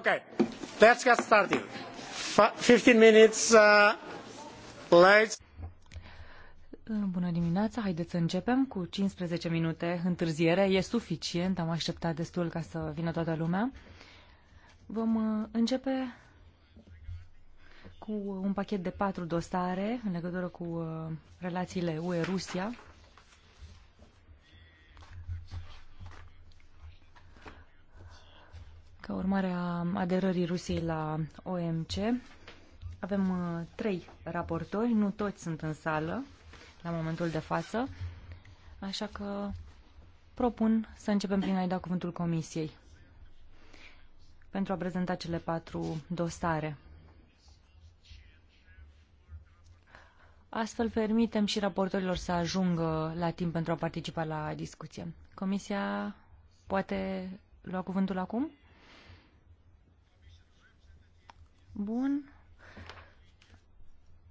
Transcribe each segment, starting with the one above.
Okay, let's get started. F 15 minutes uh, late. Bună dimineața, haideți să începem cu 15 minute întârziere. E suficient, am așteptat destul ca să vină toată lumea. Vom uh, începe cu un pachet de patru dosare în legătură cu uh, relațiile UE-Rusia, Ca urmare a aderării Rusiei la OMC, avem uh, trei raportori, nu toți sunt în sală la momentul de față, așa că propun să începem prin a-i da cuvântul Comisiei pentru a prezenta cele patru dosare. Astfel permitem și raportorilor să ajungă la timp pentru a participa la discuție. Comisia poate lua cuvântul acum? Bun.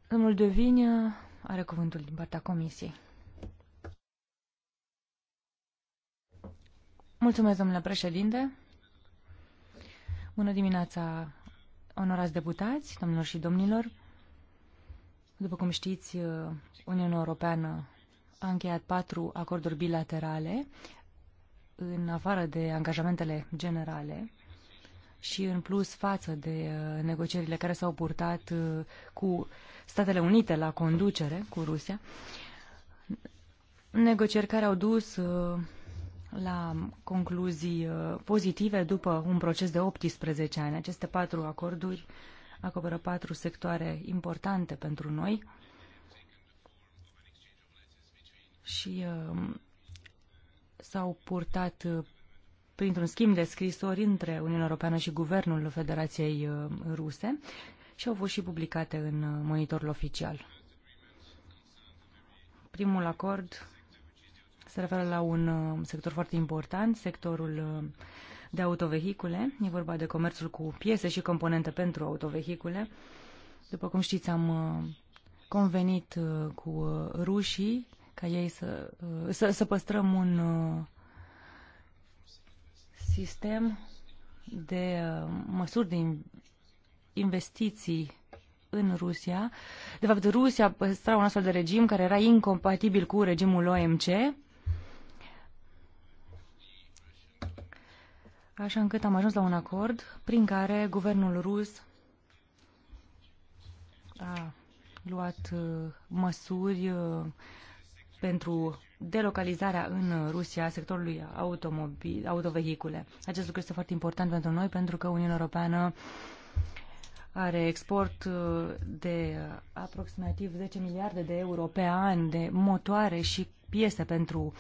Domnul Devină are cuvântul din partea comisiei. Mulțumesc, domnule președinte. Bună dimineața, onorați deputați, domnilor și domnilor. După cum știți, Uniunea Europeană a încheiat patru acorduri bilaterale în afară de angajamentele generale și în plus față de uh, negocierile care s-au purtat uh, cu Statele Unite la conducere, cu Rusia, negocieri care au dus uh, la concluzii pozitive după un proces de 18 ani. Aceste patru acorduri acoperă patru sectoare importante pentru noi și s-au purtat printr-un schimb de scrisori între Uniunea Europeană și Guvernul Federației uh, Ruse și au fost și publicate în uh, monitorul oficial. Primul acord se referă la un uh, sector foarte important, sectorul de autovehicule. E vorba de comerțul cu piese și componente pentru autovehicule. După cum știți, am convenit cu rușii ca ei să, să, să păstrăm un sistem de uh, măsuri de investiții în Rusia. De fapt, Rusia păstra un astfel de regim care era incompatibil cu regimul OMC. Așa încât am ajuns la un acord prin care guvernul rus a luat uh, măsuri uh, pentru delocalizarea în Rusia a sectorului automobil, autovehicule. Acest lucru este foarte important pentru noi pentru că Uniunea Europeană are export uh, de aproximativ 10 miliarde de euro pe an de motoare și piese pentru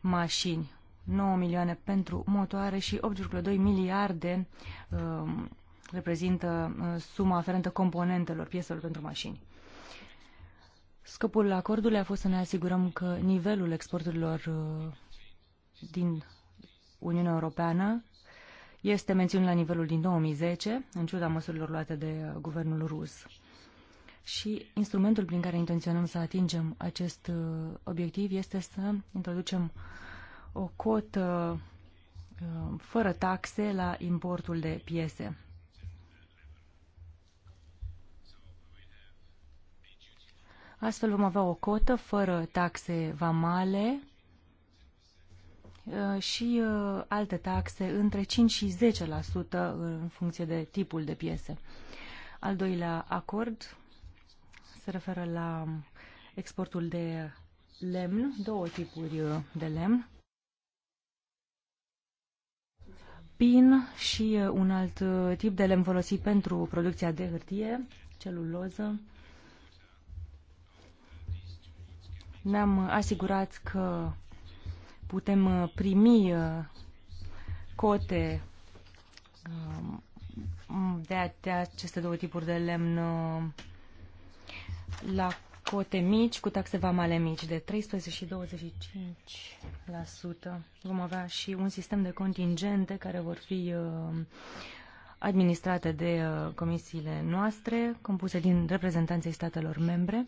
mașini. 9 milioane pentru motoare și 8,2 miliarde um, uh, reprezintă suma aferentă componentelor pieselor pentru mașini. Scopul acordului a fost să ne asigurăm că nivelul exporturilor uh, din Uniunea Europeană este menținut la nivelul din 2010, în ciuda măsurilor luate de uh, guvernul rus. Și instrumentul prin care intenționăm să atingem acest uh, obiectiv este să introducem o cotă fără taxe la importul de piese Astfel vom avea o cotă fără taxe vamale uh, și uh, alte taxe între 5 și 10% în funcție de tipul de piese. Al doilea acord se referă la exportul de lemn, două tipuri uh, de lemn, pin și un alt tip de lemn folosit pentru producția de hârtie, celuloză, ne-am asigurat că putem uh, primi uh, cote um, de, aceste două tipuri de lemn uh, la cote mici cu taxe vamale mici de 13 și 25%. Vom avea și un sistem de contingente care vor fi administrate de comisiile noastre, compuse din reprezentanții statelor membre.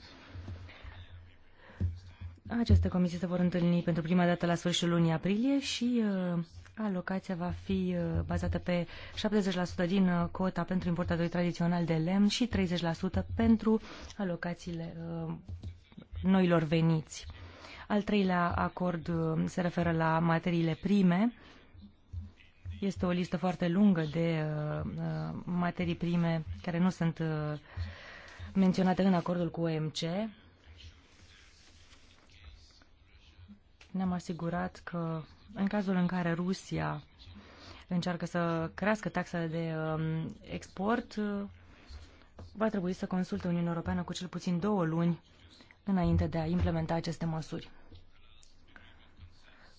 Aceste comisii se vor întâlni pentru prima dată la sfârșitul lunii aprilie și uh, alocația va fi uh, bazată pe 70% din uh, cota pentru importatorii tradiționali de lemn și 30% pentru alocațiile uh, noilor veniți. Al treilea acord uh, se referă la materiile prime. Este o listă foarte lungă de uh, uh materii prime care nu sunt uh, menționate în acordul cu OMC ne-am asigurat că în cazul în care Rusia încearcă să crească taxele de um, export, va trebui să consulte Uniunea Europeană cu cel puțin două luni înainte de a implementa aceste măsuri.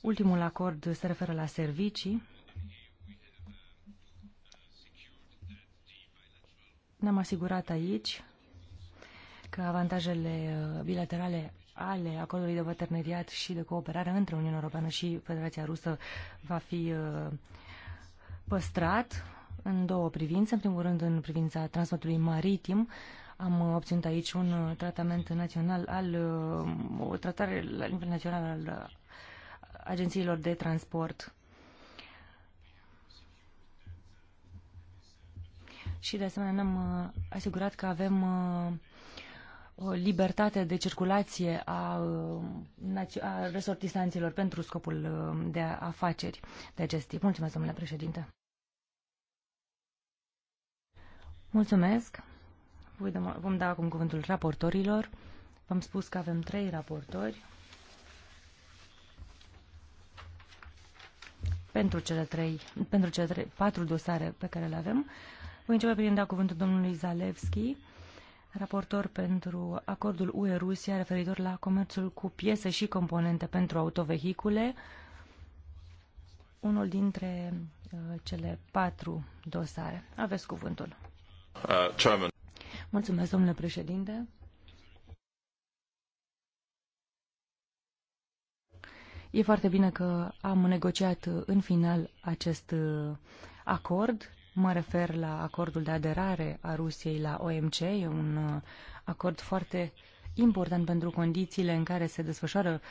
Ultimul acord se referă la servicii. Ne-am asigurat aici că avantajele bilaterale ale acordului de parteneriat și de cooperare între Uniunea Europeană și Federația Rusă va fi uh, păstrat în două privințe. În primul rând, în privința transportului maritim, am obținut aici un uh, tratament național al, uh, o tratare la nivel național al agențiilor de transport. Și de asemenea ne-am asigurat că avem o libertate de circulație a, a resortisanților pentru scopul um, de afaceri de acest tip. Mulțumesc, domnule președinte. Mulțumesc. Vom da acum cuvântul raportorilor. V-am spus că avem trei raportori. Pentru cele, trei, pentru cele trei, patru dosare pe care le avem. Voi începe prin da cuvântul domnului Zalewski raportor pentru acordul UE-Rusia referitor la comerțul cu piese și componente pentru autovehicule, unul dintre uh, cele patru dosare. Aveți cuvântul. Uh, Mulțumesc, domnule președinte. E foarte bine că am negociat uh, în final acest uh, acord Mă refer la acordul de aderare a Rusiei la OMC, e un uh, acord foarte important pentru condițiile în care se desfășoară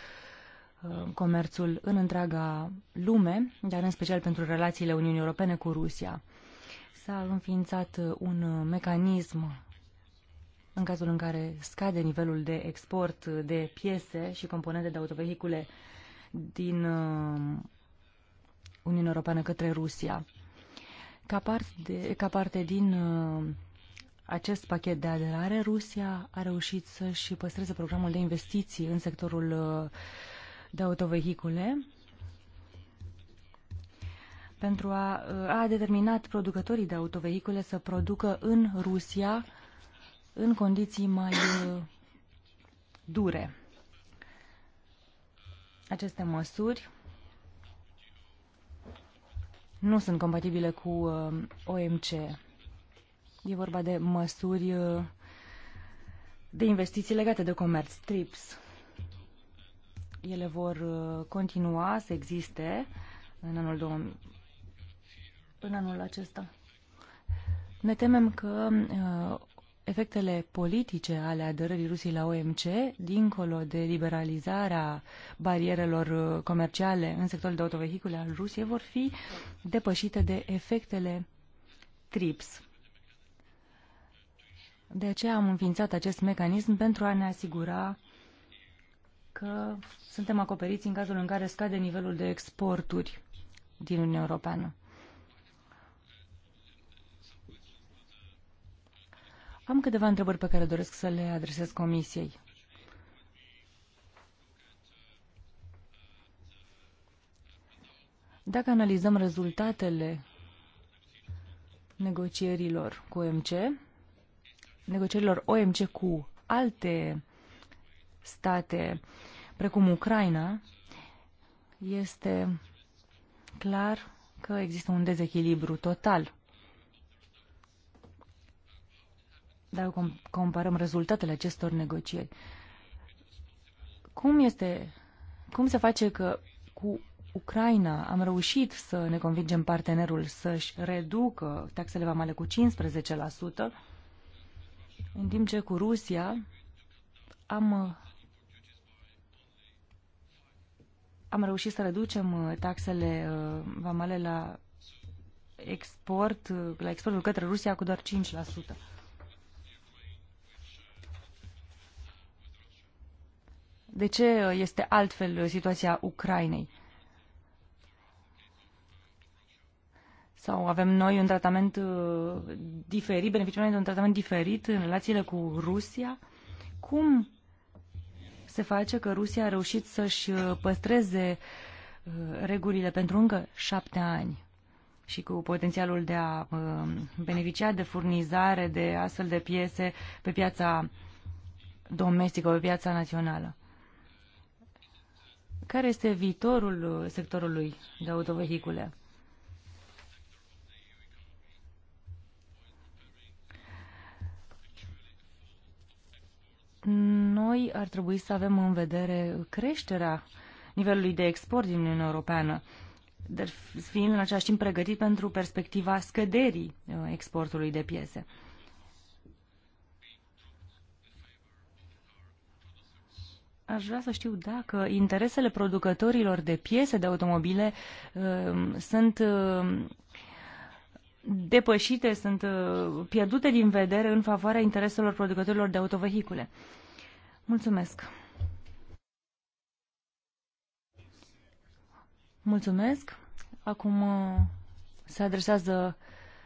uh, comerțul în întreaga lume, dar în special pentru relațiile Uniunii Europene cu Rusia. S-a înființat uh, un mecanism în cazul în care scade nivelul de export de piese și componente de autovehicule din Uniunea Europeană către Rusia. Ca parte, ca parte din uh, acest pachet de aderare, Rusia a reușit să-și păstreze programul de investiții în sectorul uh, de autovehicule pentru a, uh, a determinat producătorii de autovehicule să producă în Rusia în condiții mai dure. Aceste măsuri nu sunt compatibile cu uh, OMC. E vorba de măsuri uh, de investiții legate de comerț, TRIPS. Ele vor uh, continua să existe în anul, 2000, în anul acesta. Ne temem că efectele politice ale aderării Rusiei la OMC, dincolo de liberalizarea barierelor uh, comerciale în sectorul de autovehicule al Rusiei, vor fi depășite de efectele TRIPS. De aceea am înființat acest mecanism pentru a ne asigura că suntem acoperiți în cazul în care scade nivelul de exporturi din Uniunea Europeană. Am câteva întrebări pe care doresc să le adresez Comisiei. Dacă analizăm rezultatele negocierilor cu OMC, negocierilor OMC cu alte state, precum Ucraina, este clar că există un dezechilibru total. Dacă comparăm rezultatele acestor negocieri. Cum este, cum se face că cu Ucraina am reușit să ne convingem partenerul să-și reducă taxele vamale cu 15%, în timp ce cu Rusia am, am reușit să reducem uh, taxele uh, vamale la export, uh, la exportul către Rusia cu doar 5%. De ce este altfel situația Ucrainei? Sau avem noi un tratament uh, diferit, beneficiem de un tratament diferit în relațiile cu Rusia? Cum se face că Rusia a reușit să-și uh, păstreze uh, regulile pentru încă șapte ani și cu potențialul de a beneficia de furnizare de astfel de piese pe piața domestică, pe piața națională. Care este viitorul uh, sectorului de autovehicule? Noi ar trebui să avem în vedere creșterea nivelului de export din Uniunea Europeană, dar fiind în același timp pregătit pentru perspectiva scăderii uh, exportului de piese. Aș vrea să știu dacă interesele producătorilor de piese de automobile uh, sunt uh, depășite, sunt uh, pierdute din vedere în favoarea intereselor producătorilor de autovehicule. Mulțumesc! Mulțumesc! Acum uh, se adresează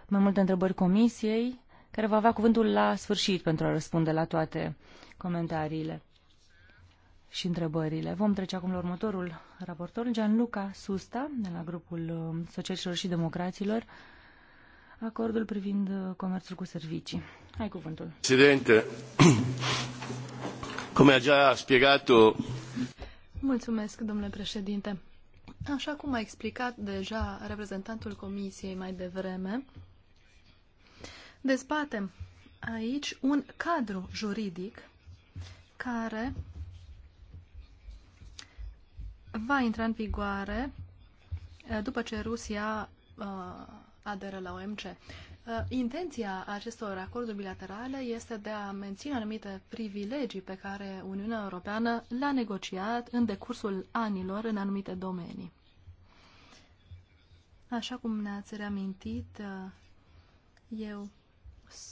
mai multe întrebări comisiei, care va avea cuvântul la sfârșit pentru a răspunde la toate comentariile și întrebările. Vom trece acum la următorul raportor, Gianluca Susta, de la grupul um, Socialiștilor și Democraților, acordul privind uh, comerțul cu servicii. Hai cuvântul. Presidente, cum a spiegat -o... Mulțumesc, domnule președinte. Așa cum a explicat deja reprezentantul Comisiei mai devreme, dezbatem aici un cadru juridic care va intra în vigoare uh, după ce Rusia uh, aderă la OMC. Uh, intenția acestor acorduri bilaterale este de a menține anumite privilegii pe care Uniunea Europeană le-a negociat în decursul anilor în anumite domenii. Așa cum ne-ați reamintit, eu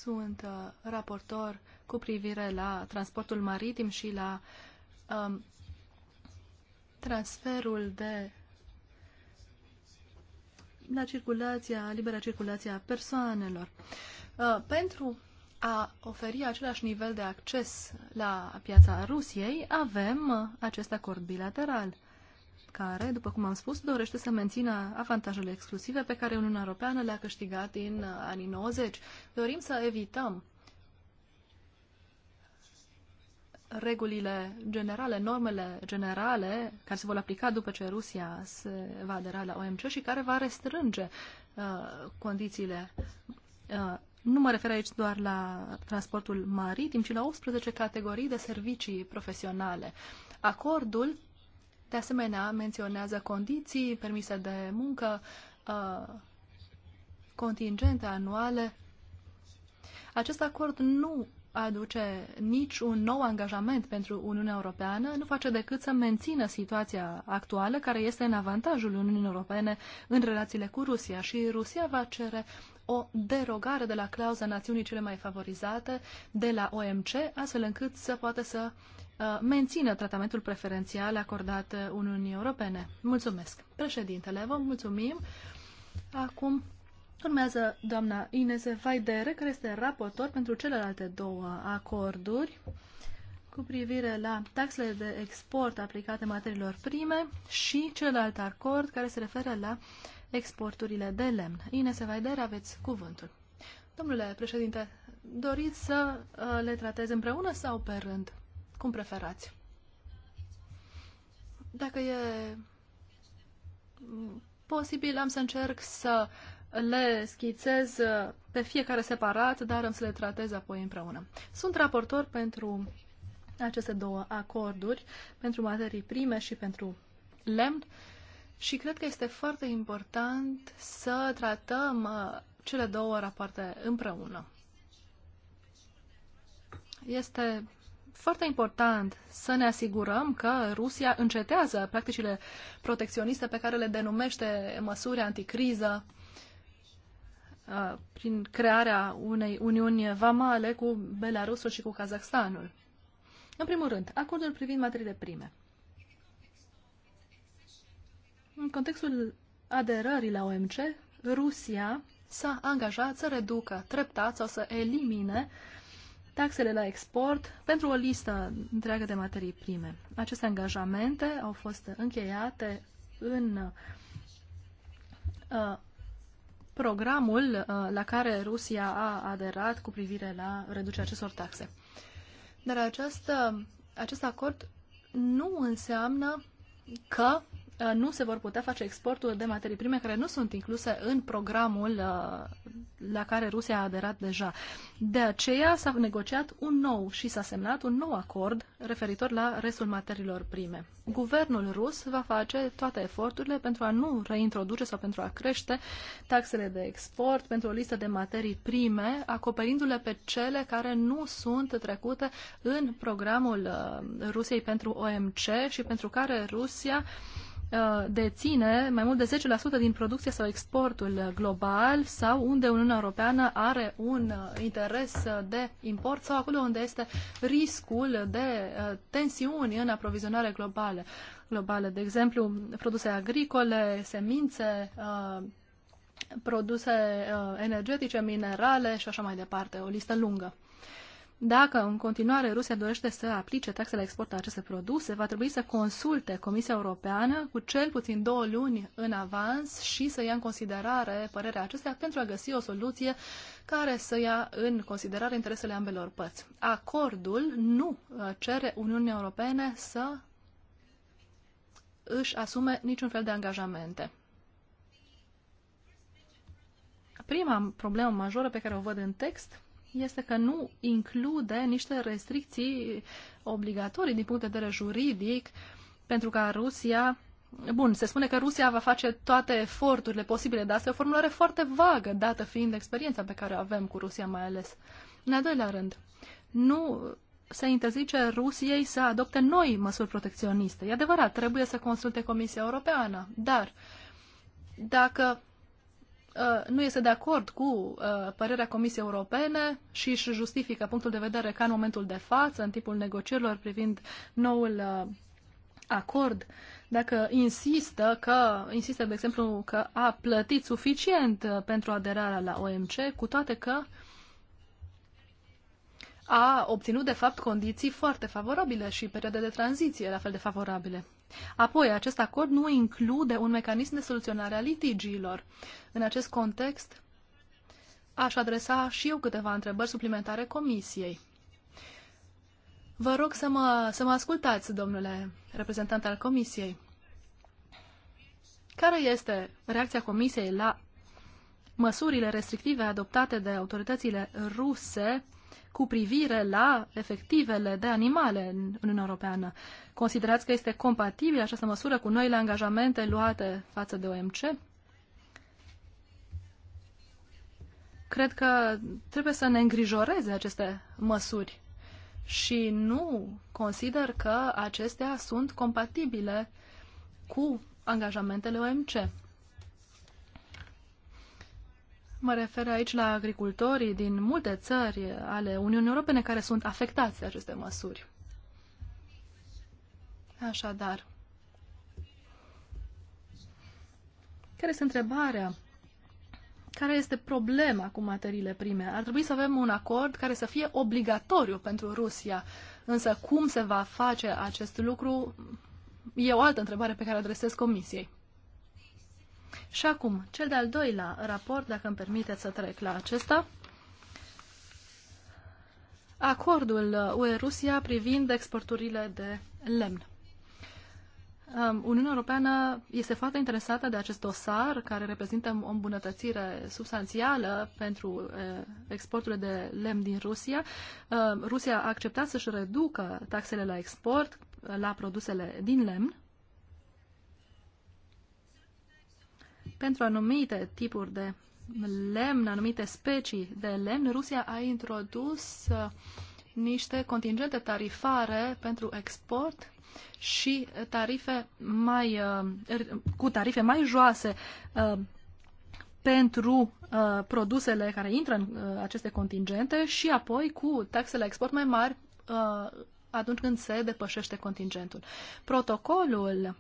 sunt raportor cu privire la transportul maritim și la um, transferul de la circulația, libera circulație a persoanelor. Uh, pentru a oferi același nivel de acces la piața Rusiei, avem acest acord bilateral care, după cum am spus, dorește să mențină avantajele exclusive pe care Uniunea Europeană le-a câștigat din anii 90. Dorim să evităm regulile generale, normele generale care se vor aplica după ce Rusia se va adera la OMC și care va restrânge uh, condițiile. Uh, nu mă refer aici doar la transportul maritim, ci la 18 categorii de servicii profesionale. Acordul, de asemenea, menționează condiții permise de muncă, uh, contingente anuale. Acest acord nu aduce nici un nou angajament pentru Uniunea Europeană, nu face decât să mențină situația actuală, care este în avantajul Uniunii Europene în relațiile cu Rusia și Rusia va cere o derogare de la clauza națiunii cele mai favorizate de la OMC, astfel încât să poată să uh, mențină tratamentul preferențial acordat Uniunii Europene. Mulțumesc. Președintele, vă mulțumim. Acum Urmează doamna Ines Vaidere, care este raportor pentru celelalte două acorduri cu privire la taxele de export aplicate materiilor prime și celălalt acord care se referă la exporturile de lemn. Ines Vaidere, aveți cuvântul. Domnule președinte, doriți să uh, le tratez împreună sau pe rând? Cum preferați? Dacă e posibil, am să încerc să le schițez uh, pe fiecare separat, dar am să le tratez apoi împreună. Sunt raportor pentru aceste două acorduri, pentru materii prime și pentru lemn și cred că este foarte important să tratăm uh, cele două rapoarte împreună. Este foarte important să ne asigurăm că Rusia încetează practicile protecționiste pe care le denumește măsuri anticriză Uh, prin crearea unei uniuni vamale cu Belarusul și cu Kazakhstanul. În primul rând, acordul privind materiile prime. În contextul aderării la OMC, Rusia s-a angajat să reducă treptat sau să elimine taxele la export pentru o listă întreagă de materii prime. Aceste angajamente au fost încheiate în uh, programul uh, la care Rusia a aderat cu privire la reducerea acestor taxe. Dar această, acest acord nu înseamnă că Uh, nu se vor putea face exporturi de materii prime care nu sunt incluse în programul uh, la care Rusia a aderat deja. De aceea s-a negociat un nou și s-a semnat un nou acord referitor la restul materiilor prime. Guvernul rus va face toate eforturile pentru a nu reintroduce sau pentru a crește taxele de export pentru o listă de materii prime, acoperindu-le pe cele care nu sunt trecute în programul uh, Rusiei pentru OMC și pentru care Rusia uh, Uh, deține mai mult de 10% din producția sau exportul global sau unde Uniunea Europeană are un uh, interes uh, de import sau acolo unde este riscul de tensiuni în aprovizionare globale. globale. De exemplu, produse agricole, semințe, produse energetice, minerale și așa mai departe, o listă lungă. Dacă în continuare Rusia dorește să aplice taxele export la aceste produse, va trebui să consulte Comisia Europeană cu cel puțin două luni în avans și să ia în considerare părerea acestea pentru a găsi o soluție care să ia în considerare interesele ambelor părți. Acordul nu uh, cere Uniunii Europene să își asume niciun fel de angajamente. Prima problemă majoră pe care o văd în text este că nu include niște restricții obligatorii din punct de vedere juridic pentru ca Rusia Bun, se spune că Rusia va face toate eforturile posibile, dar asta e o formulare foarte vagă, dată fiind experiența pe care o avem cu Rusia mai ales. În al doilea rând, nu se interzice Rusiei să adopte noi măsuri protecționiste. E adevărat, trebuie să consulte Comisia Europeană, dar dacă Uh, nu este de acord cu uh, părerea Comisiei Europene și își justifică punctul de vedere ca în momentul de față, în timpul negocierilor privind noul uh, acord, dacă insistă că, insistă, de exemplu, că a plătit suficient pentru aderarea la OMC, cu toate că a obținut, de fapt, condiții foarte favorabile și perioade de tranziție la fel de favorabile. Apoi, acest acord nu include un mecanism de soluționare a litigiilor. În acest context, aș adresa și eu câteva întrebări suplimentare Comisiei. Vă rog să mă, să mă ascultați, domnule reprezentant al Comisiei. Care este reacția Comisiei la măsurile restrictive adoptate de autoritățile ruse cu privire la efectivele de animale în Uniunea Europeană. Considerați că este compatibilă această măsură cu noile angajamente luate față de OMC? Cred că trebuie să ne îngrijoreze aceste măsuri și nu consider că acestea sunt compatibile cu angajamentele OMC. Mă refer aici la agricultorii din multe țări ale Uniunii Europene care sunt afectați de aceste măsuri. Așadar, care este întrebarea? Care este problema cu materiile prime? Ar trebui să avem un acord care să fie obligatoriu pentru Rusia. Însă cum se va face acest lucru e o altă întrebare pe care o adresez Comisiei. Și acum, cel de-al doilea raport, dacă îmi permiteți să trec la acesta. Acordul UE-Rusia privind exporturile de lemn. Um, Uniunea Europeană este foarte interesată de acest dosar, care reprezintă o îmbunătățire substanțială pentru uh, exporturile de lemn din Rusia. Um, Rusia a acceptat să-și reducă taxele la export la produsele din lemn pentru anumite tipuri de lemn, anumite specii de lemn, Rusia a introdus uh, niște contingente tarifare pentru export și tarife mai, uh, er, cu tarife mai joase uh, pentru produsele care intră în aceste contingente și apoi cu taxele export mai mari atunci când se depășește contingentul. Protocolul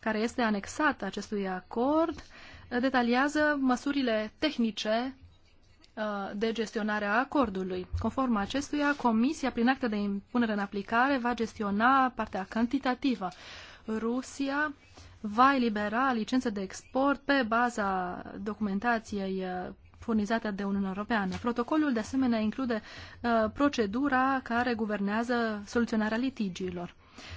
care este anexat acestui acord detaliază măsurile tehnice uh, de gestionare a acordului. Conform acestuia, Comisia, prin acte de impunere în aplicare, va gestiona partea cantitativă. Rusia va elibera licențe de export pe baza documentației uh, furnizată de Uniunea Europeană. Protocolul, de asemenea, include uh, procedura care guvernează soluționarea litigiilor.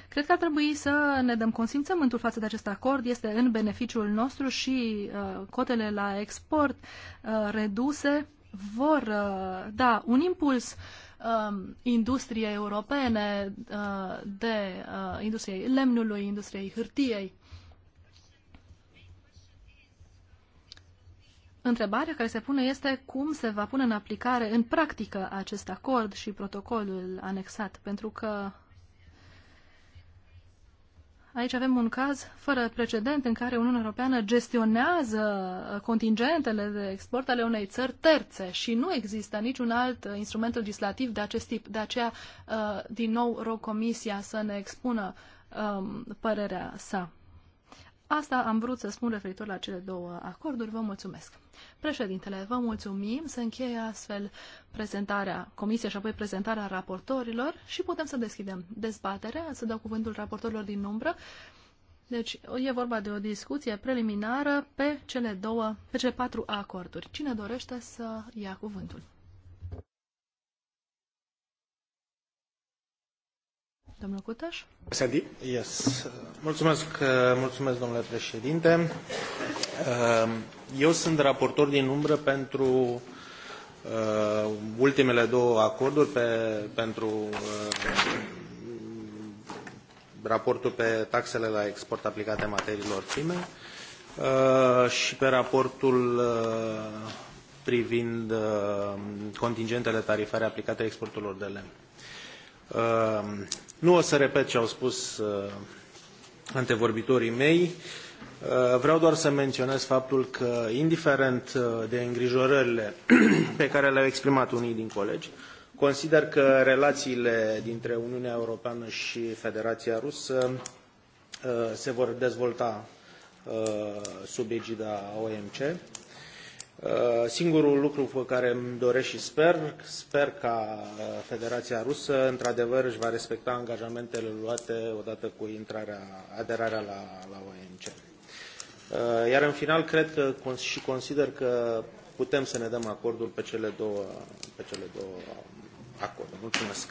Cred că ar trebui să ne dăm consimțământul față de acest acord. Este în beneficiul nostru și uh, cotele la export uh, reduse vor uh, da un impuls um, industriei europene, uh, de uh, industriei lemnului, industriei hârtiei. Întrebarea care se pune este cum se va pune în aplicare, în practică, acest acord și protocolul anexat, pentru că Aici avem un caz fără precedent în care Uniunea Europeană gestionează contingentele de export ale unei țări terțe și nu există niciun alt instrument legislativ de acest tip. De aceea, uh, din nou, rog Comisia să ne expună um, părerea sa. Asta am vrut să spun referitor la cele două acorduri. Vă mulțumesc. Președintele, vă mulțumim. Să încheie astfel prezentarea comisiei și apoi prezentarea raportorilor și putem să deschidem dezbaterea, să dau cuvântul raportorilor din umbră. Deci e vorba de o discuție preliminară pe cele două, pe cele patru acorduri. Cine dorește să ia cuvântul? Yes. Mulțumesc, mulțumesc, domnule președinte. Eu sunt raportor din umbră pentru uh, ultimele două acorduri pe, pentru uh, raportul pe taxele la export aplicate materiilor prime uh, și pe raportul privind contingentele tarifare aplicate exporturilor de lemn. Ehm, nu o să repet ce au spus ehm, antevorbitorii mei. Ehm, vreau doar să menționez faptul că, indiferent de îngrijorările pe care le-au exprimat unii din colegi, consider că relațiile dintre Uniunea Europeană și Federația Rusă se vor dezvolta sub egida OMC. Uh, singurul lucru pe care îmi doresc și sper, sper ca uh, Federația Rusă într-adevăr își va respecta angajamentele luate odată cu intrarea, aderarea la, la OMC. Uh, iar în final cred că și consider că putem să ne dăm acordul pe cele două, pe cele două acorduri. Mulțumesc!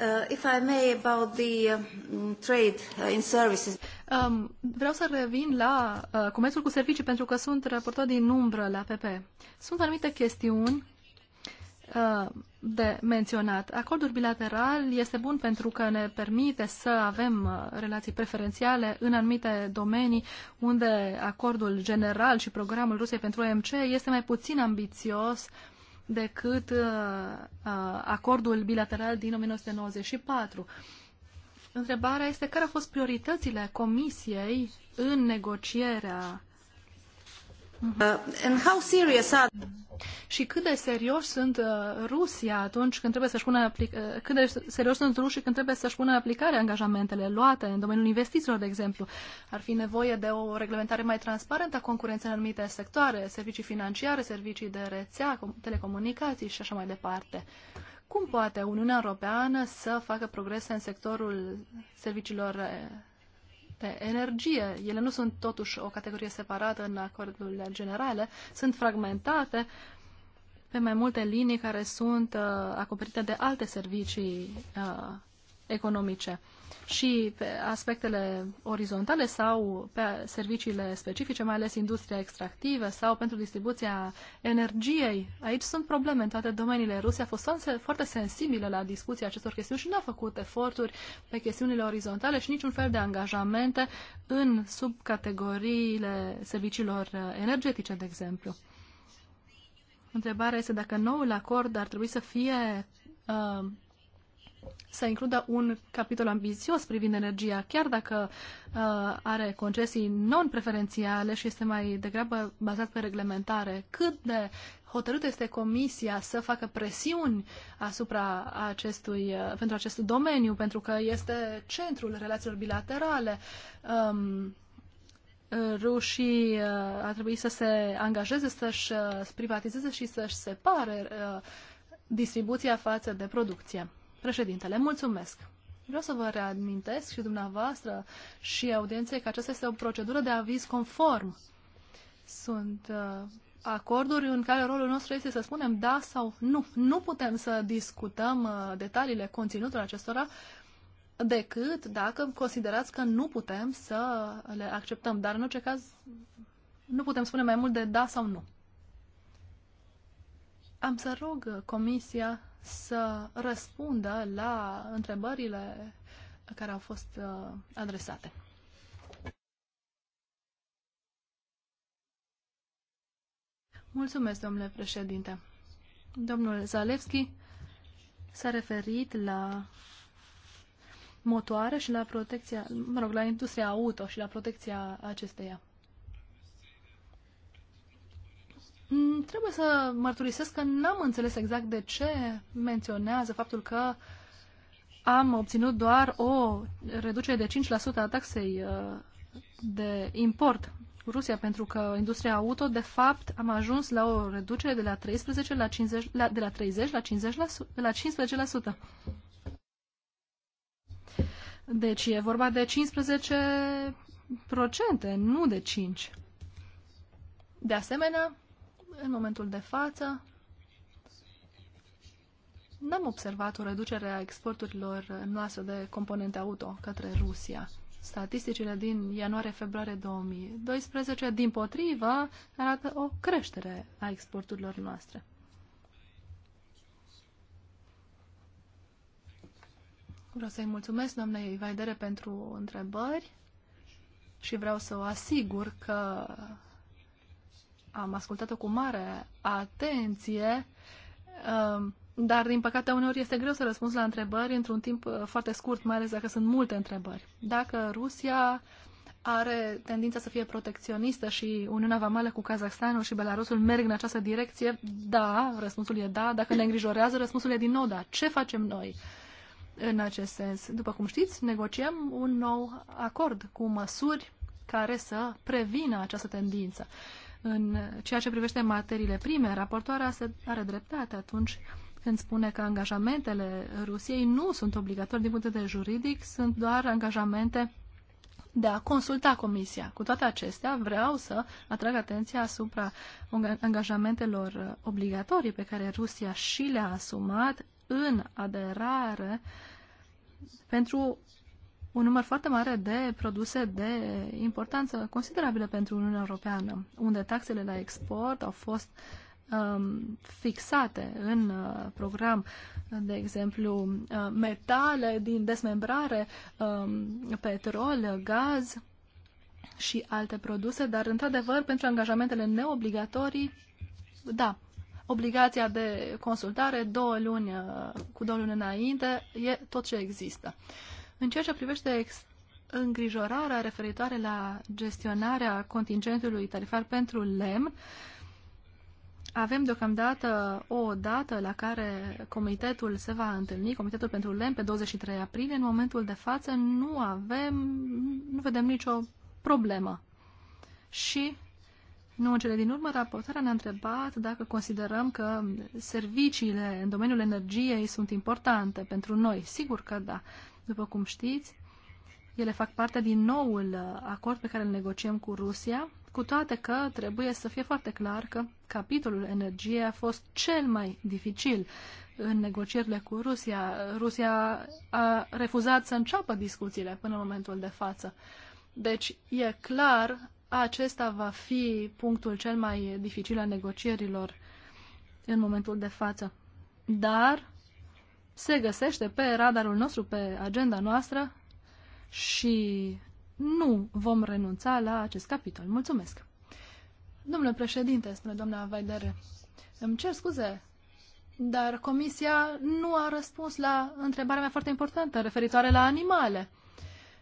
Uh, if I may, about the um, uh, trade in services. Um, vreau să revin la uh, comerțul cu servicii, pentru că sunt raportat din umbră la PP. Sunt anumite chestiuni uh, de menționat. Acordul bilateral este bun pentru că ne permite să avem uh, relații preferențiale în anumite domenii unde acordul general și programul Rusiei pentru OMC este mai puțin ambițios uh, decât uh, uh, acordul bilateral din 1994. Întrebarea este care au fost prioritățile Comisiei în negocierea Uh, și cât de serios sunt uh, Rusia atunci când trebuie să-și pună uh, cât de serios sunt rușii când trebuie să-și pună în aplicare angajamentele luate în domeniul investițiilor, de exemplu. Ar fi nevoie de o reglementare mai transparentă a concurenței în anumite sectoare, servicii financiare, servicii de rețea, telecomunicații și așa mai departe. Cum poate Uniunea Europeană să facă progrese în sectorul serviciilor pe energie. Ele nu sunt totuși o categorie separată în acordurile generale, sunt fragmentate pe mai multe linii care sunt uh, acoperite de alte servicii uh, economice și pe aspectele orizontale sau pe serviciile specifice, mai ales industria extractivă sau pentru distribuția energiei. Aici sunt probleme în toate domeniile. Rusia a fost foarte sensibilă la discuția acestor chestiuni și nu a făcut eforturi pe chestiunile orizontale și niciun fel de angajamente în subcategoriile serviciilor energetice, de exemplu. Întrebarea este dacă noul acord ar trebui să fie uh, să includă un capitol ambițios privind energia, chiar dacă uh, are concesii non-preferențiale și este mai degrabă bazat pe reglementare. Cât de hotărât este Comisia să facă presiuni asupra acestui, uh, pentru acest domeniu, pentru că este centrul relațiilor bilaterale. Um, rușii uh, ar trebui să se angajeze, să-și uh, privatizeze și să-și separe uh, distribuția față de producție. Președintele, mulțumesc. Vreau să vă reamintesc și dumneavoastră și audienței că aceasta este o procedură de aviz conform. Sunt uh, acorduri în care rolul nostru este să spunem da sau nu. Nu putem să discutăm uh, detaliile, conținutul acestora, decât dacă considerați că nu putem să le acceptăm. Dar în orice caz, nu putem spune mai mult de da sau nu. Am să rog uh, Comisia să răspundă la întrebările care au fost uh, adresate. Mulțumesc, domnule președinte. Domnul Zalewski s-a referit la motoare și la protecția, mă rog, la industria auto și la protecția acesteia. Mm, trebuie să mărturisesc că n-am înțeles exact de ce menționează faptul că am obținut doar o reducere de 5% a taxei uh, de import cu Rusia, pentru că industria auto, de fapt, am ajuns la o reducere de la 13 la 50, la, de la 30 la 50 la, la 15%. Deci e vorba de 15%, nu de 5%. De asemenea, în momentul de față n-am observat o reducere a exporturilor noastre de componente auto către Rusia. Statisticile din ianuarie-februarie 2012, din potrivă, arată o creștere a exporturilor noastre. Vreau să-i mulțumesc doamnei Vaidere pentru întrebări și vreau să o asigur că am ascultat-o cu mare atenție, um, dar, din păcate, uneori este greu să răspunzi la întrebări într-un timp uh, foarte scurt, mai ales dacă sunt multe întrebări. Dacă Rusia are tendința să fie protecționistă și Uniunea Vamală cu Kazahstanul și Belarusul merg în această direcție, da, răspunsul e da. Dacă ne îngrijorează, răspunsul e din nou da. Ce facem noi în acest sens? După cum știți, negociem un nou acord cu măsuri care să prevină această tendință. În ceea ce privește materiile prime, raportoarea se are dreptate atunci când spune că angajamentele Rusiei nu sunt obligatorii din punct de vedere juridic, sunt doar angajamente de a consulta Comisia. Cu toate acestea, vreau să atrag atenția asupra angajamentelor obligatorii pe care Rusia și le-a asumat în aderare pentru un număr foarte mare de produse de importanță considerabilă pentru Uniunea Europeană, unde taxele la export au fost um, fixate în uh, program, de exemplu, uh, metale din desmembrare, um, petrol, gaz și alte produse, dar, într-adevăr, pentru angajamentele neobligatorii, da, obligația de consultare două luni, uh, cu două luni înainte e tot ce există. Uh, în ceea ce privește îngrijorarea referitoare la gestionarea contingentului tarifar pentru lemn, avem deocamdată o dată la care comitetul se va întâlni, comitetul pentru lemn pe 23 aprilie. În momentul de față nu avem, nu vedem nicio problemă. Și nu, în cele din urmă, raportarea ne-a întrebat dacă considerăm că serviciile în domeniul energiei sunt importante pentru noi. Sigur că da. După cum știți, ele fac parte din noul uh, acord pe care îl negociem cu Rusia, cu toate că trebuie să fie foarte clar că capitolul energie a fost cel mai dificil în negocierile cu Rusia. Rusia a refuzat să înceapă discuțiile până în momentul de față. Deci, e clar, acesta va fi punctul cel mai dificil al negocierilor în momentul de față. Dar se găsește pe radarul nostru, pe agenda noastră și nu vom renunța la acest capitol. Mulțumesc! Domnule președinte, spune doamna Vaidere, îmi cer scuze, dar comisia nu a răspuns la întrebarea mea foarte importantă referitoare la animale.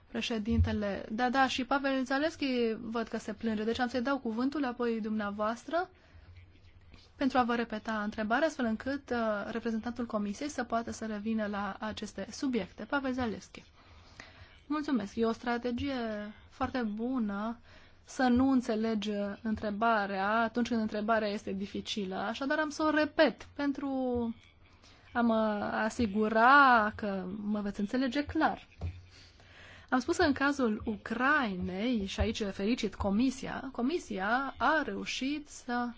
Președintele, da, da, și Pavel Zaleschi văd că se plânge, deci am să-i dau cuvântul apoi dumneavoastră pentru a vă repeta întrebarea, astfel încât uh, reprezentantul Comisiei să poată să revină la aceste subiecte. Pavel Zaleschi. Mulțumesc. E o strategie foarte bună să nu înțelege întrebarea atunci când întrebarea este dificilă. Așadar am să o repet pentru a mă asigura că mă veți înțelege clar. Am spus că în cazul Ucrainei, și aici fericit Comisia, Comisia a reușit să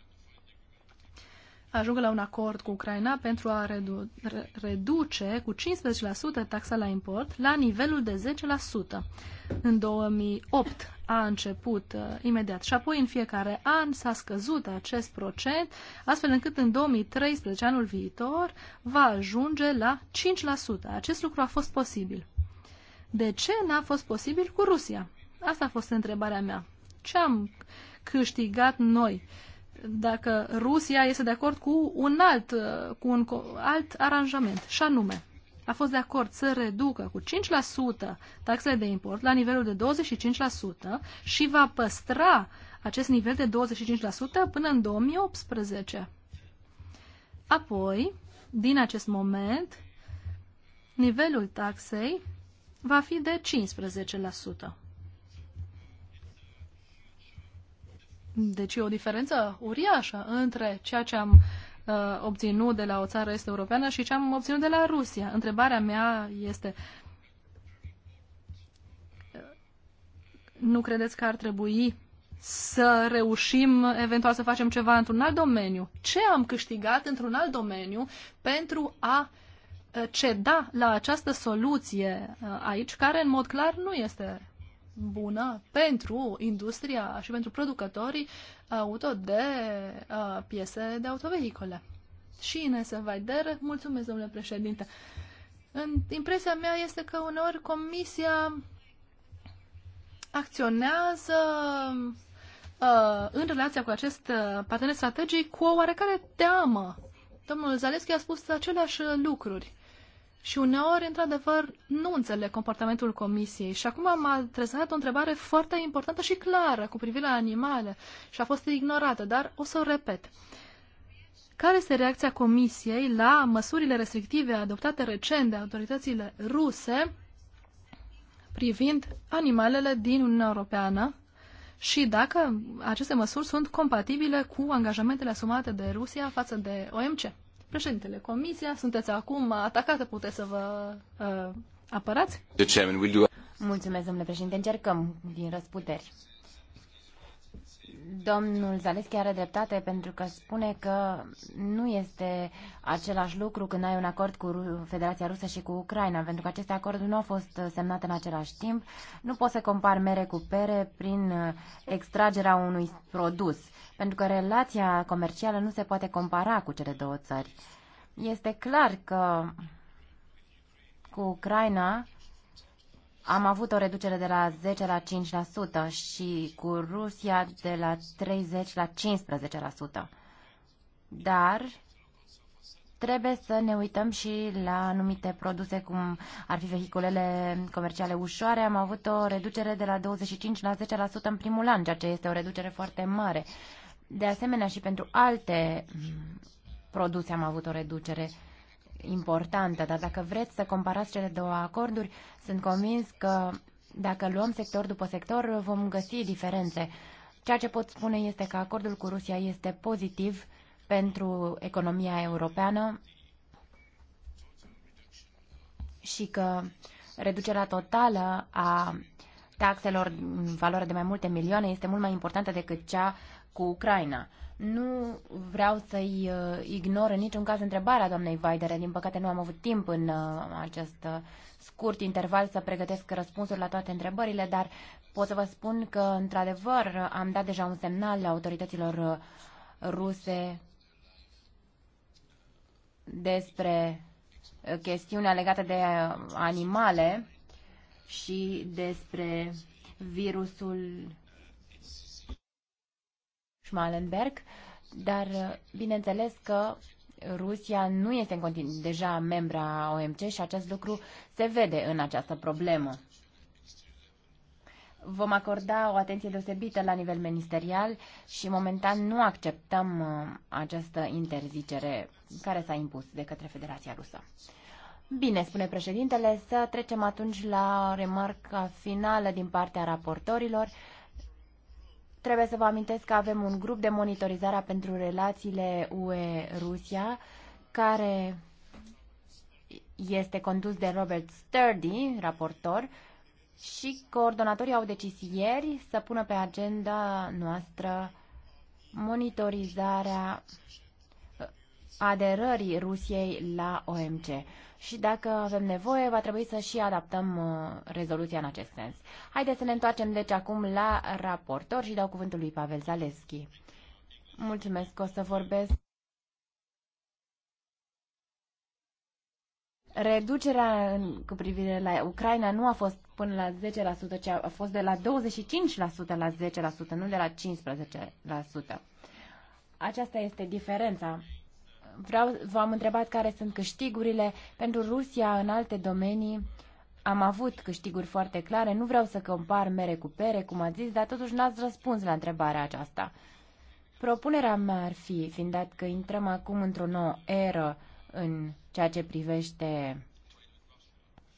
ajungă la un acord cu Ucraina pentru a redu- reduce cu 15% taxa la import la nivelul de 10%. În 2008 a început uh, imediat și apoi în fiecare an s-a scăzut acest procent, astfel încât în 2013, anul viitor, va ajunge la 5%. Acest lucru a fost posibil. De ce n-a fost posibil cu Rusia? Asta a fost întrebarea mea. Ce am câștigat noi uh, dacă Rusia este de acord cu un alt, uh, cu un alt aranjament, și anume, a fost de acord să reducă cu 5% taxele de import la nivelul de 25% și va păstra acest nivel de 25% până în 2018. Apoi, din acest moment, nivelul taxei va fi de Deci e o diferență uriașă între ceea ce am uh, obținut de la o țară este europeană și ce am obținut de la Rusia. Întrebarea mea este nu credeți că ar trebui să reușim eventual să facem ceva într-un alt domeniu? Ce am câștigat într-un alt domeniu pentru a uh, ceda la această soluție uh, aici, care în mod clar nu este bună pentru industria și pentru producătorii auto de uh, piese de autovehicole. Și Inese Vaider, mulțumesc, domnule președinte. În impresia mea este că uneori comisia acționează uh, în relația cu acest partener strategic cu o oarecare teamă. Domnul Zaleschi a spus aceleași lucruri. Și uneori, într-adevăr, nu înțeleg comportamentul comisiei. Și acum am adresat o întrebare foarte importantă și clară cu privire la animale și a fost ignorată, dar o să o repet. Care este reacția comisiei la măsurile restrictive adoptate recent de autoritățile ruse privind animalele din Uniunea Europeană și dacă aceste măsuri sunt compatibile cu angajamentele asumate de Rusia față de OMC? Președintele, comisia, sunteți acum atacată, puteți să vă uh, apărați? Mulțumesc, domnule președinte, încercăm din răsputeri. Domnul Zaleschi are dreptate pentru că spune că nu este același lucru când ai un acord cu Federația Rusă și cu Ucraina, pentru că aceste acorduri nu au fost uh, semnate în același timp. Nu poți să compari mere cu pere prin uh, extragerea unui produs, pentru că relația comercială nu se poate compara cu cele două țări. Este clar că cu Ucraina am avut o reducere de la 10 la 5% și cu Rusia de la 30 la 15%. Dar trebuie să ne uităm și la anumite produse, cum ar fi vehiculele comerciale ușoare. Am avut o reducere de la 25 la 10% în primul an, ceea ce este o reducere foarte mare. De asemenea, și pentru alte mm, produse am avut o reducere importantă, dar dacă vreți să comparați cele două acorduri, sunt convins că dacă luăm sector după sector, vom găsi diferențe. Ceea ce pot spune este că acordul cu Rusia este pozitiv pentru economia europeană și că reducerea totală a taxelor în valoare de mai multe milioane este mult mai importantă decât cea cu Ucraina. Nu vreau să-i uh, ignor în niciun caz întrebarea doamnei Vaidere. Din păcate nu am avut timp în uh, acest uh, scurt interval să pregătesc răspunsuri la toate întrebările, dar pot să vă spun că, într-adevăr, am dat deja un semnal la autorităților ruse despre chestiunea legată de animale și despre virusul Schmalenberg, dar uh, bineînțeles că Rusia nu este în continu- deja membra OMC și acest lucru se vede în această problemă. Vom acorda o atenție deosebită la nivel ministerial și momentan nu acceptăm uh, această interzicere care s-a impus de către Federația Rusă. Bine, spune președintele, să trecem atunci la remarca finală din partea raportorilor. Trebuie să vă amintesc că avem un grup de monitorizare pentru relațiile UE-Rusia, care este condus de Robert Sturdy, raportor, și coordonatorii au decis ieri să pună pe agenda noastră monitorizarea aderării Rusiei la OMC și dacă avem nevoie, va trebui să și adaptăm uh, rezoluția în acest sens. Haideți să ne întoarcem deci acum la raportor și dau cuvântul lui Pavel Zaleschi. Mulțumesc că o să vorbesc. Reducerea în, cu privire la Ucraina nu a fost până la 10%, ci a fost de la 25% la 10%, nu de la 15%. Aceasta este diferența vreau, v-am întrebat care sunt câștigurile pentru Rusia în alte domenii. Am avut câștiguri foarte clare, nu vreau să compar mere cu pere, cum ați zis, dar totuși n-ați răspuns la întrebarea aceasta. Propunerea mea ar fi, fiind dat că intrăm acum într-o nouă eră în ceea ce privește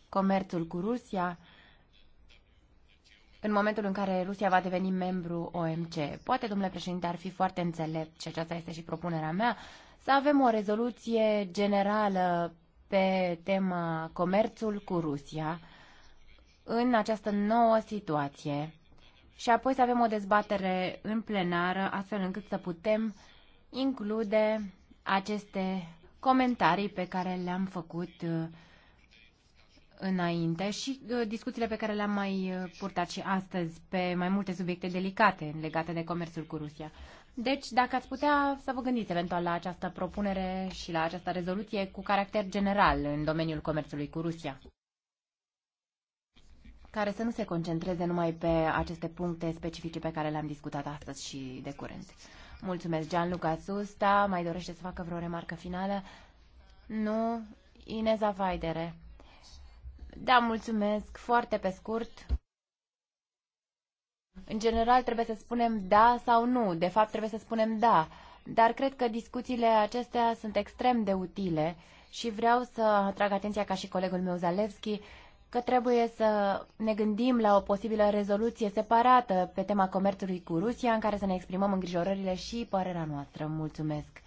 comerțul cu Rusia, în momentul în care Rusia va deveni membru OMC. Poate, domnule președinte, ar fi foarte înțelept, și aceasta este și propunerea mea, să avem o rezoluție generală pe tema comerțul cu Rusia în această nouă situație și apoi să avem o dezbatere în plenară astfel încât să putem include aceste comentarii pe care le-am făcut uh, înainte și uh, discuțiile pe care le-am mai uh, purtat și astăzi pe mai multe subiecte delicate legate de comerțul cu Rusia. Deci, dacă ați putea să vă gândiți eventual la această propunere și la această rezoluție cu caracter general în domeniul comerțului cu Rusia, care să nu se concentreze numai pe aceste puncte specifice pe care le-am discutat astăzi și de curând. Mulțumesc, Gianluca Susta. Mai dorește să facă vreo remarcă finală? Nu? Ineza Vaidere. Da, mulțumesc. Foarte pe scurt. În general trebuie să spunem da sau nu, de fapt trebuie să spunem da, dar cred că discuțiile acestea sunt extrem de utile și vreau să atrag atenția ca și colegul meu Zalewski că trebuie să ne gândim la o posibilă rezoluție separată pe tema comerțului cu Rusia în care să ne exprimăm îngrijorările și părerea noastră. Mulțumesc!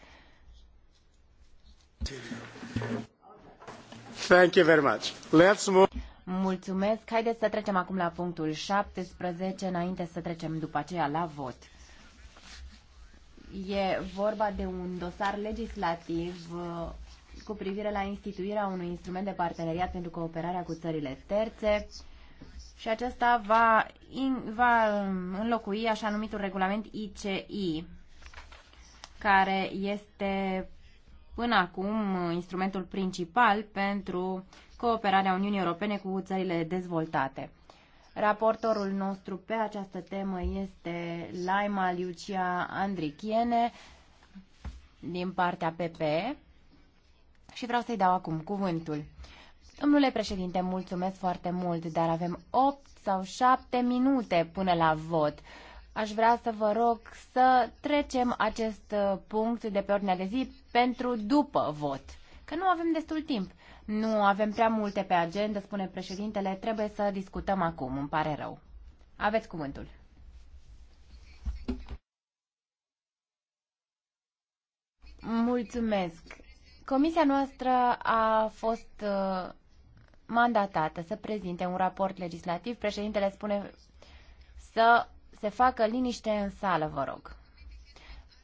Thank you very much. Let's move. Mulțumesc. Haideți să trecem acum la punctul 17, înainte să trecem după aceea la vot. E vorba de un dosar legislativ uh, cu privire la instituirea unui instrument de parteneriat pentru cooperarea cu țările terțe și acesta va, in, va um, înlocui așa numitul regulament ICI, care este până acum instrumentul principal pentru cooperarea Uniunii Europene cu țările dezvoltate. Raportorul nostru pe această temă este Laima Lucia Andrichiene din partea PPE și vreau să-i dau acum cuvântul. Domnule președinte, mulțumesc foarte mult, dar avem 8 sau 7 minute până la vot. Aș vrea să vă rog să trecem acest punct de pe ordinea de zi pentru după vot că nu avem destul timp. Nu avem prea multe pe agenda, spune președintele, trebuie să discutăm acum, îmi pare rău. Aveți cuvântul. Mulțumesc. Comisia noastră a fost uh, mandatată să prezinte un raport legislativ. Președintele spune să se facă liniște în sală, vă rog.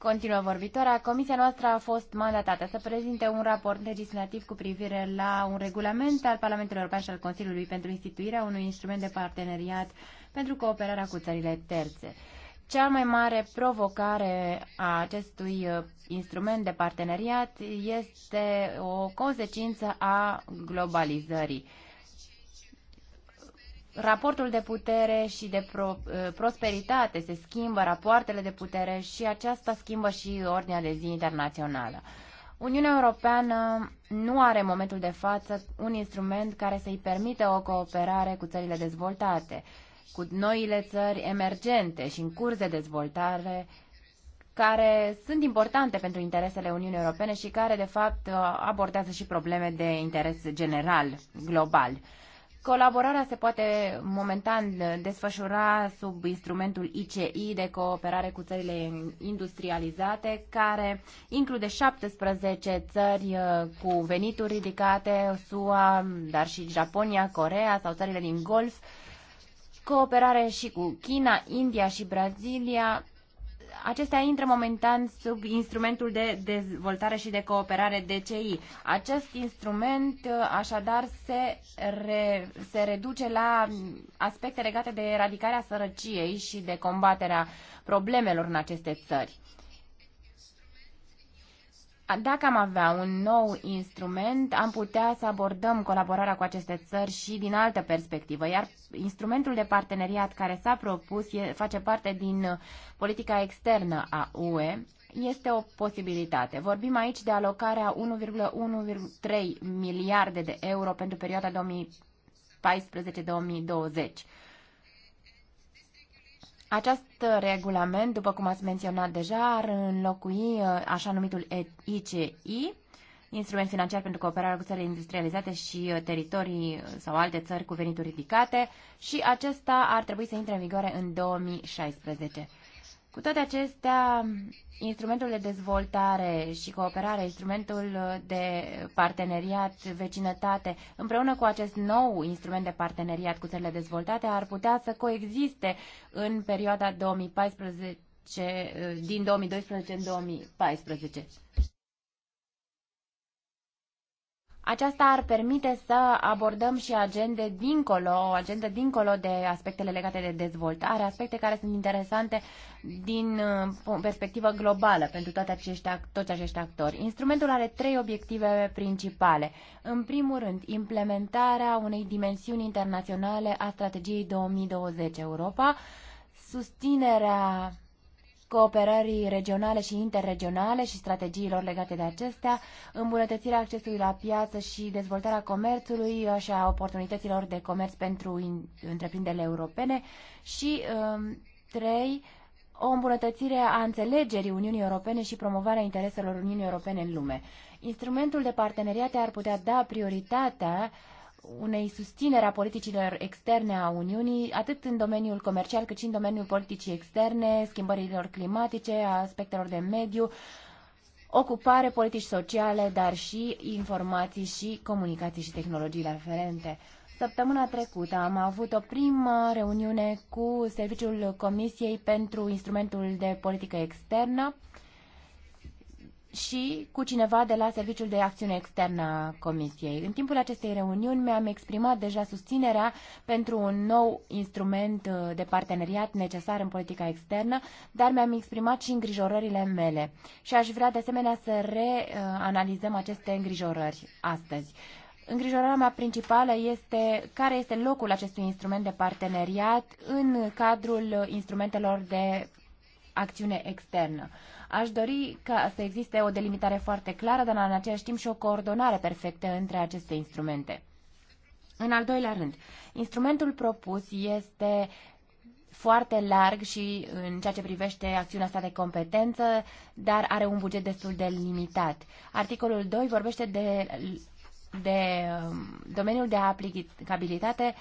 Continuă vorbitoarea. Comisia noastră a fost mandatată să prezinte un raport legislativ cu privire la un regulament al Parlamentului European și al Consiliului pentru instituirea unui instrument de parteneriat pentru cooperarea cu țările terțe. Cea mai mare provocare a acestui uh, instrument de parteneriat este o consecință a globalizării raportul de putere și de pro, uh, prosperitate se schimbă, rapoartele de putere și aceasta schimbă și ordinea de zi internațională. Uniunea Europeană nu are în momentul de față un instrument care să-i permită o cooperare cu țările dezvoltate, cu noile țări emergente și în curs de dezvoltare, care sunt importante pentru interesele Uniunii Europene și care, de fapt, abordează și probleme de interes general, global. Colaborarea se poate momentan desfășura sub instrumentul ICI de cooperare cu țările industrializate, care include 17 țări uh, cu venituri ridicate, SUA, dar și Japonia, Corea sau țările din Golf, cooperare și cu China, India și Brazilia, Acestea intră momentan sub instrumentul de dezvoltare și de cooperare DCI. Acest instrument uh, așadar se, re, se reduce la aspecte legate de eradicarea sărăciei și de combaterea problemelor în aceste țări. Dacă am avea un nou instrument, am putea să abordăm colaborarea cu aceste țări și din altă perspectivă, iar instrumentul de parteneriat care s-a propus e, face parte din uh, politica externă a UE, este o posibilitate. Vorbim aici de alocarea 1,1,3 miliarde de euro pentru perioada 2014-2020. Acest regulament, după cum ați menționat deja, ar înlocui uh, așa numitul ICI, instrument financiar pentru cooperarea cu țările industrializate și uh, teritorii sau alte țări cu venituri ridicate și acesta ar trebui să intre în vigoare în 2016. Cu toate acestea, instrumentul de dezvoltare și cooperare, instrumentul de parteneriat, vecinătate, împreună cu acest nou instrument de parteneriat cu țările dezvoltate, ar putea să coexiste în perioada 2014, din 2012 în 2014. Aceasta ar permite să abordăm și agende dincolo, o dincolo de aspectele legate de dezvoltare, aspecte care sunt interesante din uh, perspectivă globală pentru toate acești, toți acești actori. Instrumentul are trei obiective principale. În primul rând, implementarea unei dimensiuni internaționale a strategiei 2020 Europa, susținerea cooperării regionale și interregionale și strategiilor legate de acestea, îmbunătățirea accesului la piață și dezvoltarea comerțului uh, și a oportunităților de comerț pentru întreprinderile europene și, um, trei, o îmbunătățire a înțelegerii Uniunii Europene și promovarea intereselor Uniunii Europene în lume. Instrumentul de parteneriate ar putea da prioritatea uh, unei susținere a politicilor externe a Uniunii, atât în domeniul comercial cât și în domeniul politicii externe, schimbărilor climatice, a aspectelor de mediu, ocupare, politici sociale, dar și informații și comunicații și tehnologiile aferente. Săptămâna trecută am avut o primă reuniune cu Serviciul Comisiei pentru Instrumentul de Politică Externă, și cu cineva de la Serviciul de Acțiune Externă a Comisiei. În timpul acestei reuniuni mi-am exprimat deja susținerea pentru un nou instrument uh, de parteneriat necesar în politica externă, dar mi-am exprimat și îngrijorările mele și aș vrea de asemenea să reanalizăm aceste îngrijorări astăzi. Îngrijorarea mea principală este care este locul acestui instrument de parteneriat în cadrul instrumentelor de acțiune externă. Aș dori ca să existe o delimitare foarte clară, dar în același timp și o coordonare perfectă între aceste instrumente. În al doilea rând, instrumentul propus este foarte larg și în ceea ce privește acțiunea sa de competență, dar are un buget destul de limitat. Articolul 2 vorbește de, de um, domeniul de aplicabilitate uh,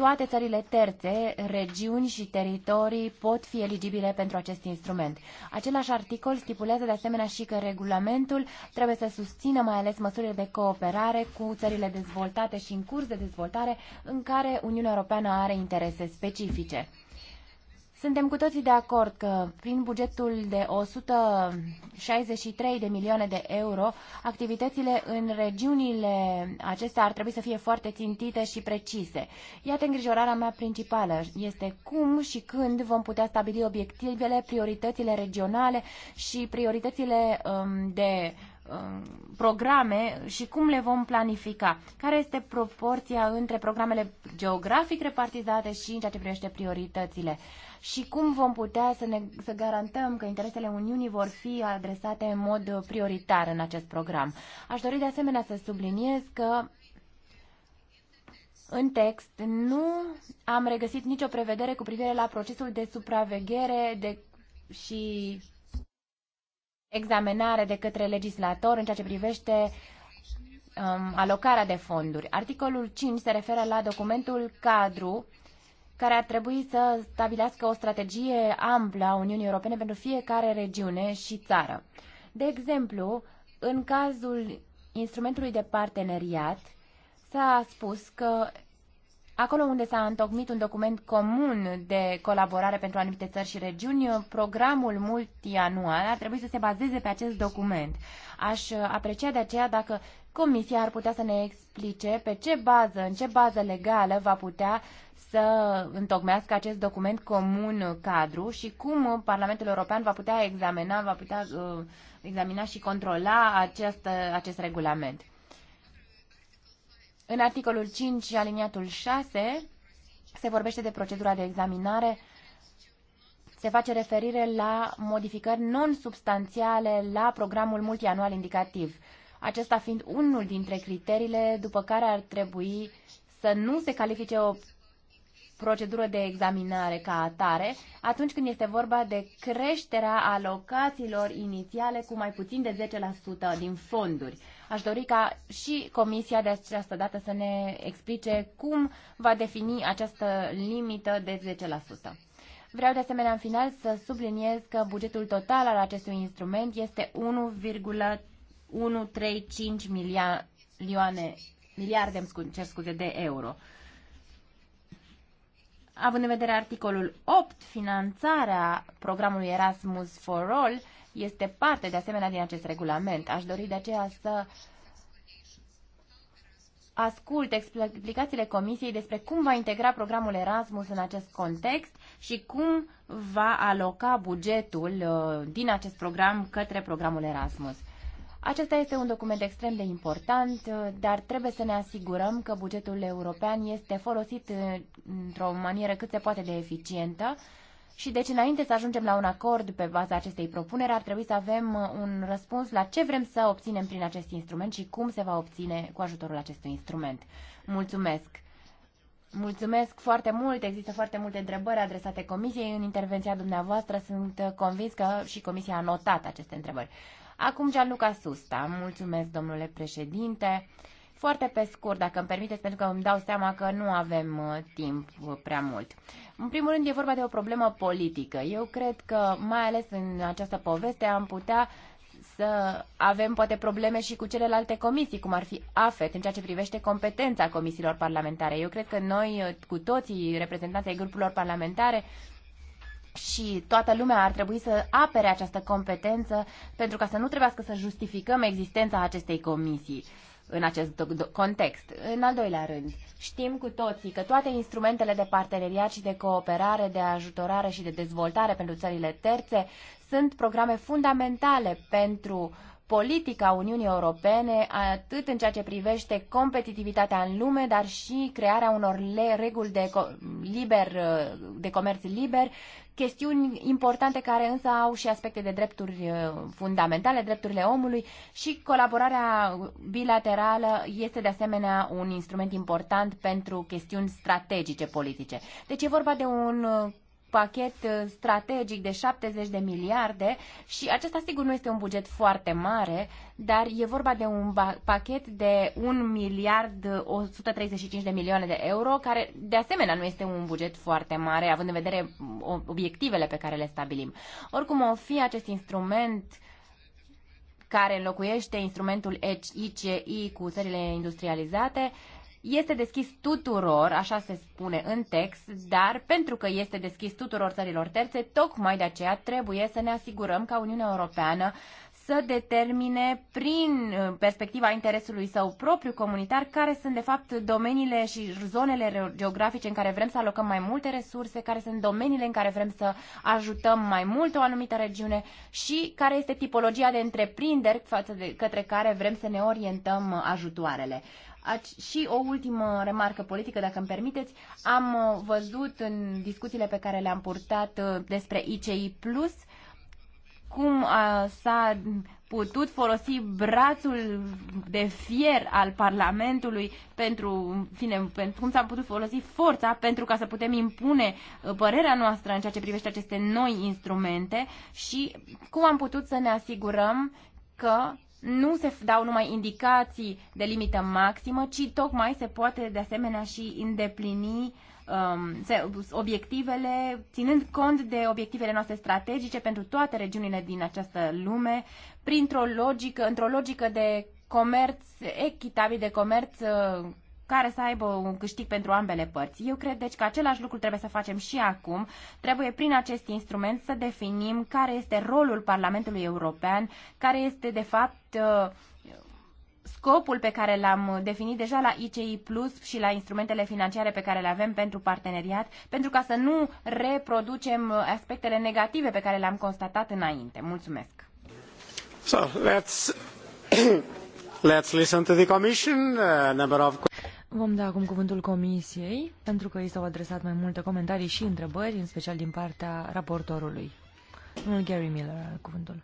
toate țările terțe, regiuni și teritorii pot fi eligibile pentru acest instrument. Același articol stipulează de asemenea și că regulamentul trebuie să susțină mai ales măsurile de cooperare cu țările dezvoltate și în curs de dezvoltare în care Uniunea Europeană are interese specifice. Suntem cu toții de acord că prin bugetul de 163 de milioane de euro, activitățile în regiunile acestea ar trebui să fie foarte țintite și precise. Iată îngrijorarea mea principală. Este cum și când vom putea stabili obiectivele, prioritățile regionale și prioritățile um, de um, programe și cum le vom planifica. Care este proporția între programele geografic repartizate și în ceea ce privește prioritățile? și cum vom putea să, ne, să garantăm că interesele Uniunii vor fi adresate în mod prioritar în acest program. Aș dori de asemenea să subliniez că în text nu am regăsit nicio prevedere cu privire la procesul de supraveghere de, și examinare de către legislator în ceea ce privește um, alocarea de fonduri. Articolul 5 se referă la documentul cadru care ar trebui să stabilească o strategie amplă a Uniunii Europene pentru fiecare regiune și țară. De exemplu, în cazul instrumentului de parteneriat, s-a spus că acolo unde s-a întocmit un document comun de colaborare pentru anumite țări și regiuni, programul multianual ar trebui să se bazeze pe acest document. Aș aprecia de aceea dacă Comisia ar putea să ne explice pe ce bază, în ce bază legală va putea să întocmească acest document comun cadru și cum Parlamentul European va putea examina, va putea uh, examina și controla acest, acest regulament. În articolul 5 și aliniatul 6 se vorbește de procedura de examinare se face referire la modificări non-substanțiale la programul multianual indicativ acesta fiind unul dintre criteriile după care ar trebui să nu se califice o procedură de examinare ca atare atunci când este vorba de creșterea alocațiilor inițiale cu mai puțin de 10% din fonduri. Aș dori ca și Comisia de această dată să ne explice cum va defini această limită de 10%. Vreau de asemenea în final să subliniez că bugetul total al acestui instrument este 1,35 milioane, miliarde, cer scuze, de euro. Având în vedere articolul 8, finanțarea programului Erasmus for All este parte de asemenea din acest regulament. Aș dori de aceea să ascult explicațiile Comisiei despre cum va integra programul Erasmus în acest context și cum va aloca bugetul uh, din acest program către programul Erasmus. Acesta este un document extrem de important, uh, dar trebuie să ne asigurăm că bugetul european este folosit uh, într-o manieră cât se poate de eficientă și deci înainte să ajungem la un acord pe baza acestei propuneri ar trebui să avem uh, un răspuns la ce vrem să obținem prin acest instrument și cum se va obține cu ajutorul acestui instrument. Mulțumesc! Mulțumesc foarte mult. Există foarte multe întrebări adresate comisiei în intervenția dumneavoastră. Sunt convins că și comisia a notat aceste întrebări. Acum Gianluca Susta. Mulțumesc, domnule președinte. Foarte pe scurt, dacă îmi permiteți, pentru că îmi dau seama că nu avem uh, timp uh, prea mult. În primul rând, e vorba de o problemă politică. Eu cred că, mai ales în această poveste, am putea să avem poate probleme și cu celelalte comisii, cum ar fi AFET, în ceea ce privește competența comisiilor parlamentare. Eu cred că noi, uh, cu toții reprezentanții grupurilor parlamentare, și toată lumea ar trebui să apere această competență pentru ca să nu trebuiască să justificăm existența acestei comisii în acest context. În al doilea rând, știm cu toții că toate instrumentele de parteneriat și de cooperare, de ajutorare și de dezvoltare pentru țările terțe sunt programe fundamentale pentru politica Uniunii Europene, atât în ceea ce privește competitivitatea în lume, dar și crearea unor reguli de, liber, de comerț liber chestiuni importante care însă au și aspecte de drepturi uh, fundamentale, drepturile omului și colaborarea bilaterală este de asemenea un instrument important pentru chestiuni strategice politice. Deci e vorba de un uh, pachet uh, strategic de 70 de miliarde și acesta sigur nu este un buget foarte mare, dar e vorba de un pachet de 1 miliard 135 uh, de milioane de euro, care de asemenea nu este un buget foarte mare, având în vedere mm, obiectivele pe care le stabilim. Oricum o fi acest instrument care înlocuiește instrumentul ICI cu țările industrializate, uh, este deschis tuturor, așa se spune în text, dar pentru că este deschis tuturor țărilor terțe, tocmai de aceea trebuie să ne asigurăm ca Uniunea Europeană să determine prin uh, perspectiva interesului său propriu comunitar care sunt de fapt domeniile și zonele geografice în care vrem să alocăm mai multe resurse, care sunt domeniile în care vrem să ajutăm mai mult o anumită regiune și care este tipologia de întreprinderi față de către care vrem să ne orientăm ajutoarele. Și o ultimă remarcă politică, dacă îmi permiteți. Am uh, văzut în discuțiile pe care le-am purtat uh, despre ICI Plus cum uh, s-a putut folosi brațul de fier al Parlamentului pentru, fine, pentru cum s-a putut folosi forța pentru ca să putem impune părerea noastră în ceea ce privește aceste noi instrumente și cum am putut să ne asigurăm că nu se dau numai indicații de limită maximă, ci tocmai se poate de asemenea și îndeplini um, se, obiectivele, ținând cont de obiectivele noastre strategice pentru toate regiunile din această lume, printr-o logică, într-o logică de comerț echitabil, de comerț uh, care să aibă un câștig pentru ambele părți. Eu cred deci că același lucru trebuie să facem și acum. Trebuie prin acest instrument să definim care este rolul Parlamentului European, care este de fapt uh, scopul pe care l-am definit deja la ICI Plus și la instrumentele financiare pe care le avem pentru parteneriat, pentru ca să nu reproducem uh, aspectele negative pe care le-am constatat înainte. Mulțumesc. So, let's, let's listen to the commission, uh, number of Vom da acum cuvântul Comisiei, pentru că i s-au adresat mai multe comentarii și întrebări, în special din partea raportorului. Domnul Gary Miller are cuvântul.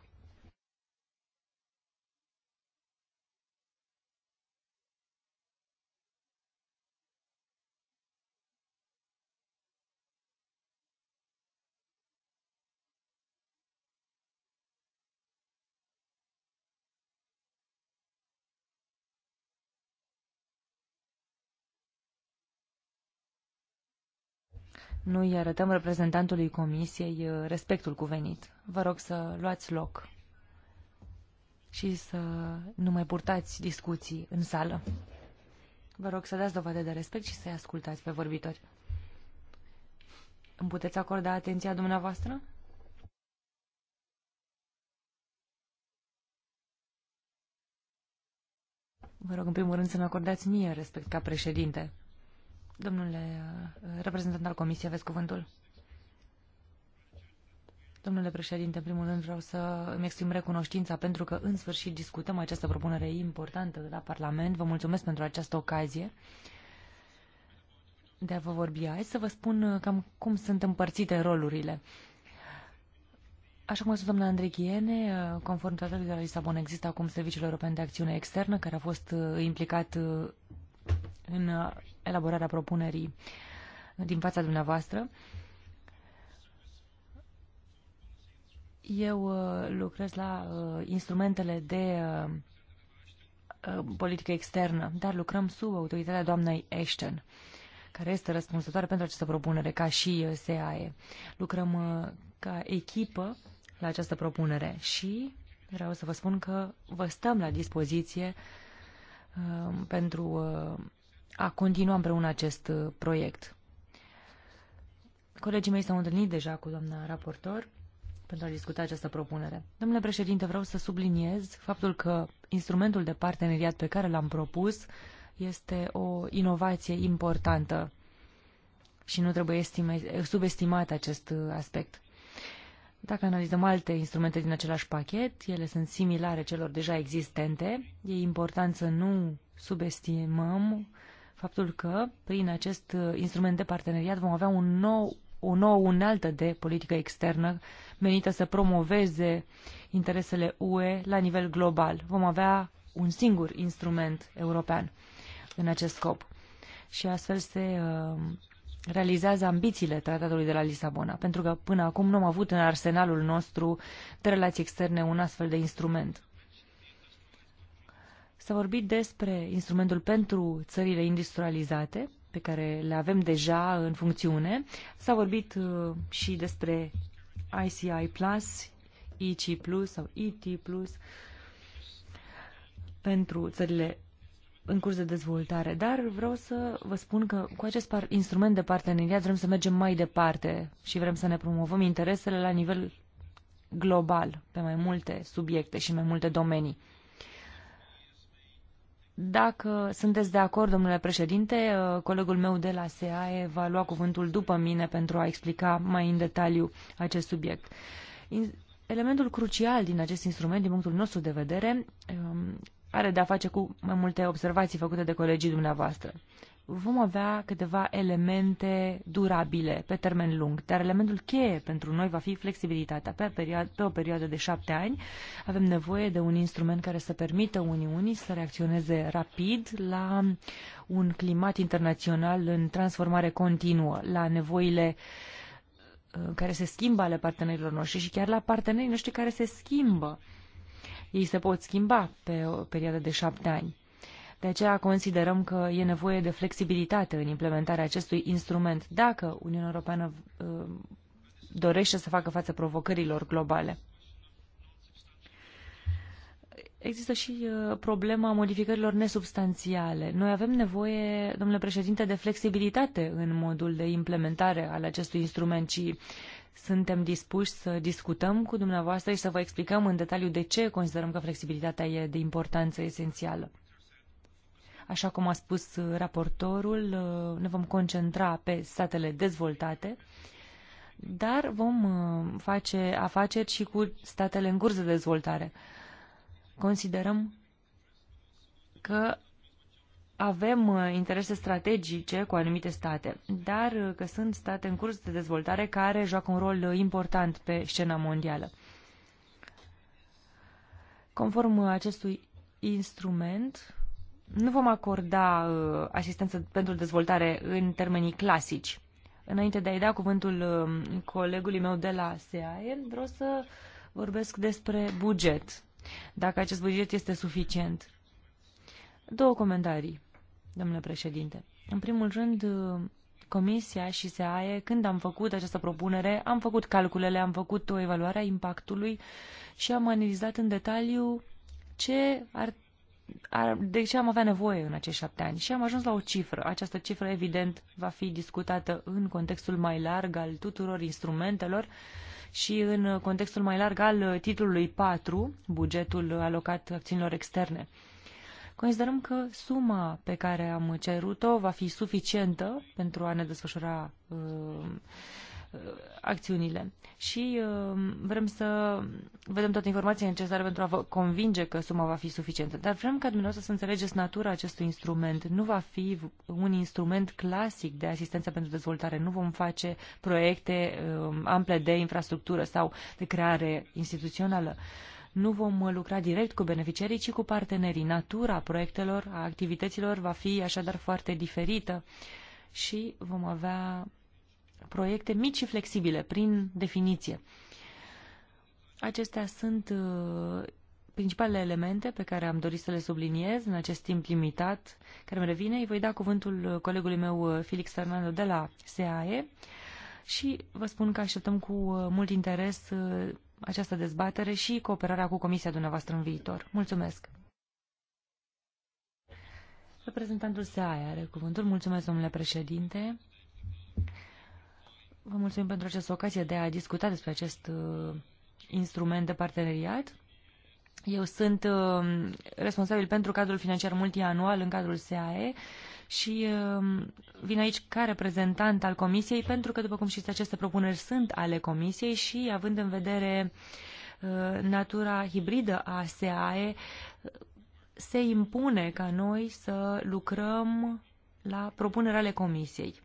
nu îi arătăm reprezentantului Comisiei uh, respectul cuvenit. Vă rog să luați loc și să nu mai purtați discuții în sală. Vă rog să dați dovadă de respect și să-i ascultați pe vorbitori. Îmi puteți acorda atenția dumneavoastră? Vă rog, în primul rând, să-mi acordați mie respect ca președinte. Domnule uh, reprezentant al Comisiei, aveți cuvântul. Domnule președinte, în primul rând vreau să îmi exprim recunoștința pentru că în sfârșit discutăm această propunere importantă de la Parlament. Vă mulțumesc pentru această ocazie de a vă vorbi Hai să vă spun uh, cam cum sunt împărțite rolurile. Așa cum a spus doamna Andrechiene, uh, conform tratatului de la Lisabon, există acum Serviciul European de Acțiune Externă, care a fost implicat în elaborarea propunerii din fața dumneavoastră. Eu uh, lucrez la uh, instrumentele de uh, politică externă, dar lucrăm sub autoritatea doamnei Ashton, care este răspunsătoare pentru această propunere, ca și SAE. Lucrăm ca echipă la această propunere și vreau să vă spun că vă stăm la dispoziție pentru a continua împreună acest uh, proiect. Colegii mei s-au întâlnit deja cu doamna raportor pentru a discuta această propunere. Domnule președinte, vreau să subliniez faptul că instrumentul de parteneriat pe care l-am propus este o inovație importantă și nu trebuie estime, subestimat acest uh, aspect. Dacă analizăm alte instrumente din același pachet, ele sunt similare celor deja existente. E important să nu subestimăm faptul că prin acest uh, instrument de parteneriat vom avea un nou, o nouă unaltă de politică externă menită să promoveze interesele UE la nivel global. Vom avea un singur instrument european în acest scop. Și astfel se uh, realizează ambițiile tratatului de la Lisabona, pentru că până acum nu am avut în arsenalul nostru de relații externe un astfel de instrument. S-a vorbit despre instrumentul pentru țările industrializate, pe care le avem deja în funcțiune. S-a vorbit uh, și despre ICI Plus, IC Plus sau IT Plus pentru țările în curs de dezvoltare, dar vreau să vă spun că cu acest instrument de parteneriat vrem să mergem mai departe și vrem să ne promovăm interesele la nivel global pe mai multe subiecte și mai multe domenii. Dacă sunteți de acord, domnule președinte, uh, colegul meu de la SEAE va lua cuvântul după mine pentru a explica mai în detaliu acest subiect. Elementul crucial din acest instrument, din punctul nostru de vedere, um, are de-a face cu mai multe observații făcute de colegii dumneavoastră vom avea câteva elemente durabile pe termen lung, dar elementul cheie pentru noi va fi flexibilitatea. Pe, perioadă, pe o perioadă de șapte ani avem nevoie de un instrument care să permită Uniunii să reacționeze rapid la un climat internațional în transformare continuă, la nevoile uh, care se schimbă ale partenerilor noștri și chiar la partenerii noștri care se schimbă. Ei se pot schimba pe o perioadă de șapte ani. De aceea considerăm că e nevoie de flexibilitate în implementarea acestui instrument dacă Uniunea Europeană uh, dorește să facă față provocărilor globale. Există și uh, problema modificărilor nesubstanțiale. Noi avem nevoie, domnule președinte, de flexibilitate în modul de implementare al acestui instrument și suntem dispuși să discutăm cu dumneavoastră și să vă explicăm în detaliu de ce considerăm că flexibilitatea e de importanță esențială. Așa cum a spus uh, raportorul, uh, ne vom concentra pe statele dezvoltate, dar vom uh, face afaceri și cu statele în curs de dezvoltare. Considerăm că avem interese strategice cu anumite state, dar că sunt state în curs de dezvoltare care joacă un rol important pe scena mondială. Conform acestui instrument, nu vom acorda uh, asistență pentru dezvoltare în termenii clasici. Înainte de a-i da cuvântul um, colegului meu de la SEAE, vreau să vorbesc despre buget. Dacă acest buget este suficient. Două comentarii, domnule președinte. În primul rând, uh, Comisia și SEAE, când am făcut această propunere, am făcut calculele, am făcut o evaluare a impactului și am analizat în detaliu ce ar de ce am avea nevoie în acești șapte ani. Și am ajuns la o cifră. Această cifră, evident, va fi discutată în contextul mai larg al tuturor instrumentelor și în contextul mai larg al titlului 4, bugetul alocat acțiunilor externe. Considerăm că suma pe care am cerut-o va fi suficientă pentru a ne desfășura uh, Uh, acțiunile. Și uh, vrem să vedem toate informațiile necesare pentru a vă convinge că suma va fi suficientă. Dar vrem ca dumneavoastră să înțelegeți natura acestui instrument. Nu va fi un instrument clasic de asistență pentru dezvoltare. Nu vom face proiecte uh, ample de infrastructură sau de creare instituțională nu vom lucra direct cu beneficiarii, ci cu partenerii. Natura proiectelor, a activităților va fi așadar foarte diferită și vom avea proiecte mici și flexibile, prin definiție. Acestea sunt uh, principalele elemente pe care am dorit să le subliniez în acest timp limitat care îmi revine. Îi voi da cuvântul colegului meu, uh, Felix Fernando, de la SAE și vă spun că așteptăm cu uh, mult interes această dezbatere și cooperarea cu comisia dumneavoastră în viitor. Mulțumesc! Reprezentantul SAE are cuvântul. Mulțumesc, domnule președinte. Vă mulțumim pentru această ocazie de a discuta despre acest uh, instrument de parteneriat. Eu sunt uh, responsabil pentru cadrul financiar multianual în cadrul SAE și uh, vin aici ca reprezentant al Comisiei pentru că, după cum știți, aceste propuneri sunt ale Comisiei și, având în vedere uh, natura hibridă a SAE, se impune ca noi să lucrăm la propunerea ale Comisiei.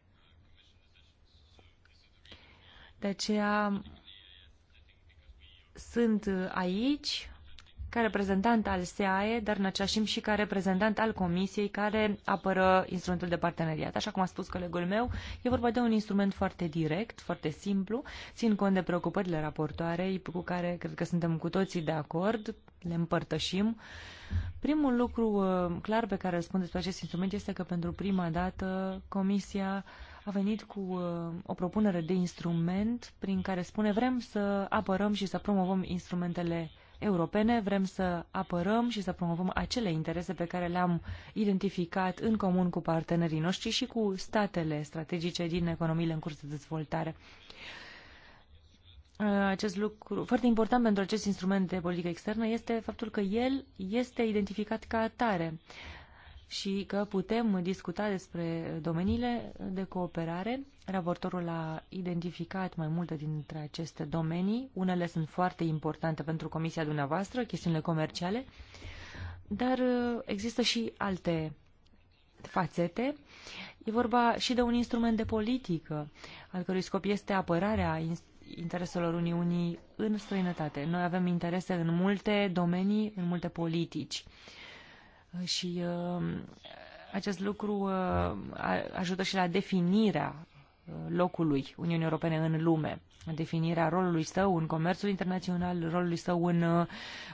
De aceea sunt aici ca reprezentant al SEAE, dar în același timp și ca reprezentant al Comisiei care apără instrumentul de parteneriat. Așa cum a spus colegul meu, e vorba de un instrument foarte direct, foarte simplu, țin cont de preocupările raportoarei cu care cred că suntem cu toții de acord, le împărtășim. Primul lucru uh, clar pe care îl spun despre acest instrument este că pentru prima dată Comisia uh, a venit cu uh, o propunere de instrument prin care spune vrem să apărăm și să promovăm instrumentele europene, vrem să apărăm și să promovăm acele interese pe care le-am identificat în comun cu partenerii noștri și cu statele strategice din economiile în curs de dezvoltare. Uh, acest lucru foarte important pentru acest instrument de politică externă este faptul că el este identificat ca atare și că putem discuta despre domeniile de cooperare. Raportorul a identificat mai multe dintre aceste domenii. Unele sunt foarte importante pentru comisia dumneavoastră, chestiunile comerciale, dar uh, există și alte fațete. E vorba și de un instrument de politică, al cărui scop este apărarea intereselor Uniunii în străinătate. Noi avem interese în multe domenii, în multe politici. Uh, și uh, acest lucru uh, ajută și la definirea uh, locului Uniunii Europene în lume, definirea rolului său în comerțul internațional, rolului său în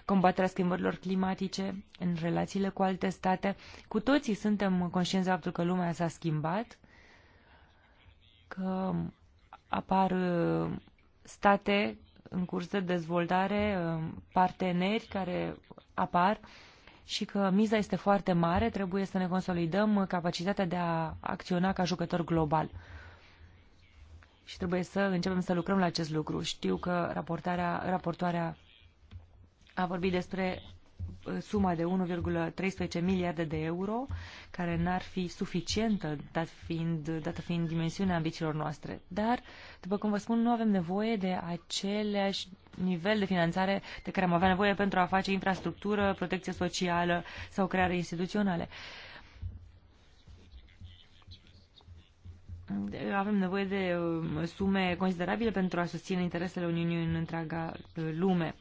combaterea schimbărilor climatice, în relațiile cu alte state. Cu toții suntem conștienți de faptul că lumea s-a schimbat, că apar state în curs de dezvoltare, parteneri care apar și că miza este foarte mare, trebuie să ne consolidăm capacitatea de a acționa ca jucător global. Și trebuie să începem să lucrăm la acest lucru. Știu că raportarea, raportoarea a vorbit despre suma de 1,13 miliarde de euro, care n-ar fi suficientă, dat fiind, dată fiind dimensiunea ambițiilor noastre. Dar, după cum vă spun, nu avem nevoie de aceleași nivel de finanțare de care am avea nevoie pentru a face infrastructură, protecție socială sau creare instituționale. Avem nevoie de um, sume considerabile pentru a susține interesele Uniunii în întreaga uh, lume.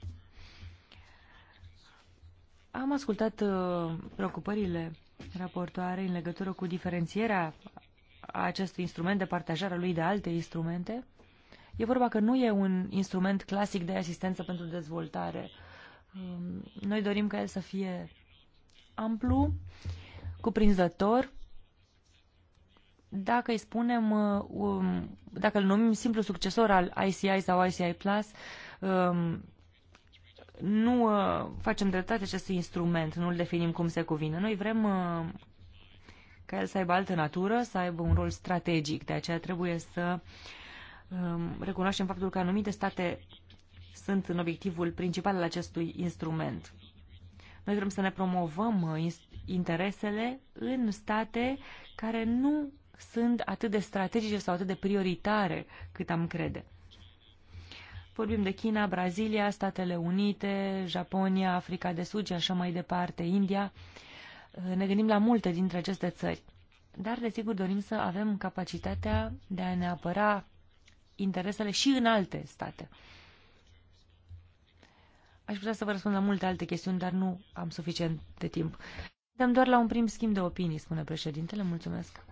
Am ascultat uh, preocupările raportoare în legătură cu diferențierea acestui instrument de partajarea lui de alte instrumente. E vorba că nu e un instrument clasic de asistență pentru dezvoltare. Um, noi dorim ca el să fie amplu, cuprinzător. Dacă îi spunem, uh, um, dacă îl numim simplu succesor al ICI sau ICI Plus, um, nu uh, facem dreptate acestui instrument, nu-l definim cum se cuvine. Noi vrem uh, ca el să aibă altă natură, să aibă un rol strategic. De aceea trebuie să um, recunoaștem faptul că anumite state sunt în obiectivul principal al acestui instrument. Noi vrem să ne promovăm uh, interesele în state care nu sunt atât de strategice sau atât de prioritare cât am crede. Vorbim de China, Brazilia, Statele Unite, Japonia, Africa de Sud și așa mai departe, India. Ne gândim la multe dintre aceste țări. Dar, desigur, dorim să avem capacitatea de a ne apăra interesele și în alte state. Aș putea să vă răspund la multe alte chestiuni, dar nu am suficient de timp. Dăm doar la un prim schimb de opinii, spune președintele. Mulțumesc.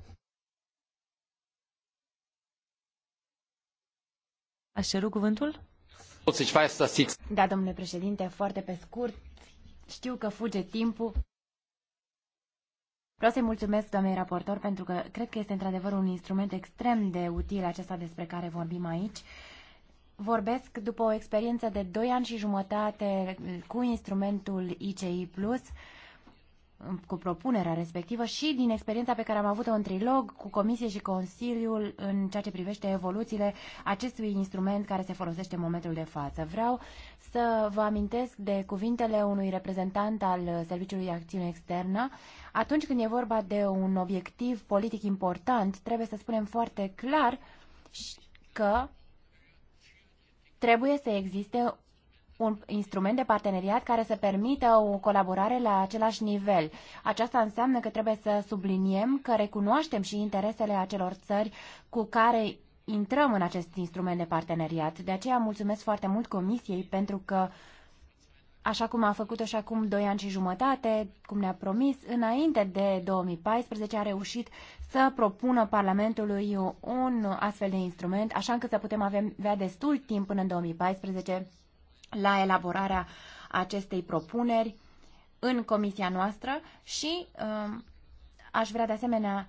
Aș ceru cuvântul? Da, domnule președinte, foarte pe scurt. Știu că fuge timpul. Vreau să-i mulțumesc, doamnei raportor, pentru că cred că este într-adevăr un instrument extrem de util acesta despre care vorbim aici. Vorbesc după o experiență de 2 ani și jumătate cu instrumentul ICI+, cu propunerea respectivă și din experiența pe care am avut-o în trilog cu Comisie și Consiliul în ceea ce privește evoluțiile acestui instrument care se folosește în momentul de față. Vreau să vă amintesc de cuvintele unui reprezentant al Serviciului Acțiune Externă. Atunci când e vorba de un obiectiv politic important, trebuie să spunem foarte clar că trebuie să existe un instrument de parteneriat care să permită o colaborare la același nivel. Aceasta înseamnă că trebuie să subliniem că recunoaștem și interesele acelor țări cu care intrăm în acest instrument de parteneriat. De aceea mulțumesc foarte mult Comisiei pentru că așa cum a făcut-o și acum doi ani și jumătate, cum ne-a promis, înainte de 2014 a reușit să propună Parlamentului un astfel de instrument, așa încât să putem avea destul timp până în 2014 la elaborarea acestei propuneri în comisia noastră și uh, aș vrea de asemenea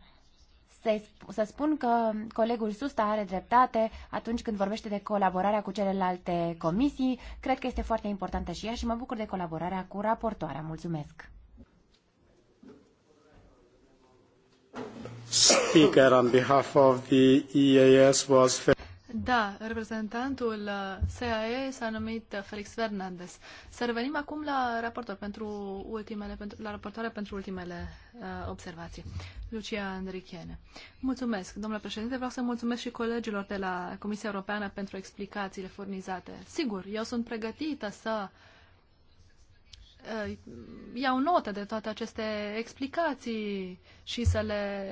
să, să spun că colegul Susta are dreptate atunci când vorbește de colaborarea cu celelalte comisii. Cred că este foarte importantă și ea și mă bucur de colaborarea cu raportoarea. Mulțumesc! Speaker on behalf of the EAS was da, reprezentantul uh, SAE s-a numit uh, Felix Fernandez. Să revenim acum la raportor pentru ultimele, pentru, la raportoarea pentru ultimele uh, observații. Lucia Andrichene. Mulțumesc, domnule președinte. Vreau să mulțumesc și colegilor de la Comisia Europeană pentru explicațiile furnizate. Sigur, eu sunt pregătită să uh, iau notă de toate aceste explicații și să le,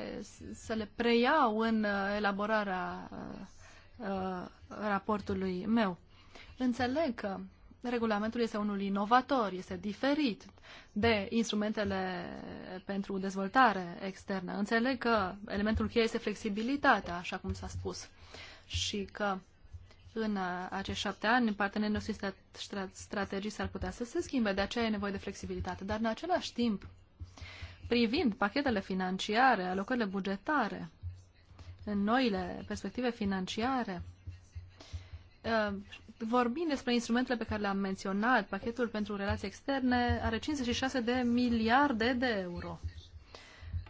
să le preiau în elaborarea uh, Uh, raportului meu. Înțeleg că regulamentul este unul inovator, este diferit de instrumentele pentru dezvoltare externă. Înțeleg că elementul cheie este flexibilitatea, așa cum s-a spus, și că în acești șapte ani partenerii noștri strategii s-ar putea să se schimbe, de aceea e nevoie de flexibilitate. Dar în același timp, privind pachetele financiare, alocările bugetare, în noile perspective financiare, uh, vorbind despre instrumentele pe care le-am menționat, pachetul pentru relații externe are 56 de miliarde de euro.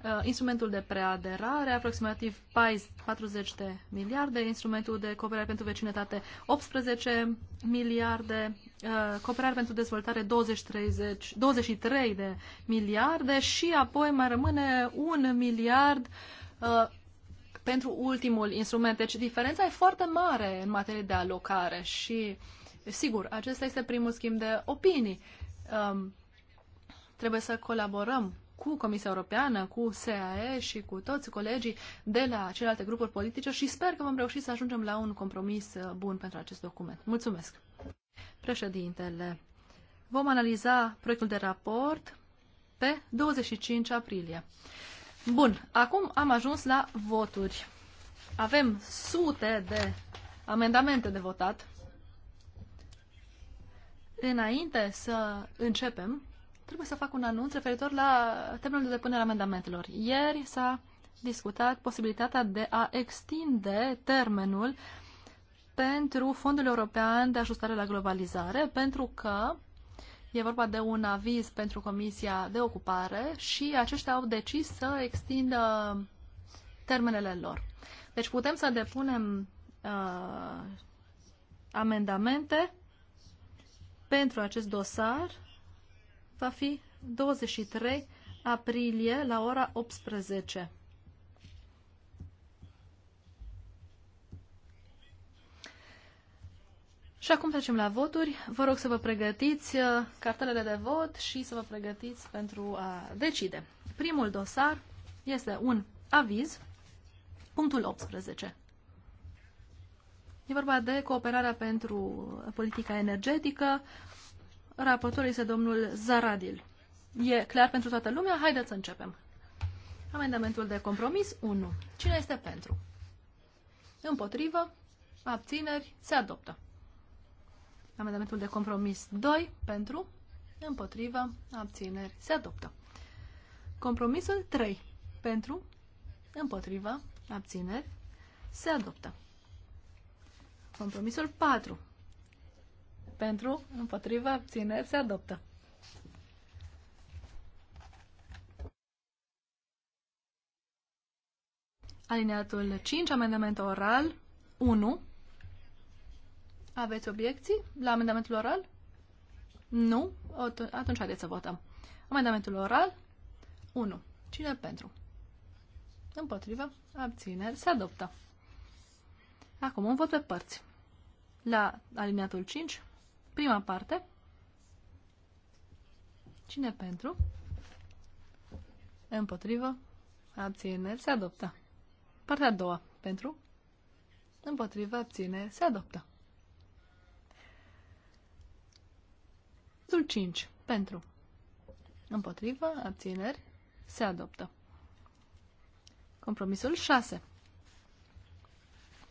Uh, instrumentul de preaderare, aproximativ 40 de miliarde, instrumentul de cooperare pentru vecinătate, 18 miliarde, uh, cooperare pentru dezvoltare, 20, 30, 23 de miliarde și apoi mai rămâne un miliard pentru ultimul instrument. Deci diferența e foarte mare în materie de alocare și, sigur, acesta este primul schimb de opinii. Um, trebuie să colaborăm cu Comisia Europeană, cu SAE și cu toți colegii de la celelalte grupuri politice și sper că vom reuși să ajungem la un compromis uh, bun pentru acest document. Mulțumesc! Președintele, vom analiza proiectul de raport pe 25 aprilie. Bun, acum am ajuns la voturi. Avem sute de amendamente de votat. Înainte să începem, trebuie să fac un anunț referitor la termenul de depunere a amendamentelor. Ieri s-a discutat posibilitatea de a extinde termenul pentru Fondul European de Ajustare la Globalizare, pentru că E vorba de un aviz pentru Comisia de Ocupare și aceștia au decis să extindă termenele lor. Deci putem să depunem uh, amendamente pentru acest dosar. Va fi 23 aprilie la ora 18. Și acum trecem la voturi. Vă rog să vă pregătiți uh, cartelele de vot și să vă pregătiți pentru a decide. Primul dosar este un aviz, punctul 18. E vorba de cooperarea pentru politica energetică. Raportorul este domnul Zaradil. E clar pentru toată lumea? Haideți să începem. Amendamentul de compromis 1. Cine este pentru? Împotrivă? Abțineri? Se adoptă. Amendamentul de compromis 2 pentru, împotrivă, abțineri, se adoptă. Compromisul 3 pentru, împotrivă, abțineri, se adoptă. Compromisul 4 pentru, împotrivă, abțineri, se adoptă. Alineatul 5, amendament oral 1 aveți obiecții la amendamentul oral? Nu? Atunci haideți să votăm. Amendamentul oral 1. Cine pentru? Împotrivă. Abțineri. Se adoptă. Acum un vot pe părți. La alineatul 5, prima parte. Cine pentru? Împotrivă. Abțineri. Se adoptă. Partea a doua. Pentru? Împotrivă. Abțineri. Se adoptă. Textul 5. Pentru. Împotrivă, abțineri, se adoptă. Compromisul 6.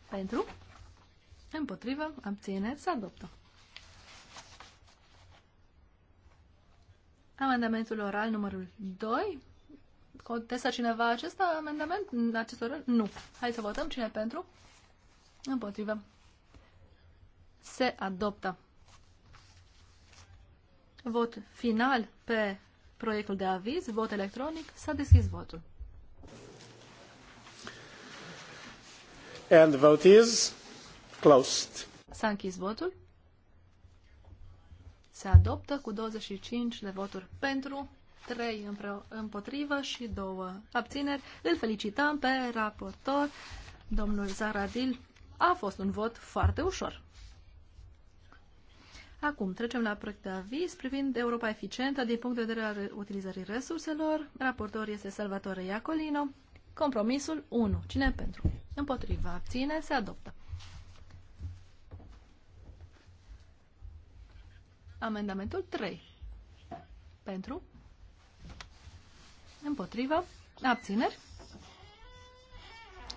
Pentru. Împotrivă, abțineri, se adoptă. Amendamentul oral numărul 2. Contestă cineva acest amendament? Acest oral? Nu. Hai să votăm. Cine pentru? Împotrivă. Se adoptă. Vot final pe proiectul de aviz, vot electronic, s-a deschis votul. And the vote is closed. S-a închis votul. Se adoptă cu 25 de voturi pentru, 3 împotrivă și 2 abțineri. Îl felicităm pe raportor, domnul Zaradil. A fost un vot foarte ușor. Acum trecem la proiect de aviz privind Europa eficientă din punct de vedere al utilizării resurselor. Raportor este Salvatore Iacolino. Compromisul 1. Cine pentru? Împotriva. Abține. Se adoptă. Amendamentul 3. Pentru? Împotriva. Abțineri.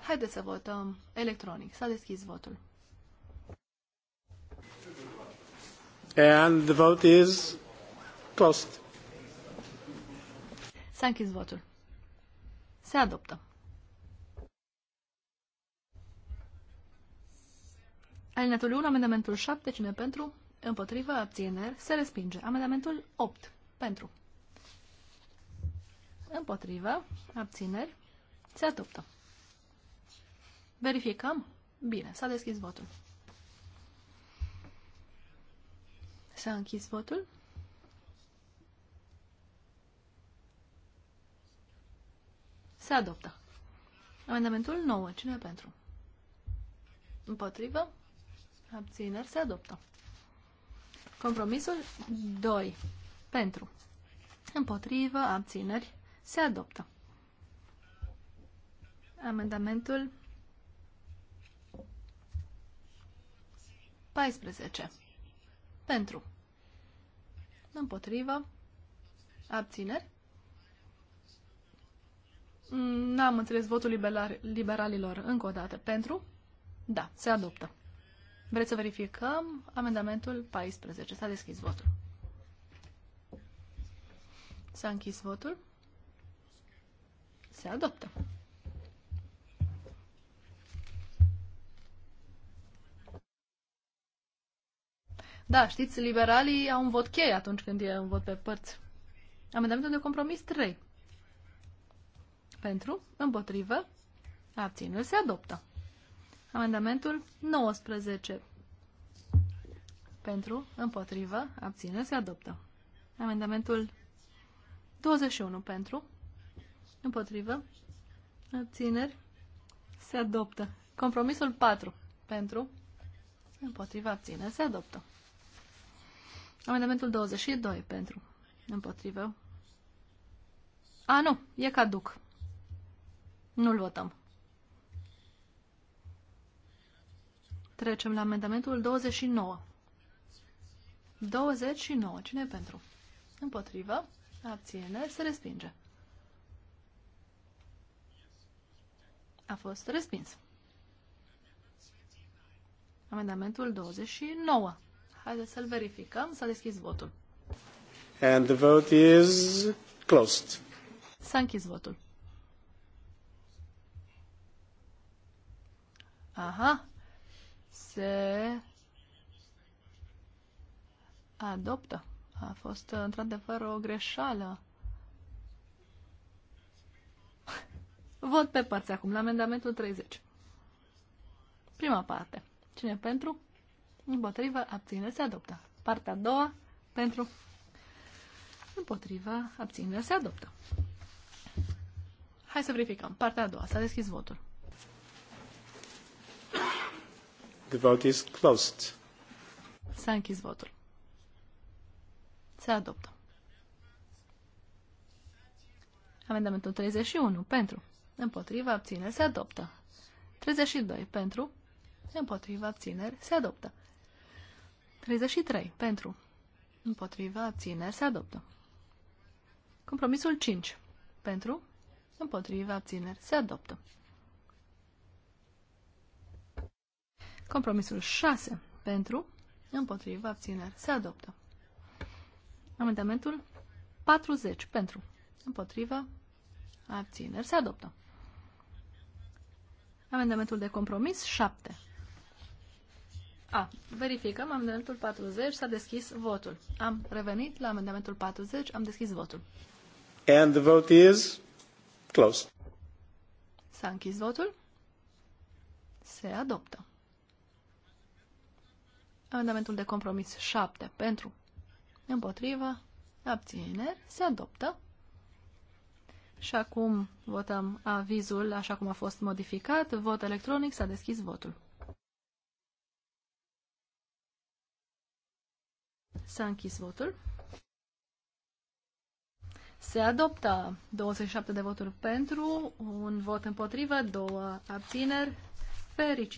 Haideți să votăm electronic. S-a deschis votul. And the vote is closed. S-a închis votul. Se adoptă. Alineatul 1, amendamentul 7, cine pentru? Împotrivă, abțineri, se respinge. Amendamentul 8, pentru. Împotrivă, abțineri, se adoptă. Verificăm? Bine, s-a deschis votul. S-a închis votul? Se adoptă. Amendamentul 9. Cine pentru? Împotrivă? Abțineri? Se adoptă. Compromisul 2. Pentru. Împotrivă? Abțineri? Se adoptă. Amendamentul 14. Pentru împotrivă, abțineri. N-am înțeles votul liberal, liberalilor încă o dată. Pentru? Da, se adoptă. Vreți să verificăm amendamentul 14. S-a deschis votul. S-a închis votul. Se adoptă. Da, știți, liberalii au un vot cheie atunci când e un vot pe părți. Amendamentul de compromis 3. Pentru, împotrivă, abținul se adoptă. Amendamentul 19. Pentru, împotrivă, abținul se adoptă. Amendamentul 21 pentru, împotrivă, abțineri, se adoptă. Compromisul 4 pentru, împotrivă, abțineri, se adoptă. Amendamentul 22 pentru. Împotrivă. A, nu. E caduc. Nu-l votăm. Trecem la amendamentul 29. 29. Cine pentru? Împotrivă. Abține. Se respinge. A fost respins. Amendamentul 29. Haideți să-l verificăm, să deschis votul. And the vote is closed. S-a închis votul. Aha. Se adoptă. A fost într-adevăr o greșeală. Vot pe părți acum, la amendamentul 30. Prima parte. Cine pentru? împotrivă, abține, se adoptă. Partea a doua, pentru, împotrivă, abține, se adoptă. Hai să verificăm. Partea a doua, s-a deschis votul. The vote is closed. S-a închis votul. Se adoptă. Amendamentul 31. Pentru. Împotrivă, abține, se adoptă. 32. Pentru. Împotrivă, abțineri se adoptă. 33. Pentru. Împotriva abțineri se adoptă. Compromisul 5. Pentru. Împotriva abțineri se adoptă. Compromisul 6. Pentru. Împotriva abțineri se adoptă. Amendamentul 40. Pentru. Împotriva abțineri se adoptă. Amendamentul de compromis 7. A. Verificăm amendamentul 40. S-a deschis votul. Am revenit la amendamentul 40. Am deschis votul. And the vote is closed. S-a închis votul. Se adoptă. Amendamentul de compromis 7 pentru împotrivă abțineri se adoptă. Și acum votăm avizul așa cum a fost modificat. Vot electronic. S-a deschis votul. S-a închis votul. Se adoptă 27 de voturi pentru, un vot împotrivă, două abțineri.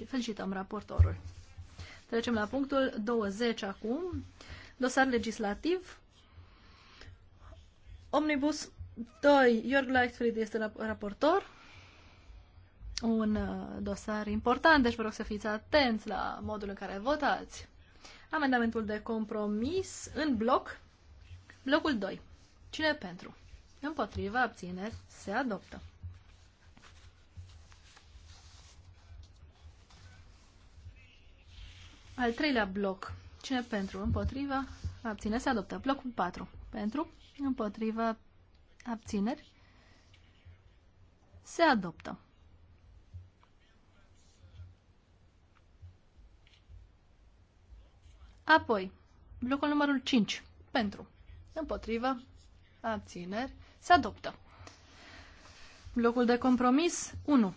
felicităm raportorul. Trecem la punctul 20 acum. Dosar legislativ. Omnibus 2. Jörg Leichtfried este raportor. Un uh, dosar important, deci vă rog să fiți atenți la modul în care votați. Amendamentul de compromis în bloc, blocul 2. Cine pentru? Împotriva, abțineri, se adoptă. Al treilea bloc. Cine pentru? Împotriva, abțineri, se adoptă. Blocul 4. Pentru, împotriva, abțineri, se adoptă. Apoi, blocul numărul 5. Pentru. Împotrivă. Abțineri. Se adoptă. Blocul de compromis 1.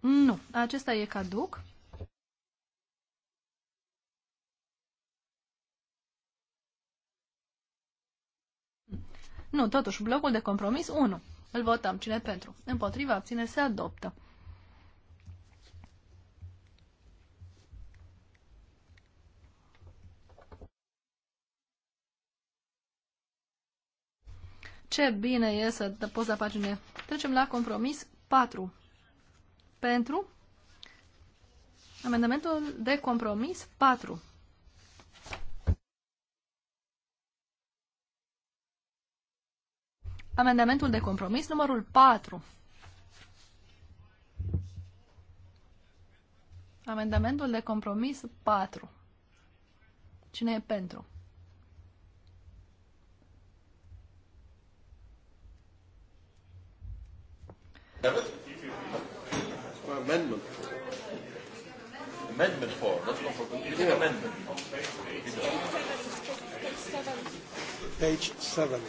Nu. Acesta e caduc. Nu, totuși, blocul de compromis 1. Îl votăm. Cine pentru? Împotriva, abține, se adoptă. Ce bine e să te poți la da pagine. Trecem la compromis 4. Pentru amendamentul de compromis 4. Amendamentul de compromis numărul 4. Amendamentul de compromis 4. Cine e pentru? Amendment. Amendment 4. Let's go for yeah. amendment. Page 7.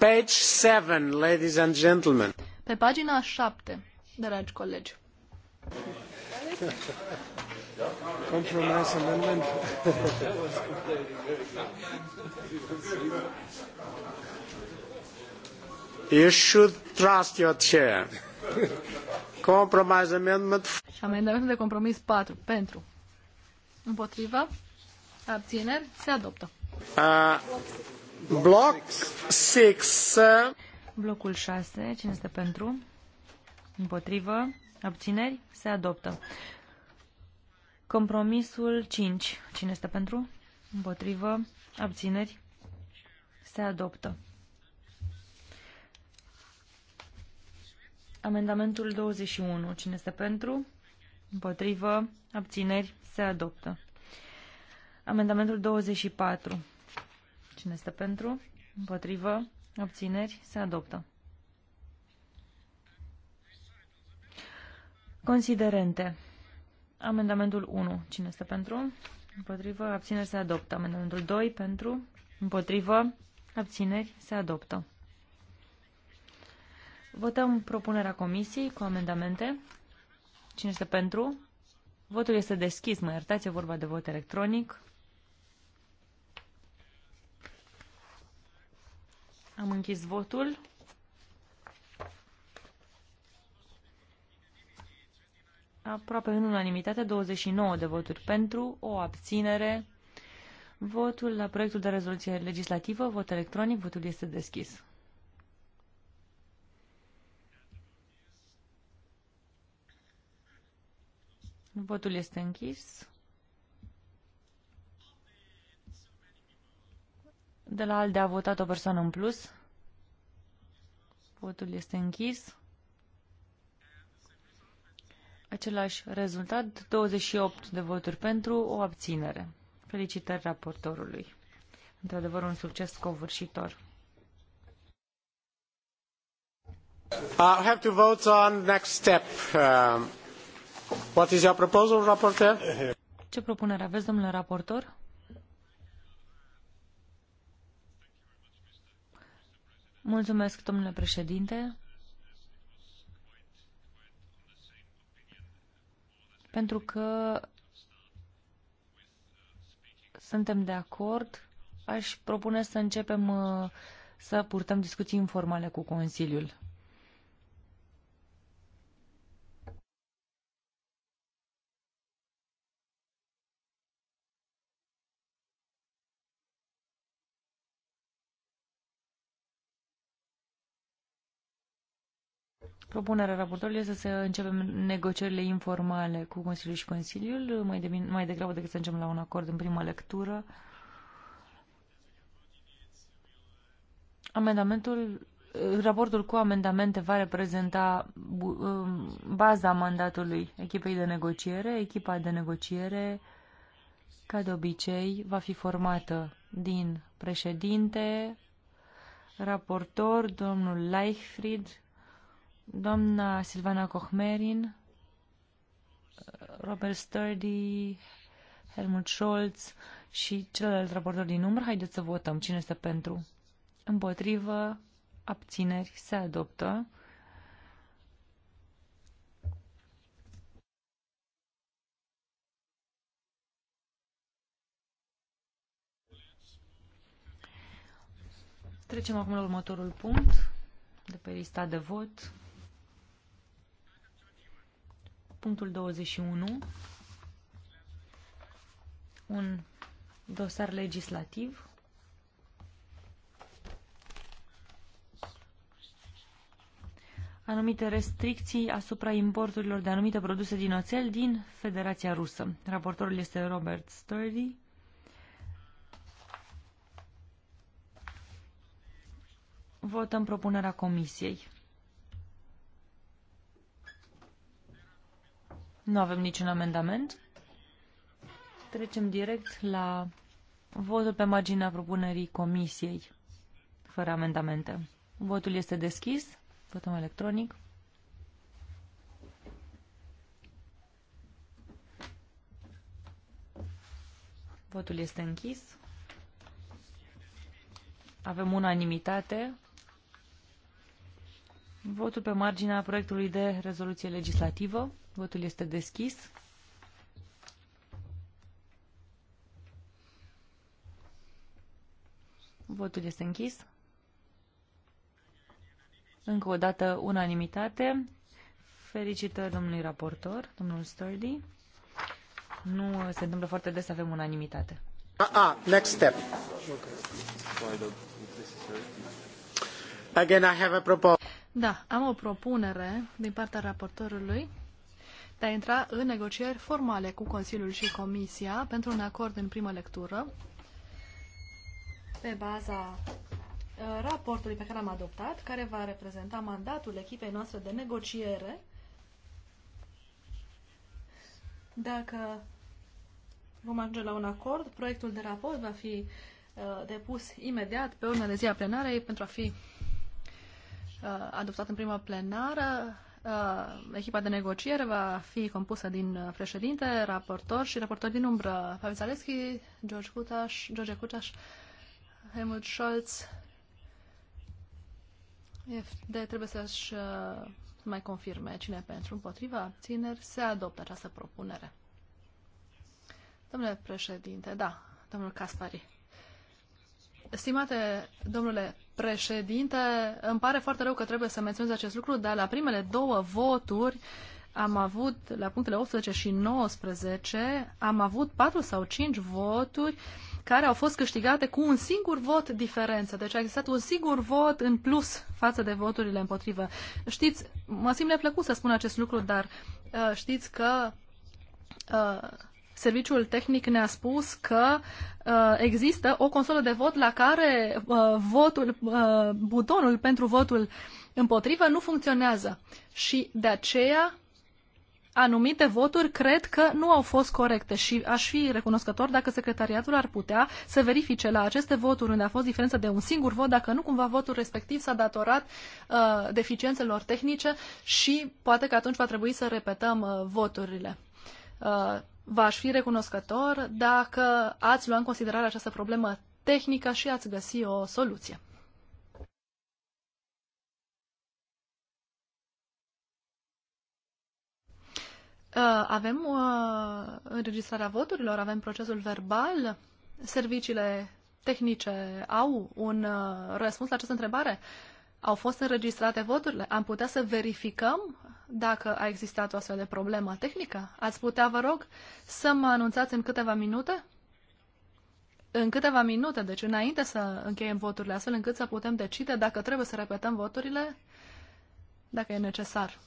Page 7, ladies and gentlemen. Pe pagina 7, dragi colegi. Compromise amendment. you should trust your chair. Compromise amendment. Și amendamentul de compromis 4. Pentru. Împotrivă. Abțineri. Se adoptă. Uh, bloc 6. Blocul 6. Cine este pentru? Împotrivă. Abțineri. Se adoptă. Compromisul 5. Cine este pentru? Împotrivă. Abțineri. Se adoptă. Amendamentul 21. Cine este pentru? Împotrivă. Abțineri. Se adoptă. Amendamentul 24. Cine este pentru? Împotrivă. Abțineri. Se adoptă. Considerente. Amendamentul 1. Cine este pentru? Împotrivă. Abțineri. Se adoptă. Amendamentul 2. Pentru. Împotrivă. Abțineri. Se adoptă. Votăm propunerea comisiei cu amendamente. Cine este pentru? Votul este deschis, mă iertați, e vorba de vot electronic. Am închis votul. Aproape în unanimitate, 29 de voturi pentru, o abținere. Votul la proiectul de rezoluție legislativă, vot electronic, votul este deschis. Votul este închis. De la ALDE a votat o persoană în plus. Votul este închis. Același rezultat, 28 de voturi pentru, o abținere. Felicitări raportorului. Într-adevăr, un succes covârșitor. Uh, have to vote on next step. Uh... What is your proposal, raporteur? Ce propunere aveți, domnule raportor? Mulțumesc, domnule președinte. Pentru că suntem de acord, aș propune să începem uh, să purtăm discuții informale cu Consiliul. Propunerea raportorului este să începem negocierile informale cu Consiliul și Consiliul, mai, de, mai degrabă decât să începem la un acord în prima lectură. Amendamentul, raportul cu amendamente va reprezenta um, baza mandatului echipei de negociere. Echipa de negociere, ca de obicei, va fi formată din președinte, raportor, domnul Leichfried, Doamna Silvana Cochmerin, Robert Sturdy, Helmut Scholz și celălalt raportor din număr. Haideți să votăm cine este pentru. Împotrivă, abțineri, se adoptă. Trecem acum la următorul punct de pe lista de vot punctul 21, un dosar legislativ. anumite restricții asupra importurilor de anumite produse din oțel din Federația Rusă. Raportorul este Robert Sturdy. Votăm propunerea Comisiei. Nu avem niciun amendament. Trecem direct la votul pe marginea propunerii comisiei, fără amendamente. Votul este deschis, votăm electronic. Votul este închis. Avem unanimitate. Votul pe marginea proiectului de rezoluție legislativă. Votul este deschis. Votul este închis. Încă o dată unanimitate. Felicitări domnului raportor, domnul Sturdy. Nu se întâmplă foarte des să avem unanimitate. Ah, ah, next step. Again, I have a proposal. Da, am o propunere din partea raportorului de a intra în negocieri formale cu Consiliul și Comisia pentru un acord în primă lectură pe baza uh, raportului pe care l-am adoptat, care va reprezenta mandatul echipei noastre de negociere. Dacă vom ajunge la un acord, proiectul de raport va fi uh, depus imediat pe urmă de zi a plenarei pentru a fi uh, adoptat în prima plenară. Uh, echipa de negociere va fi compusă din uh, președinte, raportor și raportor din umbră. Pavel Zaleschi, George Cutaș, George Cutaș, Helmut Scholz. De trebuie să-și uh, mai confirme cine pentru împotriva abțineri se adoptă această propunere. Domnule președinte, da, domnul Caspari. Stimate domnule președinte, îmi pare foarte rău că trebuie să menționez acest lucru, dar la primele două voturi am avut, la punctele 18 și 19, am avut patru sau cinci voturi care au fost câștigate cu un singur vot diferență. Deci a existat un singur vot în plus față de voturile împotrivă. Știți, mă simt neplăcut să spun acest lucru, dar uh, știți că uh, serviciul tehnic ne-a spus că uh, există o consolă de vot la care uh, votul, uh, butonul pentru votul împotrivă nu funcționează. Și de aceea anumite voturi cred că nu au fost corecte și aș fi recunoscător dacă secretariatul ar putea să verifice la aceste voturi unde a fost diferență de un singur vot, dacă nu cumva votul respectiv s-a datorat uh, deficiențelor tehnice și poate că atunci va trebui să repetăm uh, voturile. Uh, V-aș fi recunoscător dacă ați lua în considerare această problemă tehnică și ați găsi o soluție. Uh, avem uh, înregistrarea voturilor, avem procesul verbal, serviciile tehnice au un uh, răspuns la această întrebare. Au fost înregistrate voturile? Am putea să verificăm dacă a existat o astfel de problemă tehnică. Ați putea, vă rog, să mă anunțați în câteva minute? În câteva minute, deci înainte să încheiem voturile, astfel încât să putem decide dacă trebuie să repetăm voturile, dacă e necesar.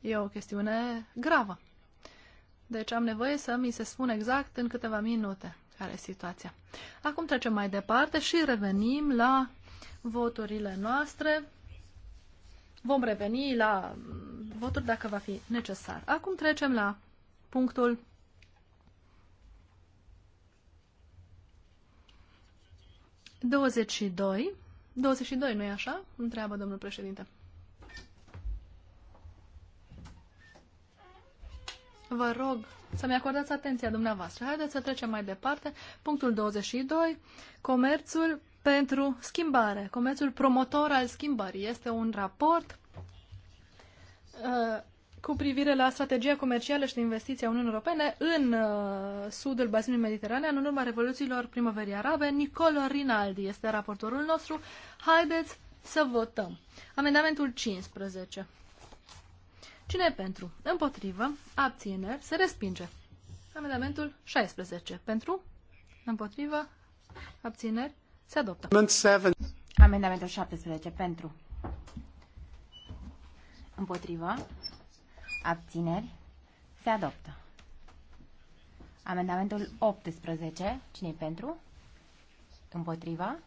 E o chestiune gravă. Deci am nevoie să mi se spun exact în câteva minute care e situația. Acum trecem mai departe și revenim la voturile noastre. Vom reveni la voturi dacă va fi necesar. Acum trecem la punctul douăzeci și doi. 22, nu-i așa? Întreabă domnul președinte. Vă rog să-mi acordați atenția dumneavoastră. Haideți să trecem mai departe. Punctul 22. Comerțul pentru schimbare. Comerțul promotor al schimbării. Este un raport Uh, cu privire la strategia comercială și de investiție a Uniunii Europene în uh, sudul bazinului mediteranean, în urma revoluțiilor primăverii arabe. Nicolo Rinaldi este raportorul nostru. Haideți să votăm. Amendamentul 15. Cine e pentru? Împotrivă. Abțineri. Se respinge. Amendamentul 16. Pentru? Împotrivă. Abțineri. Se adoptă. Amendamentul 17. Pentru. Împotrivă. Abțineri. Se adoptă. Amendamentul 18. cine pentru? Împotrivă?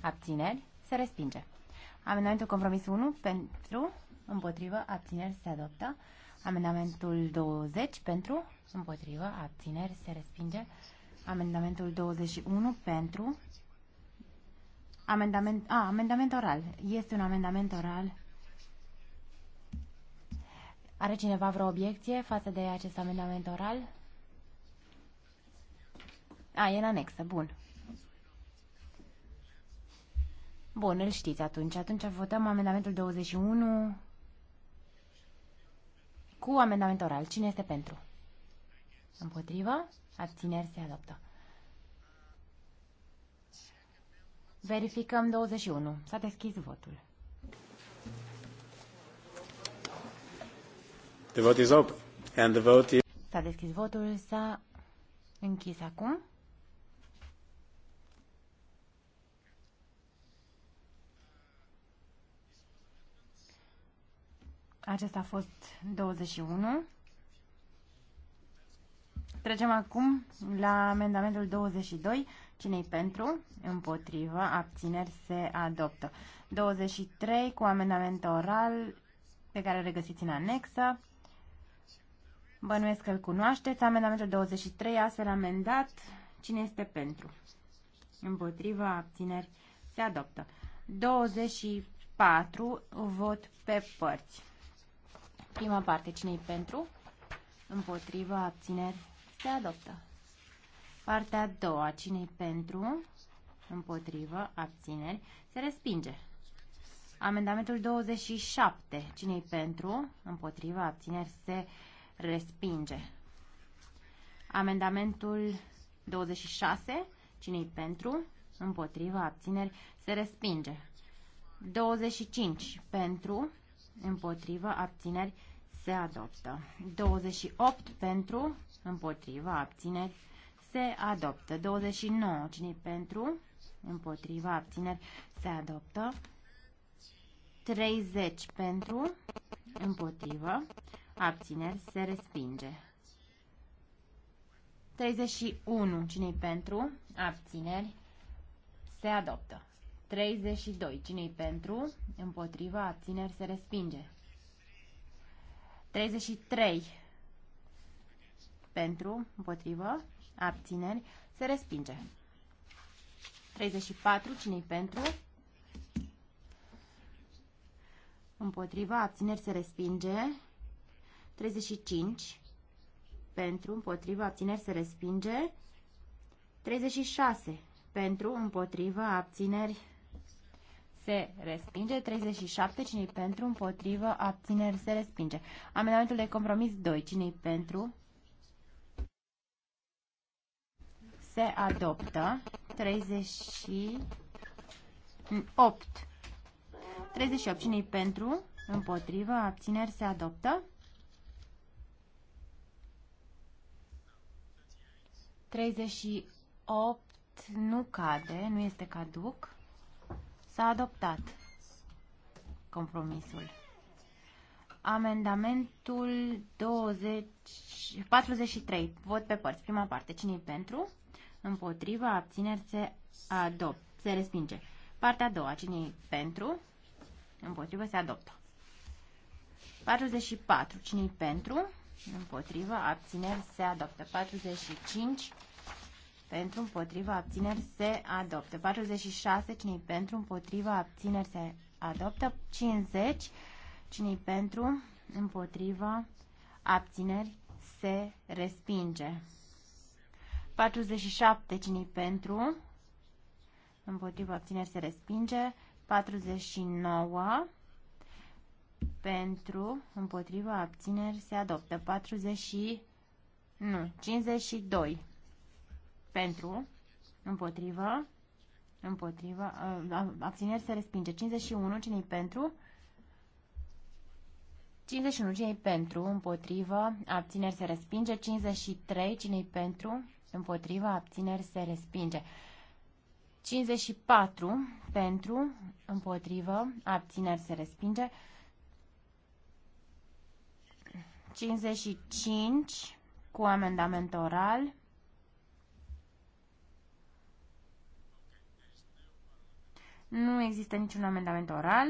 Abțineri. Se respinge. Amendamentul compromis 1. Pentru. Împotrivă. Abțineri. Se adoptă. Amendamentul 20. Pentru. Împotrivă. Abțineri. Se respinge. Amendamentul 21. Pentru. Amendament, a, amendament oral. Este un amendament oral are cineva vreo obiecție față de acest amendament oral? A, e în anexă, bun. Bun, îl știți atunci. Atunci votăm amendamentul 21 cu amendament oral. Cine este pentru? Împotrivă? Abțineri se adoptă. Verificăm 21. S-a deschis votul. The vote is open. And the vote is... S-a deschis votul, s-a închis acum. Acesta a fost 21. Trecem acum la amendamentul 22. Cine-i pentru? Împotrivă. Abțineri se adoptă. 23 cu amendament oral pe care îl regăsiți în anexă. Bănuiesc că îl cunoașteți. Amendamentul 23, astfel amendat. Cine este pentru? Împotriva abțineri se adoptă. 24 vot pe părți. Prima parte, cine e pentru? Împotriva abțineri se adoptă. Partea a doua, cine e pentru? Împotrivă, abțineri, se respinge. Amendamentul 27, cine e pentru? Împotrivă, abțineri, se respinge respinge. Amendamentul 26, cine pentru, împotriva, abțineri, se respinge. 25 pentru, împotriva, abțineri, se adoptă. 28 pentru, împotriva, abțineri, se adoptă. 29, cine pentru, împotriva, abțineri, se adoptă. 30 pentru, împotrivă, abțineri, se respinge. 31. cine pentru? Abțineri. Se adoptă. 32. cine pentru? Împotriva. Abțineri. Se respinge. 33. Pentru. Împotrivă. Abțineri. Se respinge. 34. cine pentru? Împotriva. Abțineri. Se respinge. 35 pentru, împotriva, abțineri se respinge. 36 pentru, împotriva, abțineri se respinge. 37 cine pentru, împotriva, abțineri se respinge. Amendamentul de compromis 2 cine pentru, se adoptă 38. 38 cine pentru? împotriva, abțineri se adoptă. 38 nu cade, nu este caduc. S-a adoptat compromisul. Amendamentul 20, 43. Vot pe părți. Prima parte. cine e pentru? Împotriva. Abțineri se adoptă. Se respinge. Partea a doua. cine e pentru? Împotriva. Se adoptă. 44. Cine-i pentru? împotrivă, abțineri se adoptă. 45 pentru, împotrivă, abțineri se adoptă. 46 cine pentru, împotrivă, abțineri se adoptă. 50 cine pentru, împotrivă, abțineri se respinge. 47 cine pentru, împotrivă, abțineri se respinge. 49 pentru, împotriva, abțineri se adoptă. 40 și... nu, 52 pentru, împotriva, împotriva, ă, abțineri se respinge. 51, cine pentru? 51, cine pentru? Împotriva, abțineri se respinge. 53, cine pentru? Împotriva, abțineri se respinge. 54, pentru, împotriva, abțineri se respinge. 55 cu amendament oral. Nu există niciun amendament oral.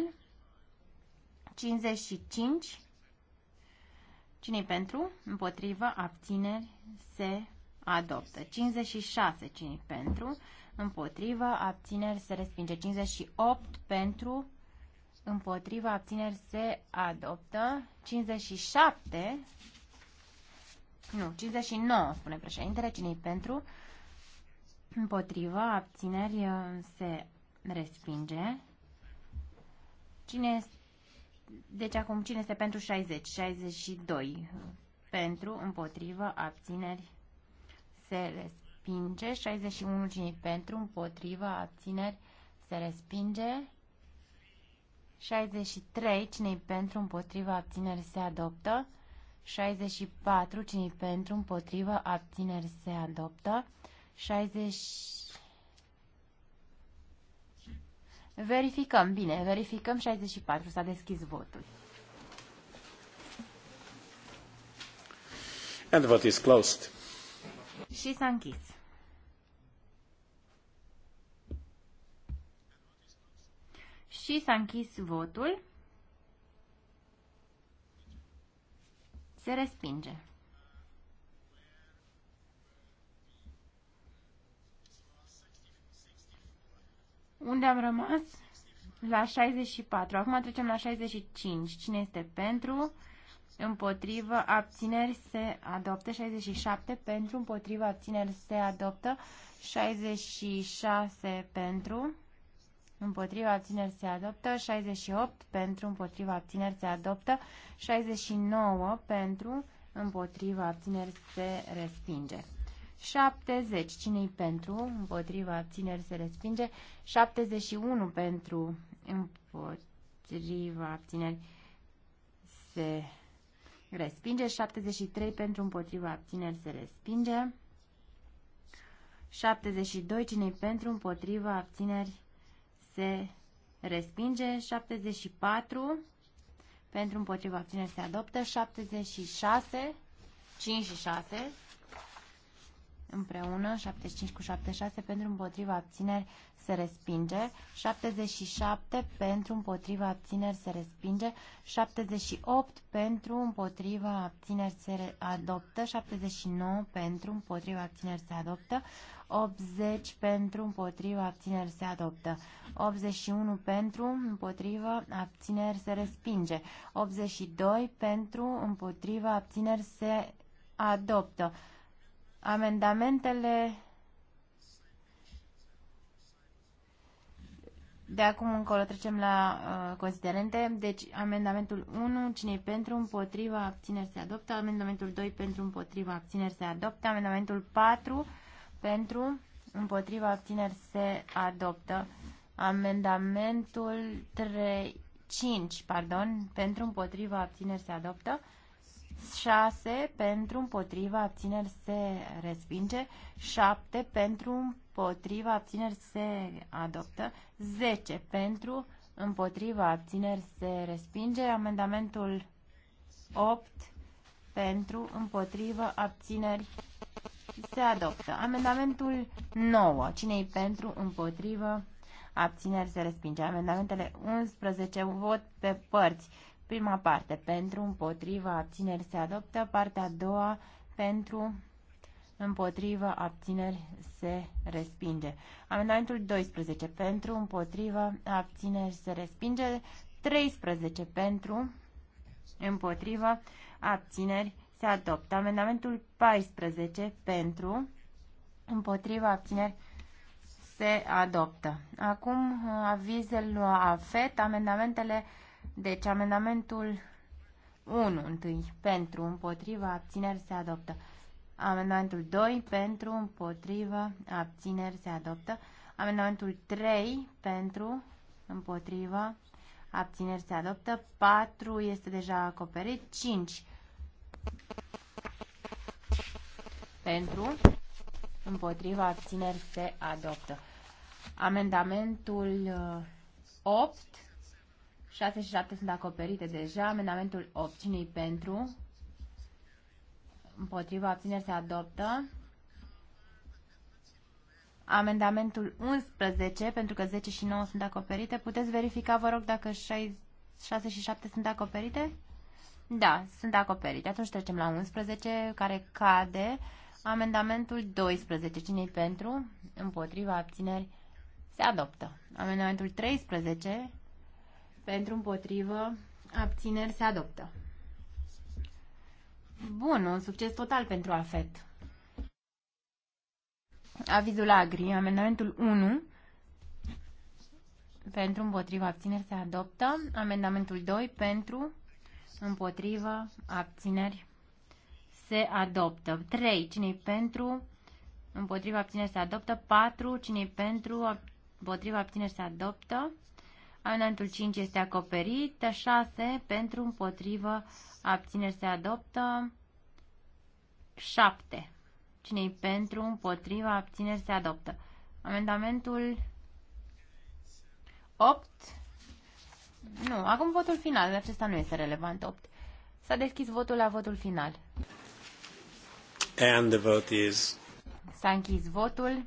55. cine pentru? Împotrivă, abțineri, se adoptă. 56. cine pentru? Împotrivă, abțineri, se respinge. 58 pentru, împotriva, abțineri se adoptă. 57, nu, 59, spune președintele, cine pentru? Împotriva, abțineri se respinge. Cine deci acum cine este pentru 60? 62 pentru, împotriva, abțineri se respinge. 61 cine pentru, împotriva, abțineri se respinge. 63, cine i pentru, împotriva, abțineri se adoptă. 64, cine i pentru, împotriva, abțineri se adoptă. 60... Verificăm, bine, verificăm 64, s-a deschis votul. And the vote is closed. Și s-a închis. Și s-a închis votul. Se respinge. Unde am rămas? La 64. Acum trecem la 65. Cine este pentru? Împotrivă. Abțineri se adoptă. 67 pentru. Împotrivă. Abțineri se adoptă. 66 pentru împotriva abțineri se adoptă, 68 pentru împotriva abțineri se adoptă, 69 pentru împotriva abțineri se respinge. 70, cine i pentru, împotriva abțineri se respinge, 71 pentru împotriva abțineri se respinge, 73 pentru împotriva abțineri se respinge, 72 cine i pentru împotriva abțineri se respinge, 74 pentru împotriva abțineri se adoptă, 76, 5 și 6 împreună, 75 cu 76 pentru împotriva abțineri se respinge, 77 pentru împotriva abțineri se respinge, 78 pentru împotriva abțineri se adoptă, 79 pentru împotriva abțineri se adoptă, 80 pentru, împotriva, abțineri se adoptă. 81 pentru, împotriva, abțineri se respinge. 82 pentru, împotriva, abțineri se adoptă. Amendamentele De acum încolo trecem la uh, considerente. Deci, amendamentul 1, cine pentru, împotriva, abțineri se adoptă. Amendamentul 2, pentru, împotriva, abțineri se adoptă. Amendamentul 4, pentru, împotriva abțineri se adoptă. Amendamentul 3, 5, pardon, pentru împotriva abțineri se adoptă. 6 pentru împotriva abțineri se respinge, 7 pentru împotriva abțineri se adoptă, 10 pentru împotriva abțineri se respinge, amendamentul 8 pentru împotriva abțineri se se adoptă. Amendamentul 9. Cine-i pentru? Împotrivă? Abțineri se respinge. Amendamentele 11. Vot pe părți. Prima parte. Pentru, împotrivă, abțineri se adoptă. Partea a doua. Pentru, împotrivă, abțineri se respinge. Amendamentul 12. Pentru, împotrivă, abțineri se respinge. 13. Pentru, împotrivă, abțineri se adoptă. Amendamentul 14 pentru, împotriva abțineri se adoptă. Acum uh, avizul la AFET, amendamentele, deci amendamentul 1 întâi pentru, împotriva abțineri se adoptă. Amendamentul 2 pentru, împotriva abțineri se adoptă. Amendamentul 3 pentru, împotriva abțineri se adoptă. 4 este deja acoperit. 5 pentru, împotriva, abțineri se adoptă. Amendamentul 8, uh, 6 și 7 sunt acoperite deja. Amendamentul 8, cine pentru? Împotriva, abțineri se adoptă. Amendamentul 11, pentru că 10 și 9 sunt acoperite. Puteți verifica, vă rog, dacă 6, 6 și 7 sunt acoperite? Da, sunt acoperite. Atunci trecem la 11, care cade. Amendamentul 12. Cine-i pentru? Împotriva abțineri. Se adoptă. Amendamentul 13. Pentru împotrivă abțineri se adoptă. Bun, un succes total pentru AFET. Avizul Agri, amendamentul 1. Pentru împotriva abțineri se adoptă. Amendamentul 2 pentru Împotrivă. Abțineri. Se adoptă. 3. Cine-i pentru? Împotrivă. Abțineri. Se adoptă. 4. Cine-i pentru? Împotrivă. Abțineri. Se adoptă. Amendamentul 5 este acoperit. 6. Pentru. Împotrivă. Abțineri. Se adoptă. 7. Cine-i pentru? Împotrivă. Abțineri. Se adoptă. Amendamentul 8 nu, acum votul final, acesta nu este relevant, 8. S-a deschis votul la votul final. And the vote is... S-a închis votul.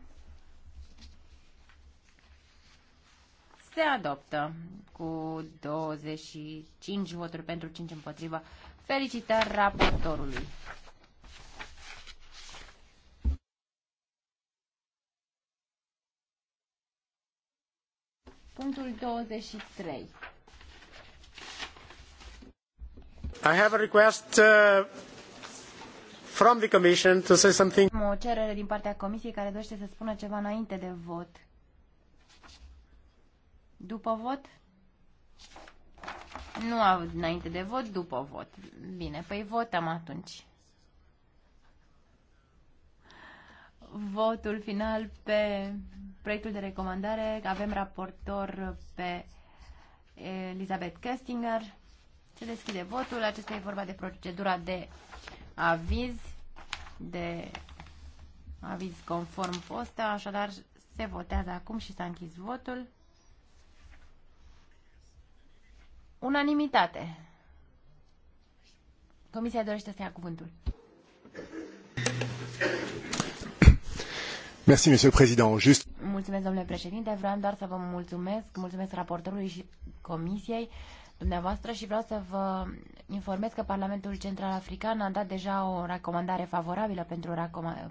Se adoptă cu 25 voturi pentru 5 împotriva. Felicitări raportorului. Punctul 23. I have a request uh, from the Commission to say something. O cerere din partea Comisiei care dorește să spună ceva înainte de vot. După vot? Nu înainte de vot, după vot. Bine, păi votăm atunci. Votul final pe proiectul de recomandare. Avem raportor pe Elizabeth Kestinger. Se deschide votul. Acesta e vorba de procedura de aviz, de aviz conform posta, așadar se votează acum și s-a închis votul. Unanimitate. Comisia dorește să ia cuvântul. Merci, Monsieur le Président. Just... Mulțumesc, domnule președinte. Vreau doar să vă mulțumesc. Mulțumesc raportorului și comisiei dumneavoastră și vreau să vă informez că Parlamentul Central African a dat deja o recomandare favorabilă pentru,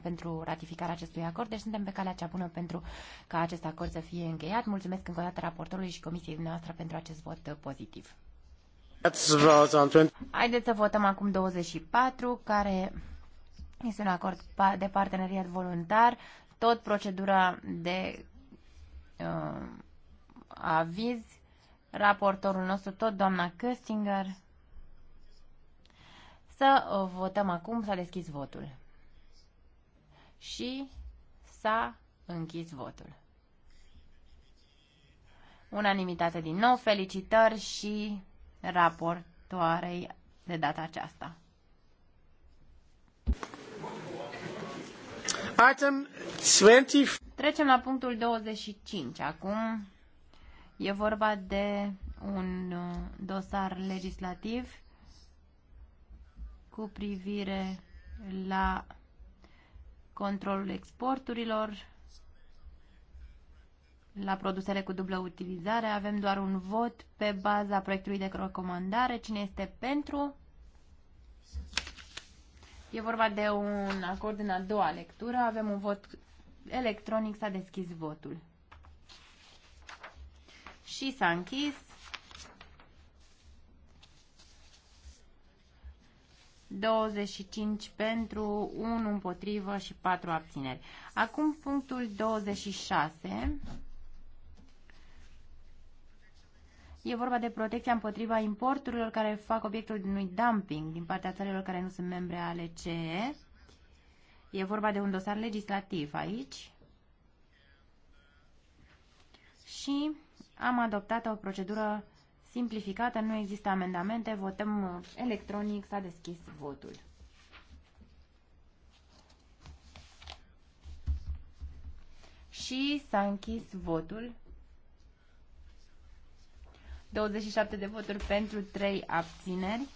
pentru ratificarea acestui acord, deci suntem pe calea cea bună pentru ca acest acord să fie încheiat. Mulțumesc încă o dată raportorului și comisiei dumneavoastră pentru acest vot pozitiv. Haideți să votăm acum 24, care este un acord de parteneriat voluntar, tot procedura de uh, aviz raportorul nostru, tot doamna Köstinger. Să uh, votăm acum, s-a deschis votul. Și s-a închis votul. Unanimitate din nou, felicitări și raportoarei de data aceasta. Item 20. Trecem la punctul 25 acum E vorba de un uh, dosar legislativ cu privire la controlul exporturilor, la produsele cu dublă utilizare. Avem doar un vot pe baza proiectului de recomandare. Cine este pentru? E vorba de un acord în a doua lectură. Avem un vot electronic. S-a deschis votul și s-a închis. 25 pentru, 1 împotrivă și 4 abțineri. Acum punctul 26. E vorba de protecția împotriva importurilor care fac obiectul unui dumping din partea țărilor care nu sunt membre ale CE. E vorba de un dosar legislativ aici. Și am adoptat o procedură simplificată, nu există amendamente, votăm electronic, s-a deschis votul. Și s-a închis votul. 27 de voturi pentru 3 abțineri.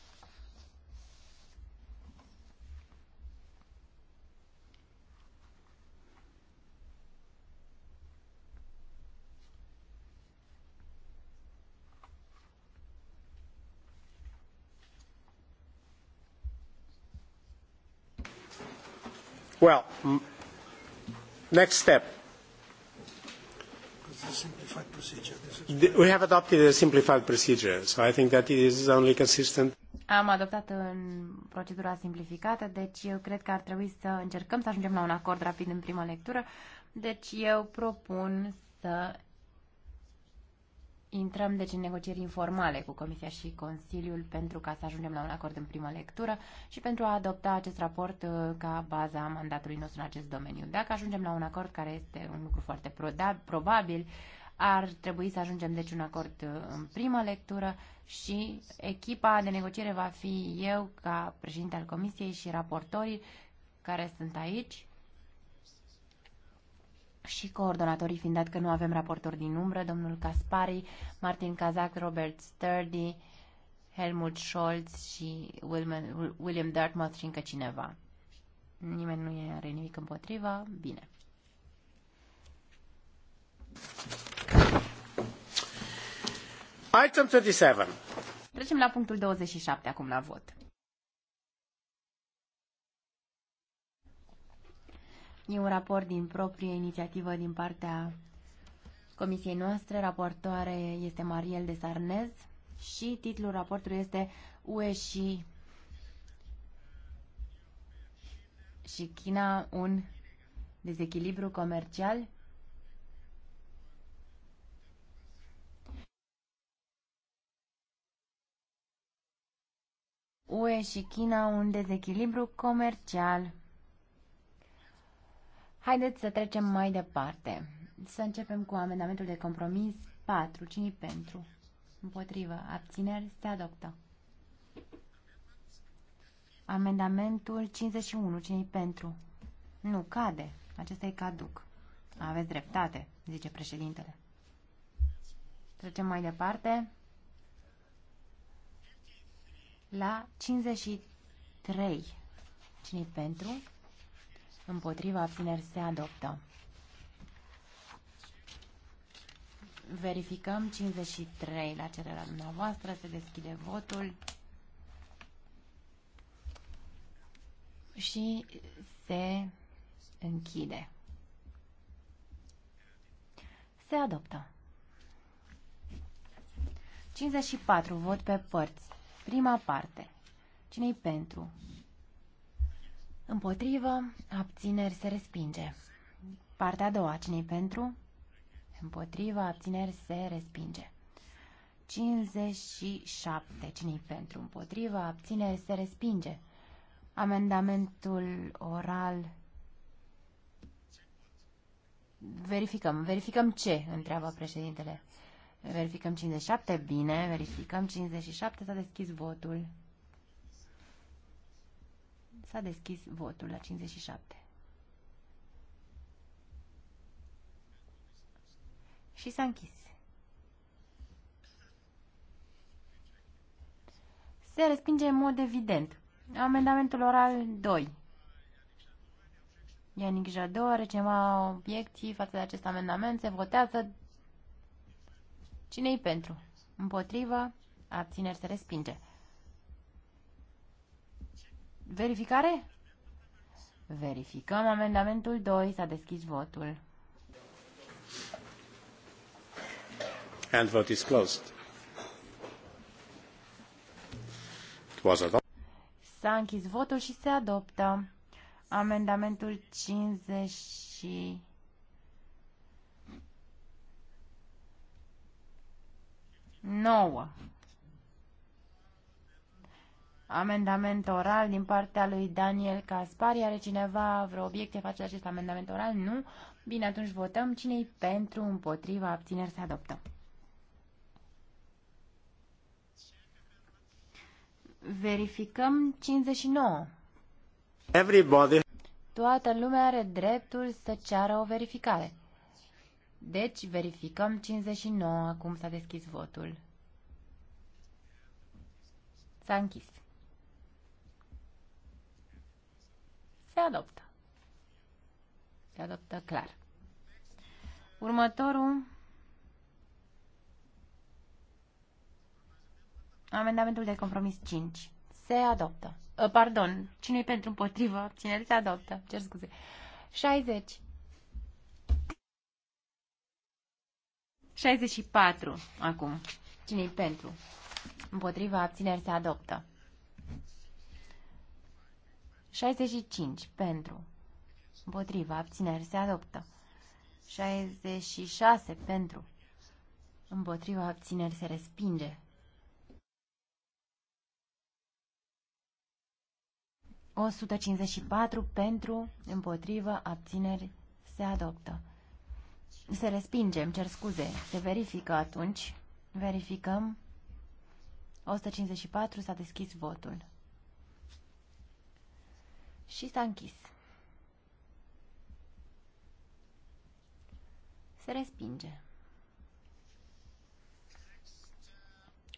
Well, next step. We have adopted a simplified procedure, so I think that it is only consistent. Am adoptat în procedura simplificată, deci eu cred că ar trebui să încercăm să ajungem la un acord rapid în prima lectură. Deci eu propun să Intrăm deci în negocieri informale cu Comisia și Consiliul pentru ca să ajungem la un acord în primă lectură și pentru a adopta acest raport uh, ca baza a mandatului nostru în acest domeniu. Dacă ajungem la un acord care este un lucru foarte probabil, ar trebui să ajungem deci un acord uh, în primă lectură și echipa de negociere va fi eu ca președinte al Comisiei și raportorii care sunt aici și coordonatorii, fiind dat că nu avem raportori din umbră, domnul Caspari, Martin Kazak, Robert Sturdy, Helmut Scholz și William Dartmouth și încă cineva. Nimeni nu are nimic împotriva? Bine. Item 37. Trecem la punctul 27 acum la vot. E un raport din proprie inițiativă din partea comisiei noastre. Raportoare este Mariel de Sarnez și titlul raportului este UE și și China un dezechilibru comercial UE și China un dezechilibru comercial. Haideți să trecem mai departe. Să începem cu amendamentul de compromis 4. Cine pentru? Împotrivă. Abțineri? Se adoptă. Amendamentul 51. cine pentru? Nu, cade. Acesta e caduc. Aveți dreptate, zice președintele. Trecem mai departe la 53. cine pentru? Împotriva abțineri se adoptă. Verificăm 53 la cererea dumneavoastră. Se deschide votul. Și se închide. Se adoptă. 54. Vot pe părți. Prima parte. Cine-i pentru? Împotrivă, abțineri se respinge. Partea a doua, cine pentru? Împotrivă, abțineri se respinge. 57, cine pentru? Împotrivă, abțineri se respinge. Amendamentul oral. Verificăm, verificăm ce? Întreabă președintele. Verificăm 57, bine, verificăm 57, s-a deschis votul. S-a deschis votul la 57. Și s-a închis. Se respinge în mod evident. Amendamentul oral 2. Ianic Jadot are ceva obiecții față de acest amendament. Se votează. Cine-i pentru? Împotrivă? Abțineri se respinge. Verificare? Verificăm amendamentul 2. S-a deschis votul. And vote is closed. It was S-a închis votul și se adoptă amendamentul 50 și... Nouă amendament oral din partea lui Daniel Caspari. Are cineva vreo obiecție face acest amendament oral? Nu. Bine, atunci votăm. Cine-i pentru, împotriva, abțineri, se adoptă. Verificăm 59. Everybody. Toată lumea are dreptul să ceară o verificare. Deci verificăm 59, acum s-a deschis votul. S-a închis. Se adoptă. Se adoptă clar. Următorul Amendamentul de compromis 5. Se adoptă. Uh, pardon, cine-i pentru împotrivă? Cine se adoptă. Cer scuze. 60. 64 acum. Cine-i pentru? Împotriva abțineri se adoptă. 65 pentru. Împotriva. Abțineri. Se adoptă. 66 pentru. Împotriva. Abțineri. Se respinge. 154 pentru, Împotriva. abțineri, se adoptă. Se respinge, îmi cer scuze, se verifică atunci. Verificăm. 154 s-a deschis votul. Și s-a închis. Se respinge.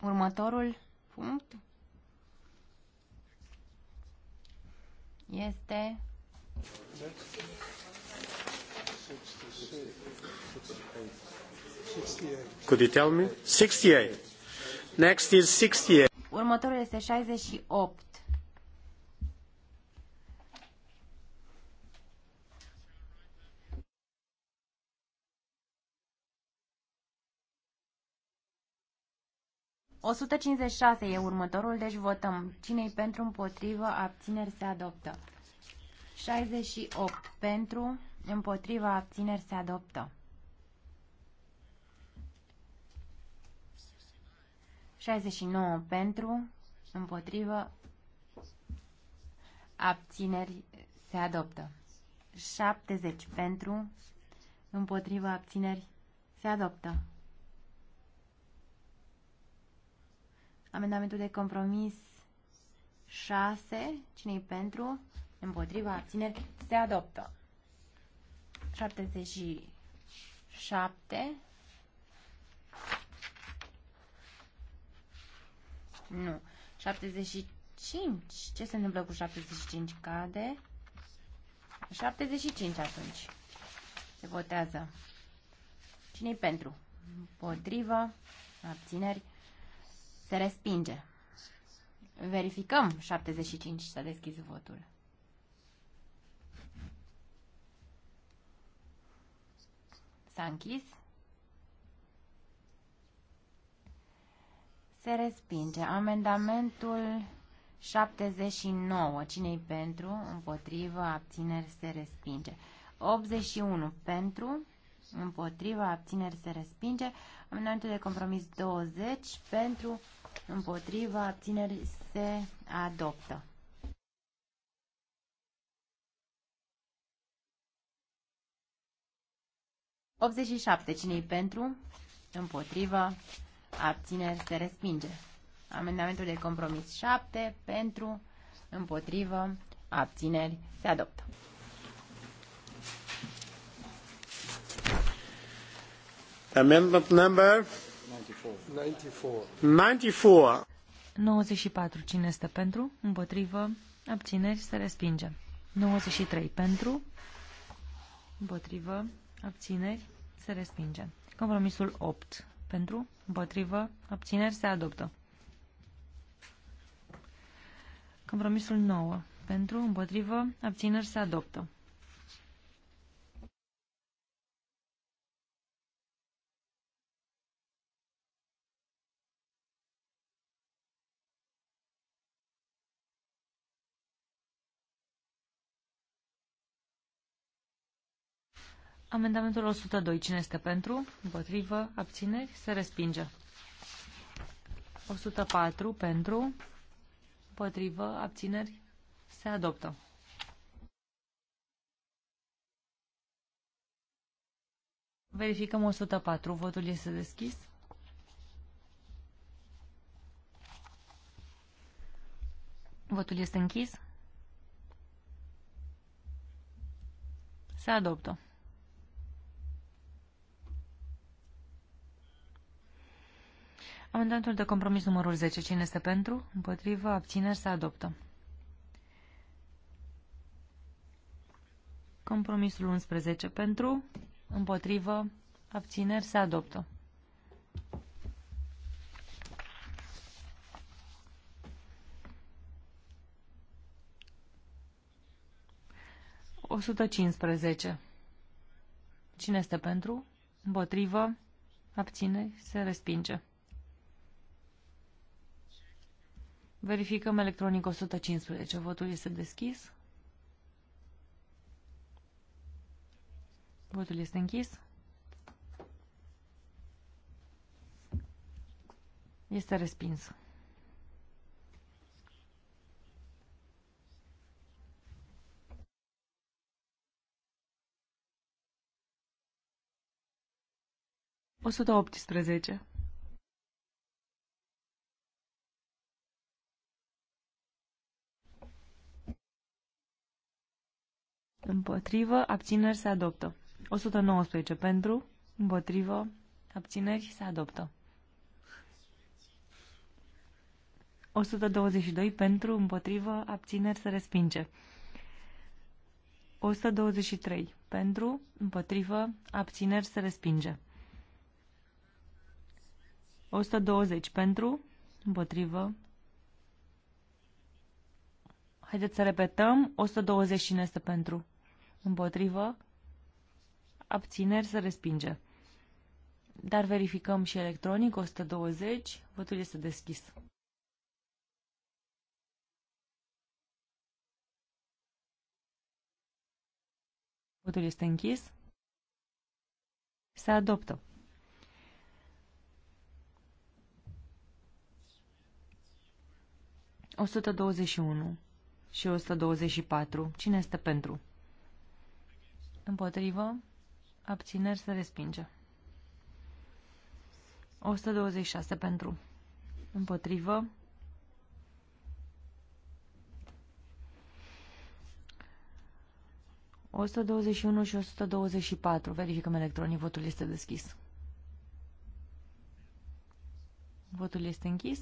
Următorul punct este Could you tell me? 68. Next is 68. Următorul este 68. 156 e următorul, deci votăm. cine pentru, împotrivă, abțineri, se adoptă. 68 pentru, împotrivă, abțineri, se adoptă. 69 pentru, împotrivă, abțineri, se adoptă. 70 pentru, împotrivă, abțineri, se adoptă. Amendamentul de compromis 6. cine pentru? Împotriva abțineri se adoptă. 77. Nu. 75. Ce se întâmplă cu 75? Cade. 75 atunci. Se votează. Cine-i pentru? Împotriva, Abțineri. Se respinge. Verificăm 75. S-a deschis votul. S-a închis. Se respinge. Amendamentul 79. Cine-i pentru? Împotrivă. Abțineri. Se respinge. 81. Pentru. Împotrivă. Abțineri. Se respinge. Amendamentul de compromis 20. Pentru împotriva, abțineri se adoptă. Optzeci șapte. cine e pentru? Împotrivă. Abțineri se respinge. Amendamentul de compromis 7. Pentru. Împotrivă. Abțineri se adoptă. Amendment number 94. 94. 94. Cine este pentru? Împotrivă. Abțineri. Se respinge. 93. Pentru. Împotrivă. Abțineri. Se respinge. Compromisul 8. Pentru. Împotrivă. Abțineri. Se adoptă. Compromisul 9. Pentru. Împotrivă. Abțineri. Se adoptă. Amendamentul 102. Cine este pentru? Împotrivă? Abțineri? Se respinge. 104. Pentru? Împotrivă? Abțineri? Se adoptă. Verificăm 104. Votul este deschis. Votul este închis. Se adoptă. Amendamentul de compromis numărul 10. Cine este pentru? Împotrivă? Abțineri? Se adoptă. Compromisul 11. Pentru? Împotrivă? Abțineri? Se adoptă. O Cine este pentru? Împotrivă? Abține? Se respinge. Verificăm electronic 115. Votul este deschis. Votul este închis. Este respins. O sută Împotrivă, abțineri se adoptă. 119 pentru, împotrivă, abțineri se adoptă. 122 pentru, împotrivă, abțineri se respinge. 123 pentru, împotrivă, abțineri se respinge. 120 pentru, împotrivă. Haideți să repetăm, 120 cine este pentru? împotrivă, abțineri se respinge. Dar verificăm și electronic, 120, votul este deschis. Votul este închis. Se adoptă. ...121 și 124. Cine este pentru? Împotrivă. Abțineri se respinge. 126 pentru. Împotrivă. O 121 și 124. Verificăm electronic. Votul este deschis. Votul este închis.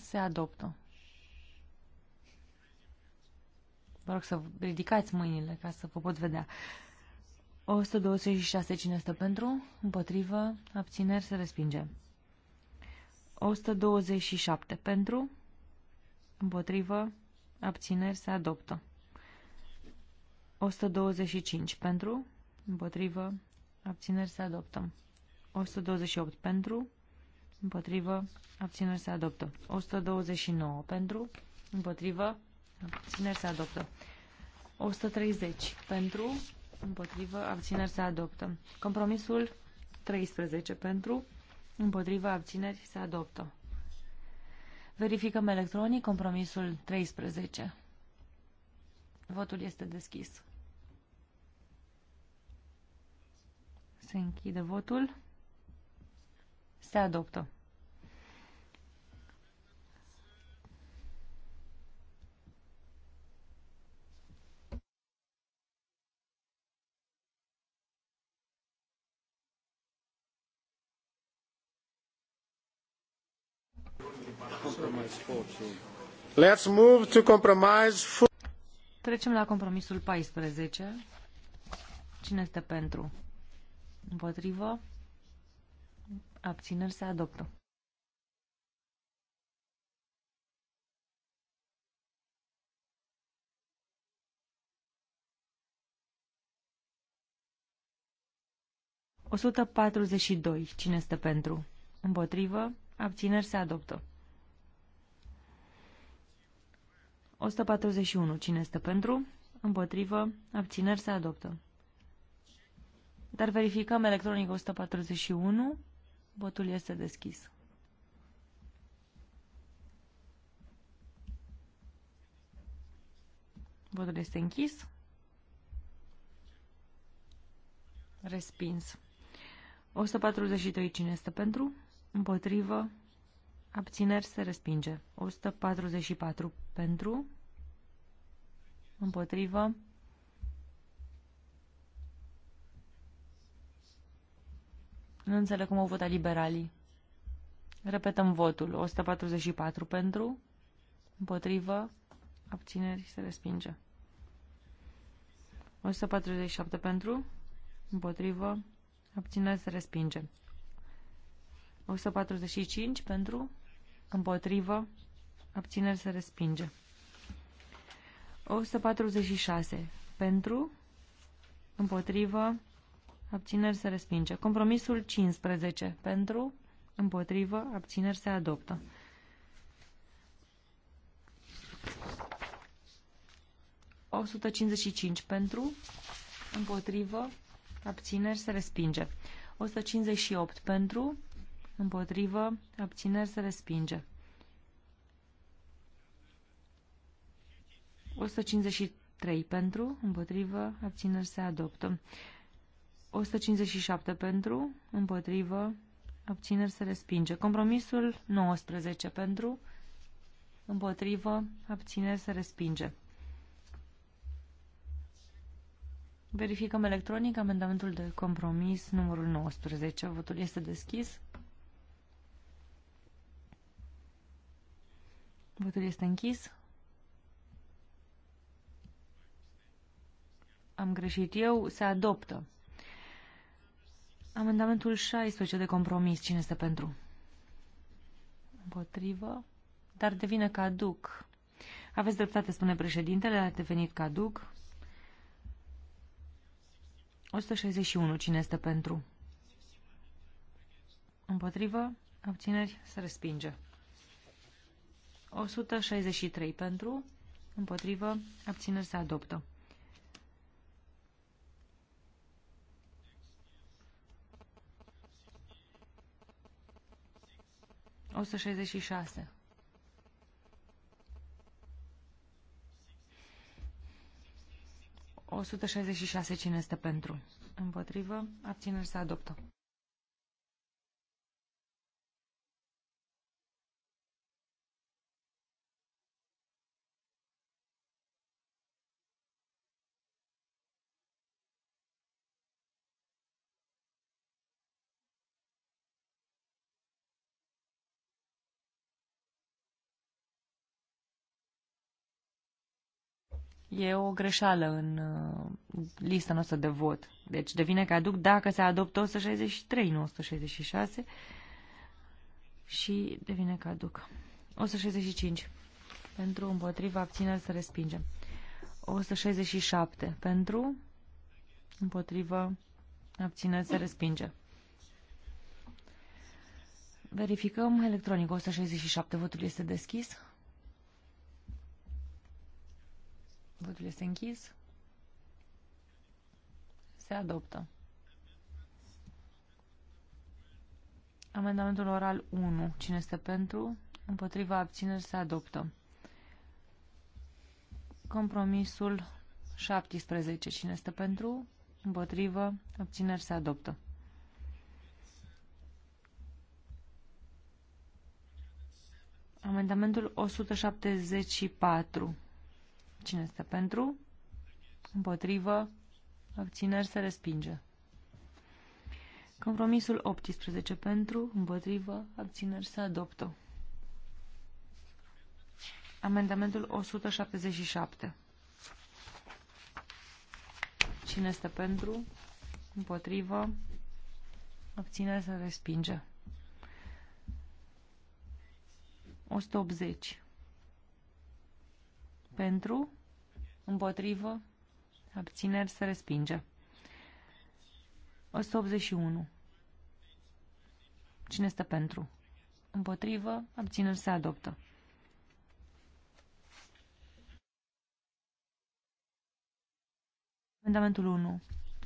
Se adoptă. Vă rog să ridicați mâinile ca să vă pot vedea. 126 cine stă pentru, împotrivă, abțineri se respinge. 127 pentru, împotrivă, abțineri se adoptă. 125 pentru, împotrivă, abțineri se adoptă. 128 pentru, împotrivă, abțineri se adoptă. 129 pentru, împotrivă, abțineri se adoptă. 130 pentru, împotrivă, abțineri se adoptă. Compromisul 13 pentru, împotrivă, abțineri se adoptă. Verificăm electronic compromisul 13. Votul este deschis. Se închide votul. Se adoptă. Let's move to compromise. Trecem la compromisul 14. Cine este pentru? Împotrivă? Abțineri se adoptă. O sută patruzeci și doi. Cine este pentru? Împotrivă? Abțineri se adoptă. 141. Cine este pentru? Împotrivă. Abțineri se adoptă. Dar verificăm electronic 141. Votul este deschis. Votul este închis. Respins. 143. Cine este pentru? Împotrivă. Abțineri se respinge. 144 pentru? Împotrivă? Nu înțeleg cum au votat liberalii. Repetăm votul. 144 pentru, împotrivă, abțineri, se respinge. 147 pentru, împotrivă, abțineri, se respinge. 145 pentru, împotrivă, Abțineri se respinge. 146. Pentru, împotrivă, abțineri se respinge. Compromisul 15. Pentru, împotrivă, abțineri se adoptă. O 155 pentru, împotrivă, abțineri se respinge. 158 pentru, împotrivă, abțineri se respinge. 153 pentru, împotrivă, abțineri se adoptă. 157 pentru, împotrivă, abțineri se respinge. Compromisul 19 pentru, împotrivă, abțineri se respinge. Verificăm electronic amendamentul de compromis numărul 19. Votul este deschis. Votul este închis. am greșit eu, se adoptă. Amendamentul 16 de compromis, cine este pentru? Împotrivă, dar devine caduc. Aveți dreptate, spune președintele, a devenit caduc. 161, cine este pentru? Împotrivă, abțineri, se respinge. 163 pentru, împotrivă, abțineri, se adoptă. 166. O 166 cine este pentru? Împotrivă? Abțineri se adoptă. e o greșeală în uh, lista noastră de vot. Deci devine caduc dacă se adoptă 163, nu 166 și devine caduc. 165. Pentru, împotriva, abțineri să respingem. 167. Pentru, împotriva, abțineri să respinge. Verificăm electronic. 167. Votul este deschis. Votul este închis. Se adoptă. Amendamentul oral 1. Cine este pentru? Împotriva abțineri se adoptă. Compromisul 17. Cine este pentru? Împotrivă. Abțineri se adoptă. Amendamentul 174. Cine este pentru? Împotrivă? Abțineri se respinge. Compromisul 18 pentru, împotrivă, abțineri se adoptă. Amendamentul 177. Cine este pentru? Împotrivă? Abținere să respinge. 180 pentru, împotrivă, abțineri se respinge. 181. Cine este pentru? Împotrivă, abțineri se adoptă. Amendamentul 1.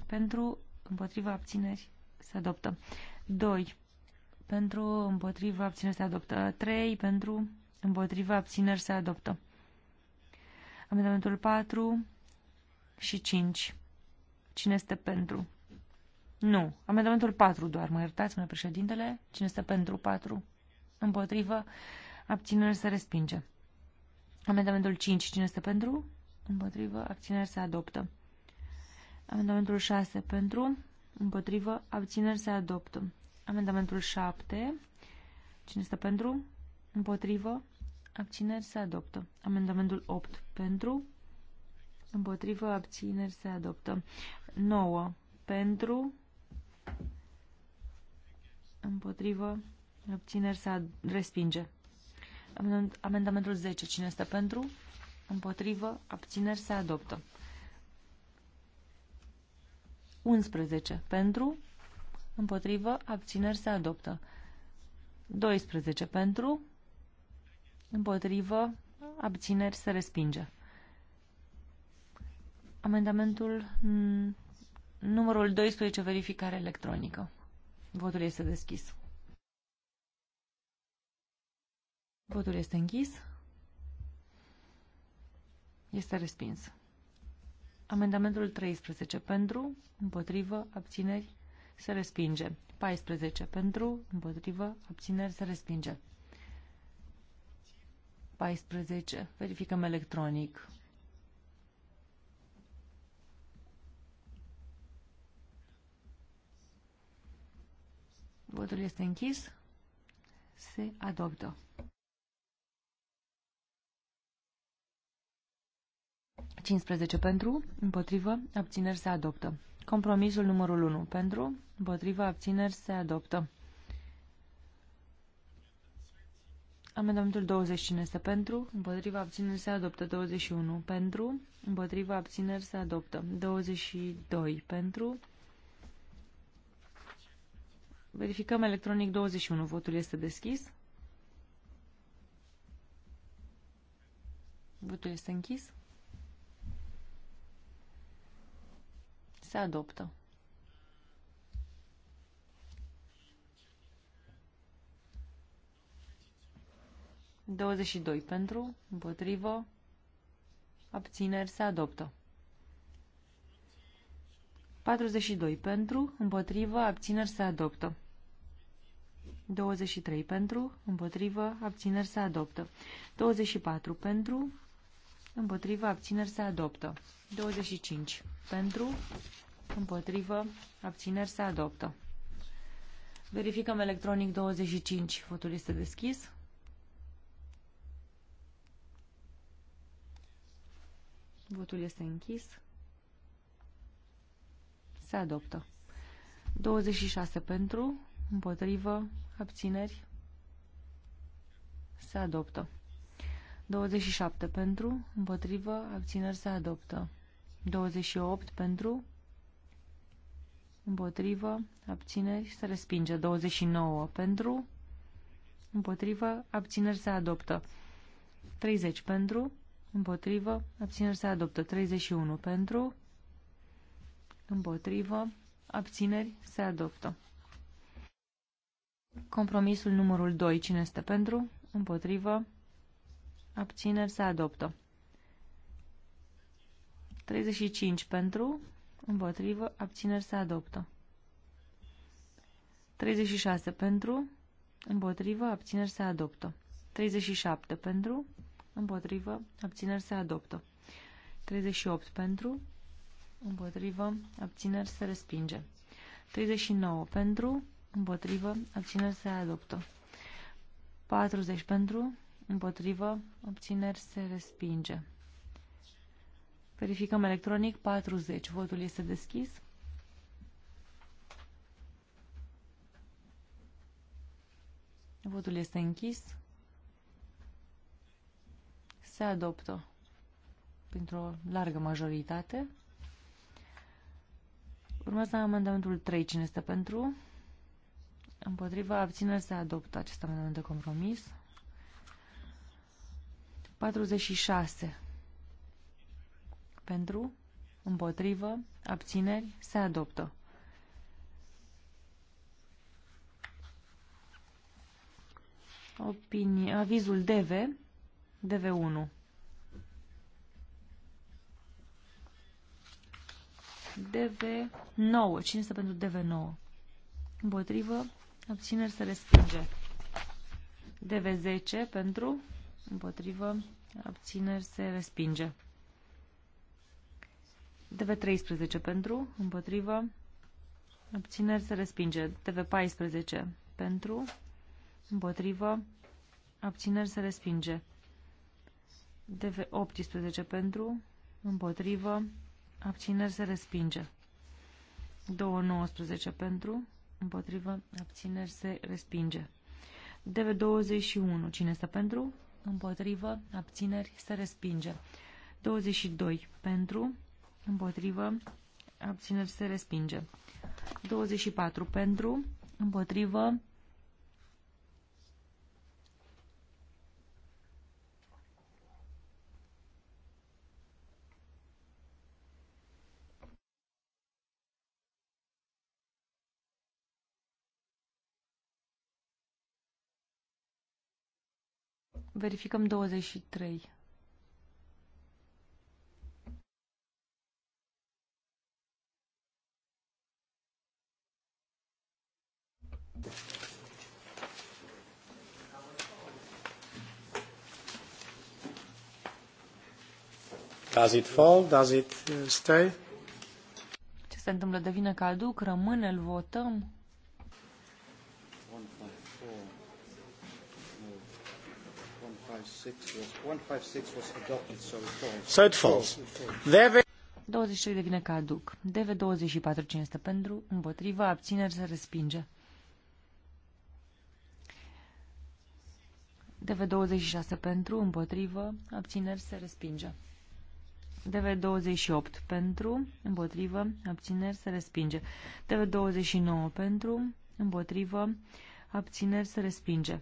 Pentru, împotrivă, abțineri se adoptă. 2. Pentru, împotrivă, abțineri se adoptă. 3. Pentru, împotrivă, abțineri se adoptă. Amendamentul 4 și 5. Cine este pentru? Nu. Amendamentul 4 doar. Mă iertați, mă președintele? Cine este pentru 4? Împotrivă. Abținere se respinge. Amendamentul 5. Cine este pentru? Împotrivă. Abținere se adoptă. Amendamentul 6. Pentru. Împotrivă. Abținere se adoptă. Amendamentul 7. Cine este pentru? Împotrivă. Abțineri se adoptă. Amendamentul 8 pentru. Împotrivă abțineri se adoptă. 9 pentru. Împotrivă abțineri se respinge. Amendamentul 10. Cine este pentru? Împotrivă abțineri se adoptă. 11. Pentru. Împotrivă abțineri se adoptă. 12 pentru Împotrivă. Abțineri se respinge. Amendamentul numărul 12, verificare electronică. Votul este deschis. Votul este închis. Este respins. Amendamentul 13 pentru, împotrivă, abțineri, se respinge. 14 pentru, împotrivă, abțineri, se respinge. 14. Verificăm electronic. Votul este închis. Se adoptă. Cincisprezece pentru, împotrivă, abțineri se adoptă. Compromisul numărul 1 pentru, împotrivă, abțineri se adoptă. Amendamentul 20 cine este pentru? Împotriva abțineri se adoptă. 21 pentru. Împotriva abțineri se adoptă. 22 pentru. Verificăm electronic 21. Votul este deschis. Votul este închis. Se adoptă. 22 pentru, împotrivă, abțineri se adoptă. 42 pentru, împotrivă, abțineri se adoptă. 23 pentru, împotrivă, abțineri se adoptă. 24 pentru, împotrivă, abțineri se adoptă. 25 pentru, împotrivă, abțineri se adoptă. Verificăm electronic 25. Votul este deschis. Votul este închis. Se adoptă. 26 pentru, împotrivă, abțineri. Se adoptă. 27 pentru, împotrivă, abțineri se adoptă. 28 pentru, împotrivă, abțineri se respinge. 29 pentru, împotrivă, abțineri se adoptă. 30 pentru, Împotrivă. Abțineri se adoptă. 31 pentru. Împotrivă. Abțineri se adoptă. Compromisul numărul 2. Cine este pentru? Împotrivă. Abțineri se adoptă. 35 pentru. Împotrivă. Abțineri se adoptă. 36 pentru. Împotrivă. Abțineri se adoptă. 37 pentru împotrivă, abțineri se adoptă. 38 pentru, împotrivă, abțineri se respinge. 39 pentru, împotrivă, abțineri se adoptă. 40 pentru, împotrivă, abțineri se respinge. Verificăm electronic 40. Votul este deschis. Votul este închis se adoptă printr-o largă majoritate. Urmează amendamentul 3. Cine este pentru? Împotriva abțineri se adoptă acest amendament de compromis. 46. Pentru, împotrivă, abțineri, se adoptă. Opinie, avizul DV DV1. DV9. Cine este pentru DV9? Împotrivă. Abțineri se respinge. DV10 pentru. Împotrivă. Abțineri se respinge. DV13 pentru. Împotrivă. Abțineri se respinge. DV14 pentru. Împotrivă. Abțineri se respinge. DV18 pentru, împotrivă, abțineri se respinge. 219 pentru, împotrivă, abțineri se respinge. DV21, cine este pentru, împotrivă, abțineri se respinge. 22 pentru, împotrivă, abțineri se respinge. 24 pentru, împotrivă, Verificăm 23. Does it fall? Does it uh, stay? Ce se întâmplă? Devine caduc? Rămâne? Îl votăm? So it falls. 23 devine caduc. DV24 cine este pentru, împotriva, abțineri se respinge. DV26 pentru, împotrivă, abțineri se respinge. DV28 pentru, împotrivă, abțineri se respinge. DV29 pentru, împotrivă, abțineri se respinge.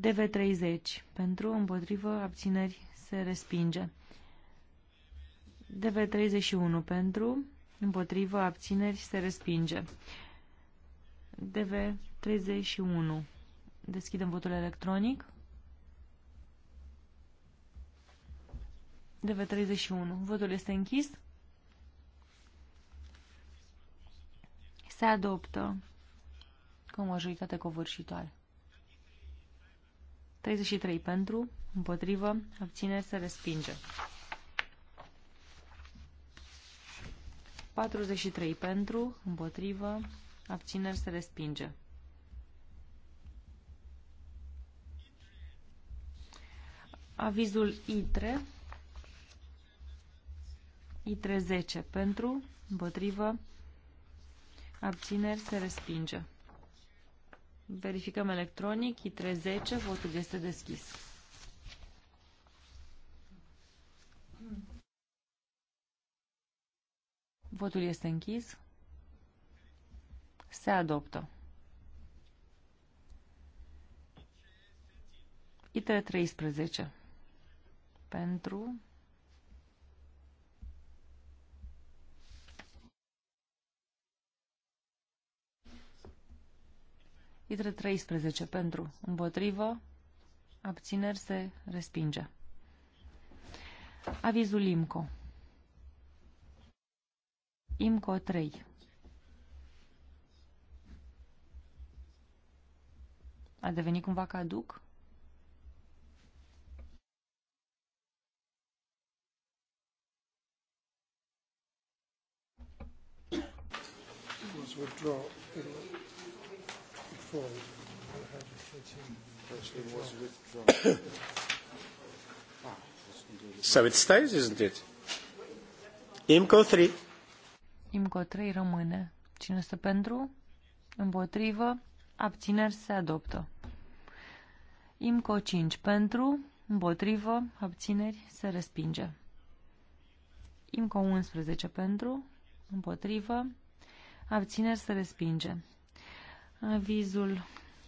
DV30 pentru, împotrivă, abțineri se respinge. DV31 pentru, împotrivă, abțineri se respinge. DV31. Deschidem votul electronic. DV31. Votul este închis. Se adoptă cu o majoritate covârșitoare. 33 pentru, împotrivă, abține, se respinge. 43 pentru, împotrivă, abține, se respinge. 3. Avizul ITRE, ITRE 10 pentru, împotrivă, abține, se respinge. Verificăm electronic. I310. Votul este deschis. Votul este închis. Se adoptă. ITRE 13. Pentru Litre 13 pentru, împotrivă, abțineri se respinge. Avizul IMCO. IMCO 3. A devenit cumva caduc? was So it stays, isn't it? IMCO 3. IMCO 3 rămâne. Cine stă pentru? Împotrivă? Abțineri se adoptă. IMCO 5 pentru, împotrivă, abțineri se respinge. IMCO 11 pentru, împotrivă, abțineri se respinge. Avizul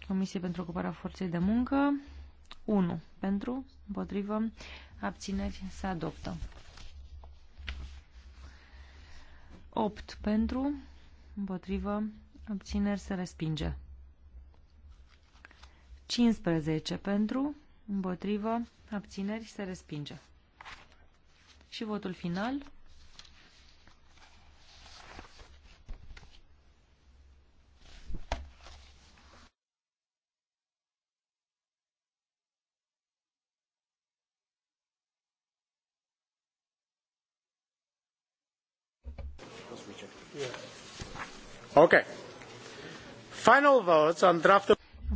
Comisiei pentru Ocuparea Forței de Muncă. 1. Pentru, împotrivă, abțineri se adoptă. 8. Pentru, împotrivă, abțineri se respinge. 15. Pentru, împotrivă, abțineri se respinge. Și votul final.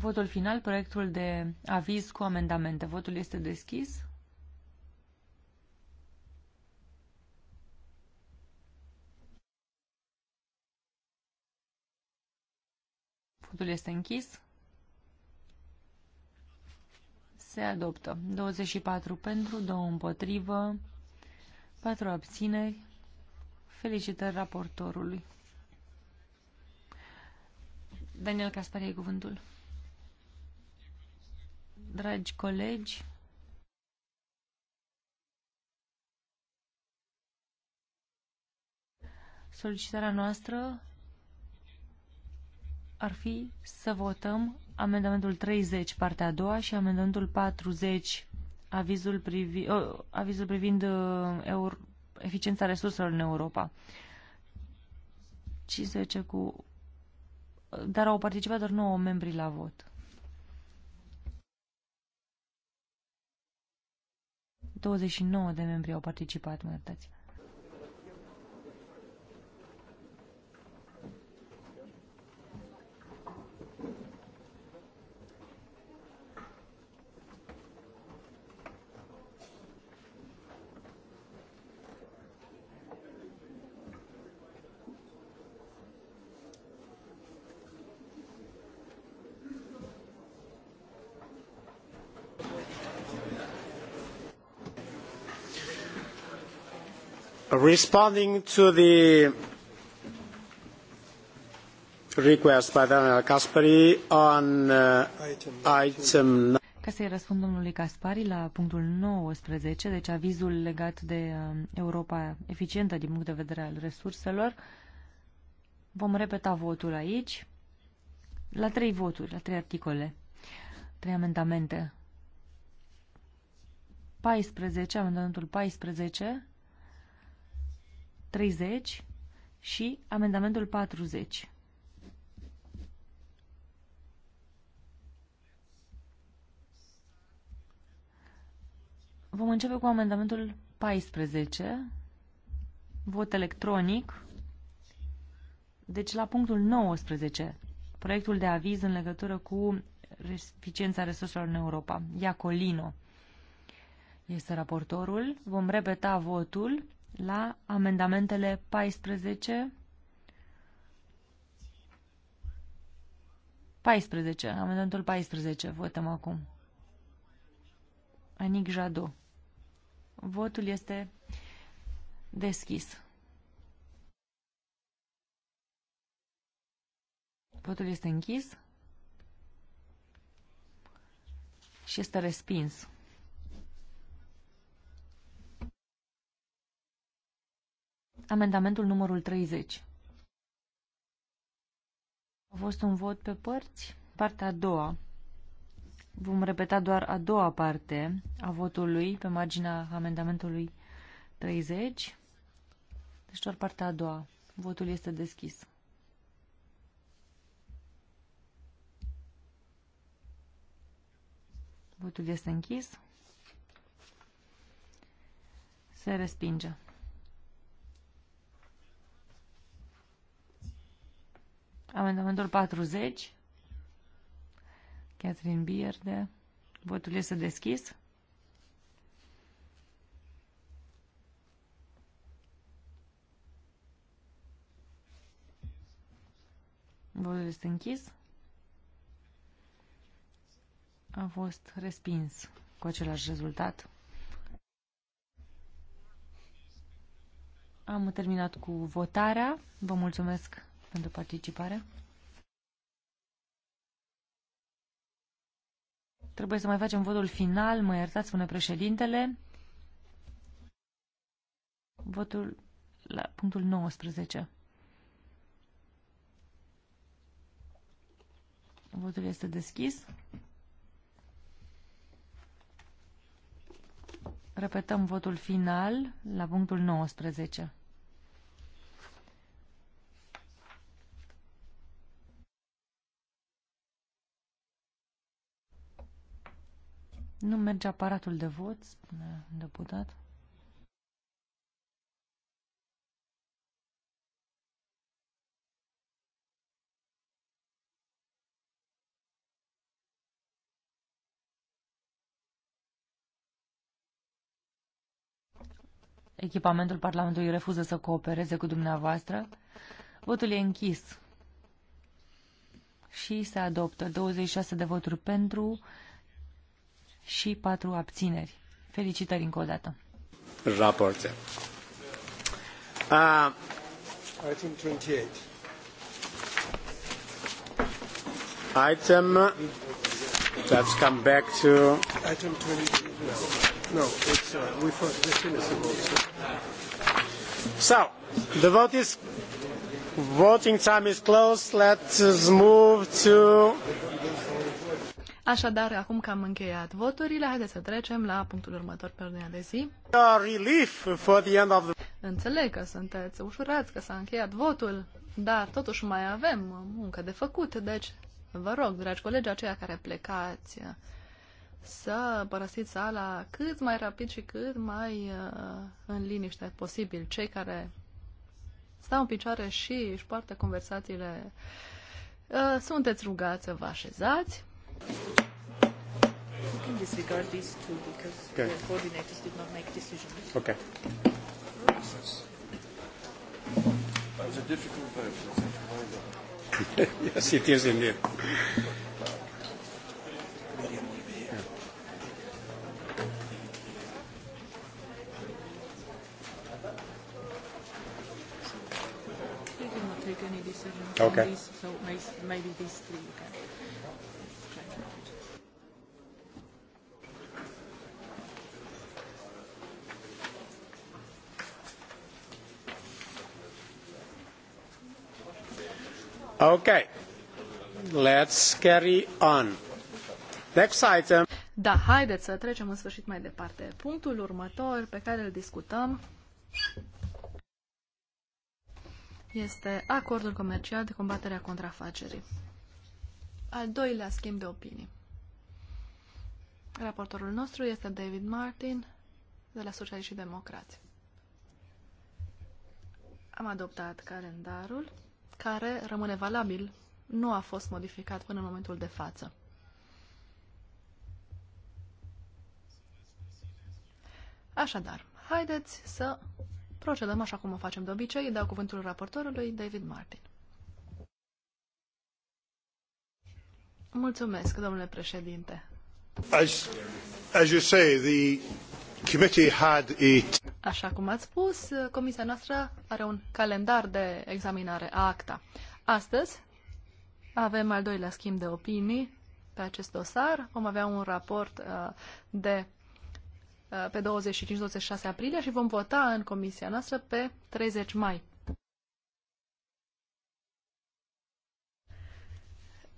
Votul final, proiectul de aviz cu amendamente. Votul este deschis. Votul este închis. Se adoptă. 24 pentru, 2 împotrivă, 4 abțineri. Felicitări raportorului. Daniel Caspari, ai cuvântul. Dragi colegi, solicitarea noastră ar fi să votăm amendamentul 30, partea a doua, și amendamentul 40, avizul, privi, avizul privind uh, eur, eficiența resurselor în Europa. 15 cu dar au participat doar 9 membri la vot. 29 de membri au participat, mă iertați. responding to the request by Daniel Caspary on uh, item ca să-i răspund domnului Caspari la punctul 19, deci avizul legat de um, Europa eficientă din punct de vedere al resurselor. Vom repeta votul aici, la trei voturi, la trei articole, trei amendamente. 14, amendamentul 14, 30 și amendamentul 40. Vom începe cu amendamentul 14, vot electronic, deci la punctul 19, proiectul de aviz în legătură cu eficiența resurselor în Europa. Iacolino este raportorul. Vom repeta votul la amendamentele 14 14, amendamentul 14, votăm acum. Anic Jado. Votul este deschis. Votul este închis și este respins. amendamentul numărul 30. A fost un vot pe părți. Partea a doua. Vom repeta doar a doua parte a votului pe marginea amendamentului 30. Deci doar partea a doua. Votul este deschis. Votul este închis. Se respinge. Amendamentul 40. Catherine Bierde. Votul este deschis. Votul este închis. A fost respins cu același rezultat. Am terminat cu votarea. Vă mulțumesc pentru participare. Trebuie să mai facem votul final, mă iertați, spune președintele. Votul la punctul 19. Votul este deschis. Repetăm votul final la punctul 19. Nu merge aparatul de vot, spune deputat. Echipamentul Parlamentului refuză să coopereze cu dumneavoastră. Votul e închis și se adoptă 26 de voturi pentru, și 4 abțineri. Felicitări încă o dată. Raporte. Uh, item 28. Item. Let's come back to. Item No, it's uh, we the vote. So, the vote is voting time is closed. Let's move to Așadar, acum că am încheiat voturile, haideți să trecem la punctul următor pe ordinea de zi. Înțeleg că sunteți ușurați că s-a încheiat votul, dar totuși mai avem muncă de făcut, deci vă rog, dragi colegi, aceia care plecați, să părăsiți sala cât mai rapid și cât mai uh, în liniște posibil. Cei care stau în picioare și își poartă conversațiile, uh, sunteți rugați să vă așezați. We can disregard these two because okay. the coordinators did not make decisions. Okay. That was a difficult vote. yes, it is indeed. take any decisions okay. on these, so maybe these three you Okay. Let's carry on. Next item. Da, haideți să trecem în sfârșit mai departe. Punctul următor pe care îl discutăm este acordul comercial de combatere a contrafacerii. Al doilea schimb de opinii. Raportorul nostru este David Martin de la Socialiști și Democrați. Am adoptat calendarul care rămâne valabil, nu a fost modificat până în momentul de față. Așadar, haideți să procedăm așa cum o facem de obicei. Dau cuvântul raportorului David Martin. Mulțumesc, domnule președinte. As, as you say, the committee had a... Așa cum ați spus, comisia noastră are un calendar de examinare a acta. Astăzi avem al doilea schimb de opinii pe acest dosar. Vom avea un raport uh, de uh, pe 25-26 aprilie și vom vota în comisia noastră pe 30 mai.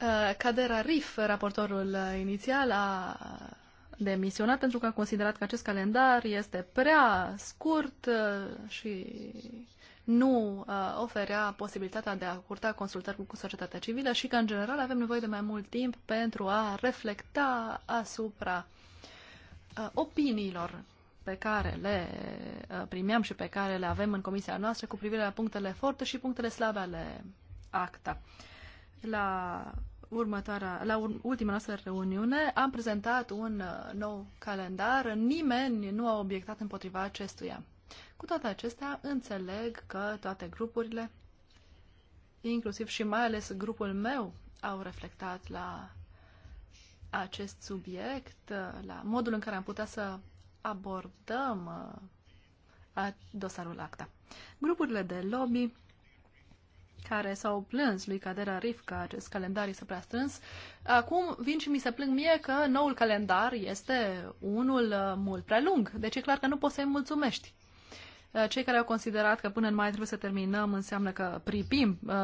Uh, Cadera Rif, raportorul inițial, a demisionat pentru că a considerat că acest calendar este prea scurt uh, și nu uh, oferea posibilitatea de a curta consultări cu societatea civilă și că, în general, avem nevoie de mai mult timp pentru a reflecta asupra uh, opiniilor pe care le primeam și pe care le avem în comisia noastră cu privire la punctele forte și punctele slabe ale acta. La următoarea, la ultima noastră reuniune, am prezentat un uh, nou calendar. Nimeni nu a obiectat împotriva acestuia. Cu toate acestea, înțeleg că toate grupurile, inclusiv și mai ales grupul meu, au reflectat la acest subiect, uh, la modul în care am putea să abordăm uh, dosarul ACTA. Grupurile de lobby care s-au plâns lui Cadera Arif că acest calendar este prea strâns, acum vin și mi se plâng mie că noul calendar este unul uh, mult prea lung. Deci e clar că nu poți să-i mulțumești. Uh, cei care au considerat că până în mai trebuie să terminăm înseamnă că pripim uh,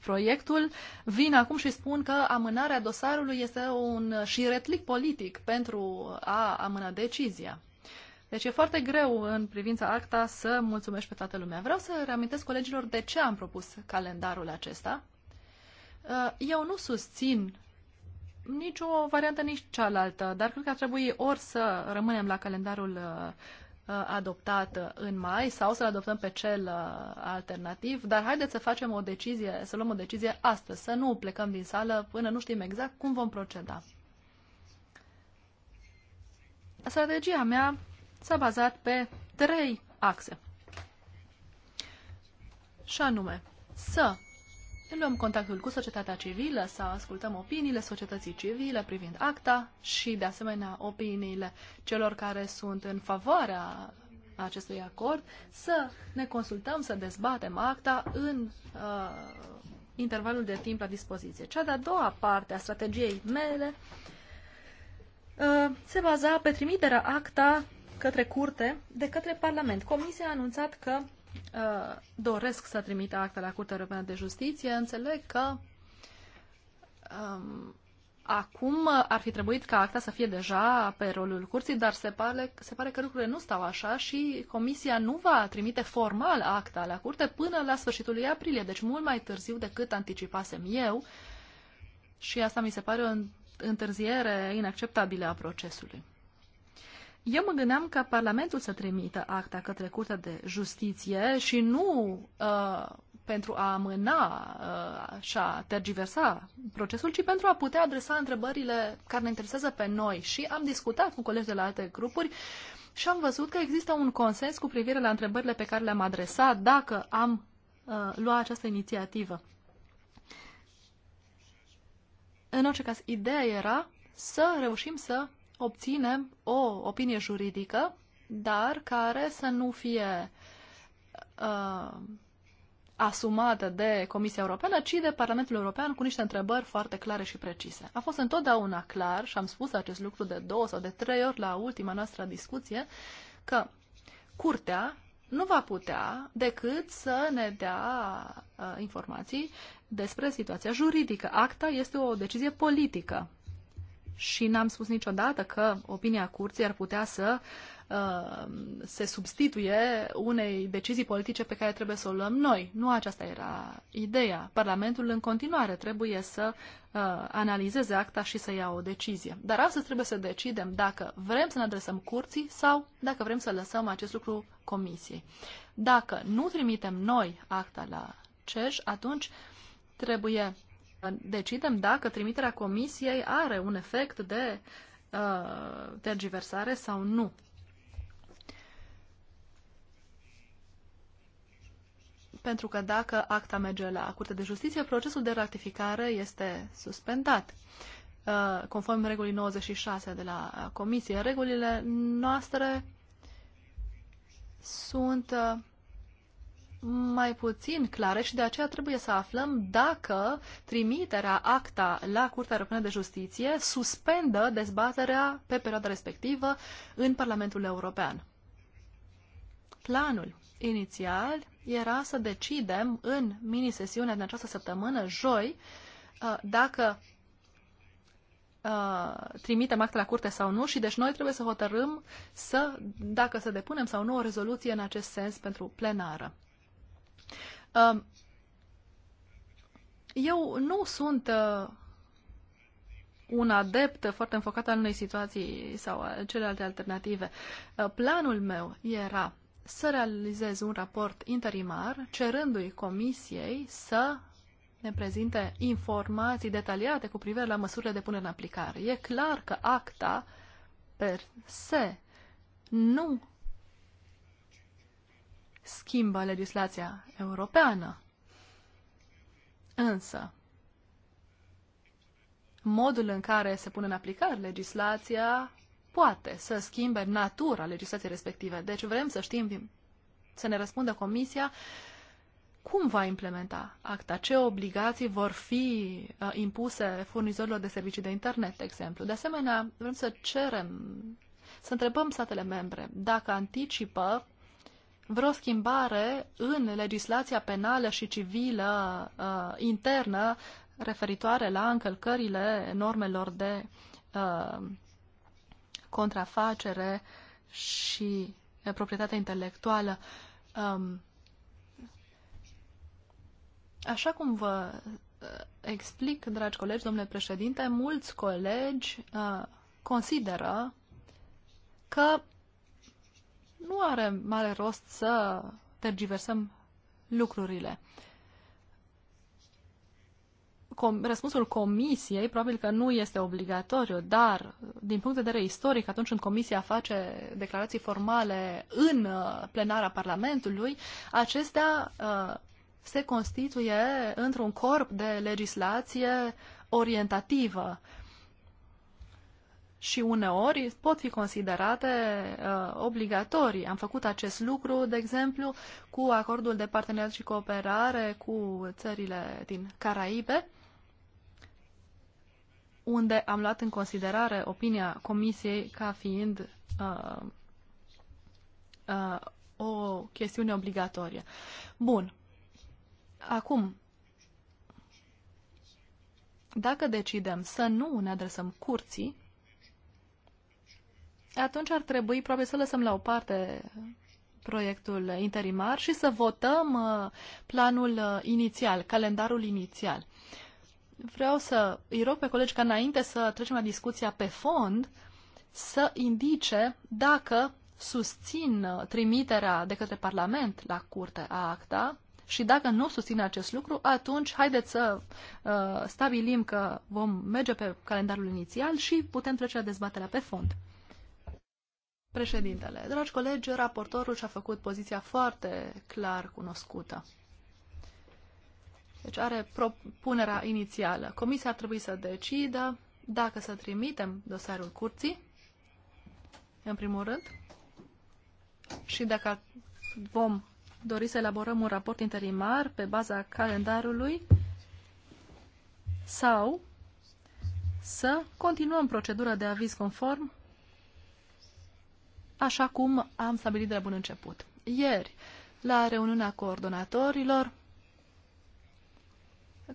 proiectul, vin acum și spun că amânarea dosarului este un șiretlic politic pentru a amâna decizia. Deci e foarte greu în privința acta să mulțumești pe toată lumea. Vreau să reamintesc colegilor de ce am propus calendarul acesta. Uh, eu nu susțin nicio variantă, nici cealaltă, dar cred că ar trebui ori să rămânem la calendarul uh, uh, adoptat în mai sau să-l adoptăm pe cel alternativ, dar haideți să facem o decizie, să luăm o decizie astăzi, să nu plecăm din sală până nu știm exact cum vom proceda. Strategia mea s-a bazat pe trei axe. Și anume, să luăm contactul cu societatea civilă, să ascultăm opiniile societății civile privind acta și, de asemenea, opiniile celor care sunt în favoarea acestui acord, să ne consultăm, să dezbatem acta în uh, intervalul de timp la dispoziție. Cea de-a doua parte a strategiei mele uh, se baza pe trimiterea acta către curte de către Parlament. Comisia a anunțat că uh, doresc să trimită acte la Curtea Europeană de Justiție. Înțeleg că um, acum ar fi trebuit ca acta să fie deja pe rolul curții, dar se pare, se pare că lucrurile nu stau așa și Comisia nu va trimite formal acta la curte până la sfârșitul lui aprilie, deci mult mai târziu decât anticipasem eu. Și asta mi se pare o întârziere inacceptabilă a procesului. Eu mă gândeam ca Parlamentul să trimită acta către Curtea de Justiție și nu uh, pentru a amâna uh, și a tergiversa procesul, ci pentru a putea adresa întrebările care ne interesează pe noi. Și am discutat cu colegi de la alte grupuri și am văzut că există un consens cu privire la întrebările pe care le-am adresat dacă am uh, luat această inițiativă. În orice caz, ideea era să reușim să obținem o opinie juridică, dar care să nu fie uh, asumată de Comisia Europeană, ci de Parlamentul European cu niște întrebări foarte clare și precise. A fost întotdeauna clar, și am spus acest lucru de două sau de trei ori la ultima noastră discuție, că Curtea nu va putea decât să ne dea uh, informații despre situația juridică. Acta este o decizie politică și n-am spus niciodată că opinia curții ar putea să uh, se substituie unei decizii politice pe care trebuie să o luăm noi. Nu aceasta era ideea. Parlamentul în continuare trebuie să uh, analizeze acta și să ia o decizie. Dar astăzi trebuie să decidem dacă vrem să ne adresăm curții sau dacă vrem să lăsăm acest lucru comisiei. Dacă nu trimitem noi acta la CEJ, atunci trebuie decidem dacă trimiterea comisiei are un efect de uh, tergiversare sau nu. Pentru că dacă acta merge la Curtea de Justiție, procesul de ratificare este suspendat. Uh, conform regulii 96 de la uh, Comisie, regulile noastre sunt uh, mai puțin clare și de aceea trebuie să aflăm dacă trimiterea acta la Curtea Europeană de Justiție suspendă dezbaterea pe perioada respectivă în Parlamentul European. Planul inițial era să decidem în mini-sesiunea din această săptămână, joi, uh, dacă uh, trimitem acte la curte sau nu și deci noi trebuie să hotărâm să, dacă să depunem sau nu o rezoluție în acest sens pentru plenară. Eu nu sunt uh, un adept foarte înfocat al unei situații sau celelalte alternative. Uh, planul meu era să realizez un raport interimar cerându-i comisiei să ne prezinte informații detaliate cu privire la măsurile de punere în aplicare. E clar că acta per se nu schimbă legislația europeană. Însă, modul în care se pune în aplicare legislația poate să schimbe natura legislației respective. Deci vrem să știm, să ne răspundă Comisia cum va implementa acta, ce obligații vor fi uh, impuse furnizorilor de servicii de internet, de exemplu. De asemenea, vrem să cerem, să întrebăm statele membre dacă anticipă vreo schimbare în legislația penală și civilă uh, internă referitoare la încălcările normelor de uh, contrafacere și uh, proprietatea intelectuală. Um, așa cum vă uh, explic, dragi colegi, domnule președinte, mulți colegi uh, consideră că nu are mare rost să tergiversăm lucrurile. Com răspunsul comisiei probabil că nu este obligatoriu, dar din punct de vedere istoric, atunci când comisia face declarații formale în uh, plenara Parlamentului, acestea uh, se constituie într-un corp de legislație orientativă și uneori pot fi considerate uh, obligatorii. Am făcut acest lucru, de exemplu, cu acordul de parteneriat și cooperare cu țările din Caraibe, unde am luat în considerare opinia Comisiei ca fiind uh, uh, o chestiune obligatorie. Bun. Acum, dacă decidem să nu ne adresăm curții, atunci ar trebui probabil să lăsăm la o parte proiectul interimar și să votăm uh, planul uh, inițial, calendarul inițial. Vreau să îi rog pe colegi ca înainte să trecem la discuția pe fond, să indice dacă susțin uh, trimiterea de către Parlament la curte a acta și dacă nu susțin acest lucru, atunci haideți să uh, stabilim că vom merge pe calendarul inițial și putem trece la dezbaterea pe fond. Președintele, dragi colegi, raportorul și-a făcut poziția foarte clar cunoscută. Deci are propunerea inițială. Comisia ar trebui să decidă dacă să trimitem dosarul curții, în primul rând, și dacă vom dori să elaborăm un raport interimar pe baza calendarului sau să continuăm procedura de aviz conform așa cum am stabilit de la bun început. Ieri, la reuniunea coordonatorilor,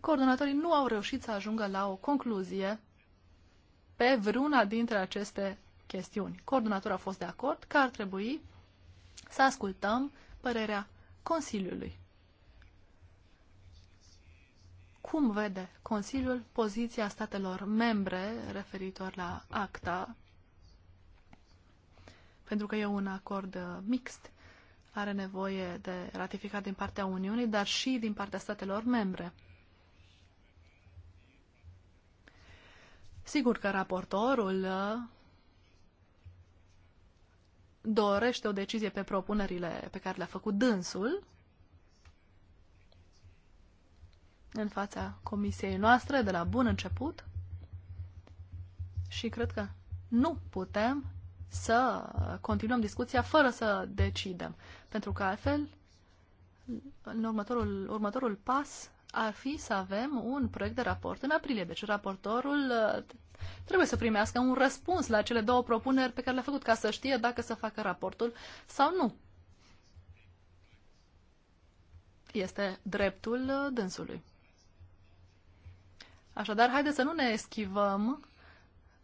coordonatorii nu au reușit să ajungă la o concluzie pe vreuna dintre aceste chestiuni. Coordonatorul a fost de acord că ar trebui să ascultăm părerea Consiliului. Cum vede Consiliul poziția statelor membre referitor la acta pentru că e un acord uh, mixt, are nevoie de ratificat din partea Uniunii, dar și din partea statelor membre. Sigur că raportorul uh, dorește o decizie pe propunerile pe care le-a făcut dânsul în fața comisiei noastre de la bun început și cred că nu putem să continuăm discuția fără să decidem. Pentru că altfel, în următorul, următorul pas ar fi să avem un proiect de raport în aprilie. Deci raportorul uh, trebuie să primească un răspuns la cele două propuneri pe care le-a făcut ca să știe dacă să facă raportul sau nu. Este dreptul uh, dânsului. Așadar, haideți să nu ne eschivăm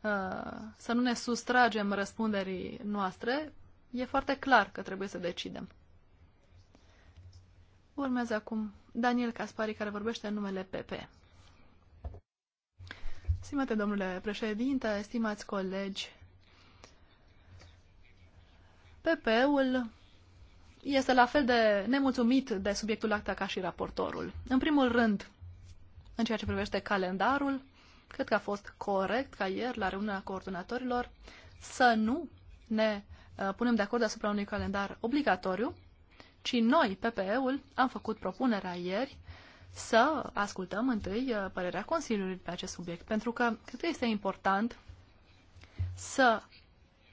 Uh, să nu ne sustragem răspunderii noastre, e foarte clar că trebuie să decidem. Urmează acum Daniel Caspari, care vorbește în numele PP. Stimate domnule președinte, stimați colegi, PP-ul este la fel de nemulțumit de subiectul acta ca și raportorul. În primul rând, în ceea ce privește calendarul, Cred că a fost corect ca ieri, la reuniunea coordonatorilor, să nu ne uh, punem de acord asupra unui calendar obligatoriu, ci noi, PPE-ul, am făcut propunerea ieri să ascultăm întâi uh, părerea Consiliului pe acest subiect, pentru că cred că este important să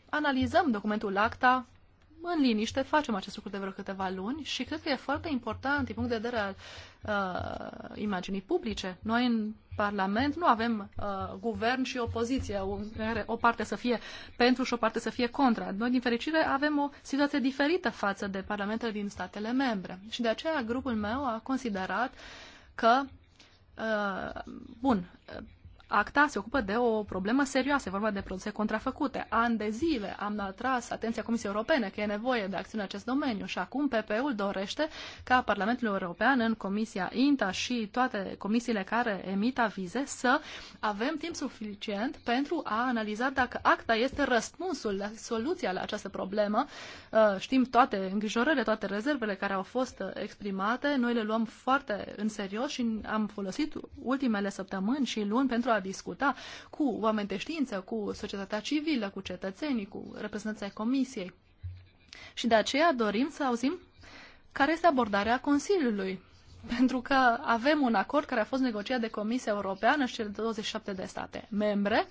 analizăm documentul ACTA în liniște, facem acest lucru de vreo câteva luni și cred că e foarte important din punct de vedere al uh, imaginii publice. Noi în Parlament nu avem uh, guvern și opoziție, care o parte să fie pentru și o parte să fie contra. Noi, din fericire, avem o situație diferită față de parlamentele din statele membre. Și de aceea grupul meu a considerat că, uh, bun, Acta se ocupă de o problemă serioasă, vorba de produse contrafăcute. Ani de zile am atras atenția Comisiei Europene că e nevoie de acțiune în acest domeniu și acum PPE-ul dorește ca Parlamentul European în Comisia INTA și toate comisiile care emit avize să avem timp suficient pentru a analiza dacă acta este răspunsul, soluția la această problemă. Uh, știm toate îngrijorările, toate rezervele care au fost uh, exprimate. Noi le luăm foarte în serios și am folosit ultimele săptămâni și luni pentru a discuta cu oameni de știință, cu societatea civilă, cu cetățenii, cu reprezentanții Comisiei. Și de aceea dorim să auzim care este abordarea Consiliului. Pentru că avem un acord care a fost negociat de Comisia Europeană și cele 27 de state membre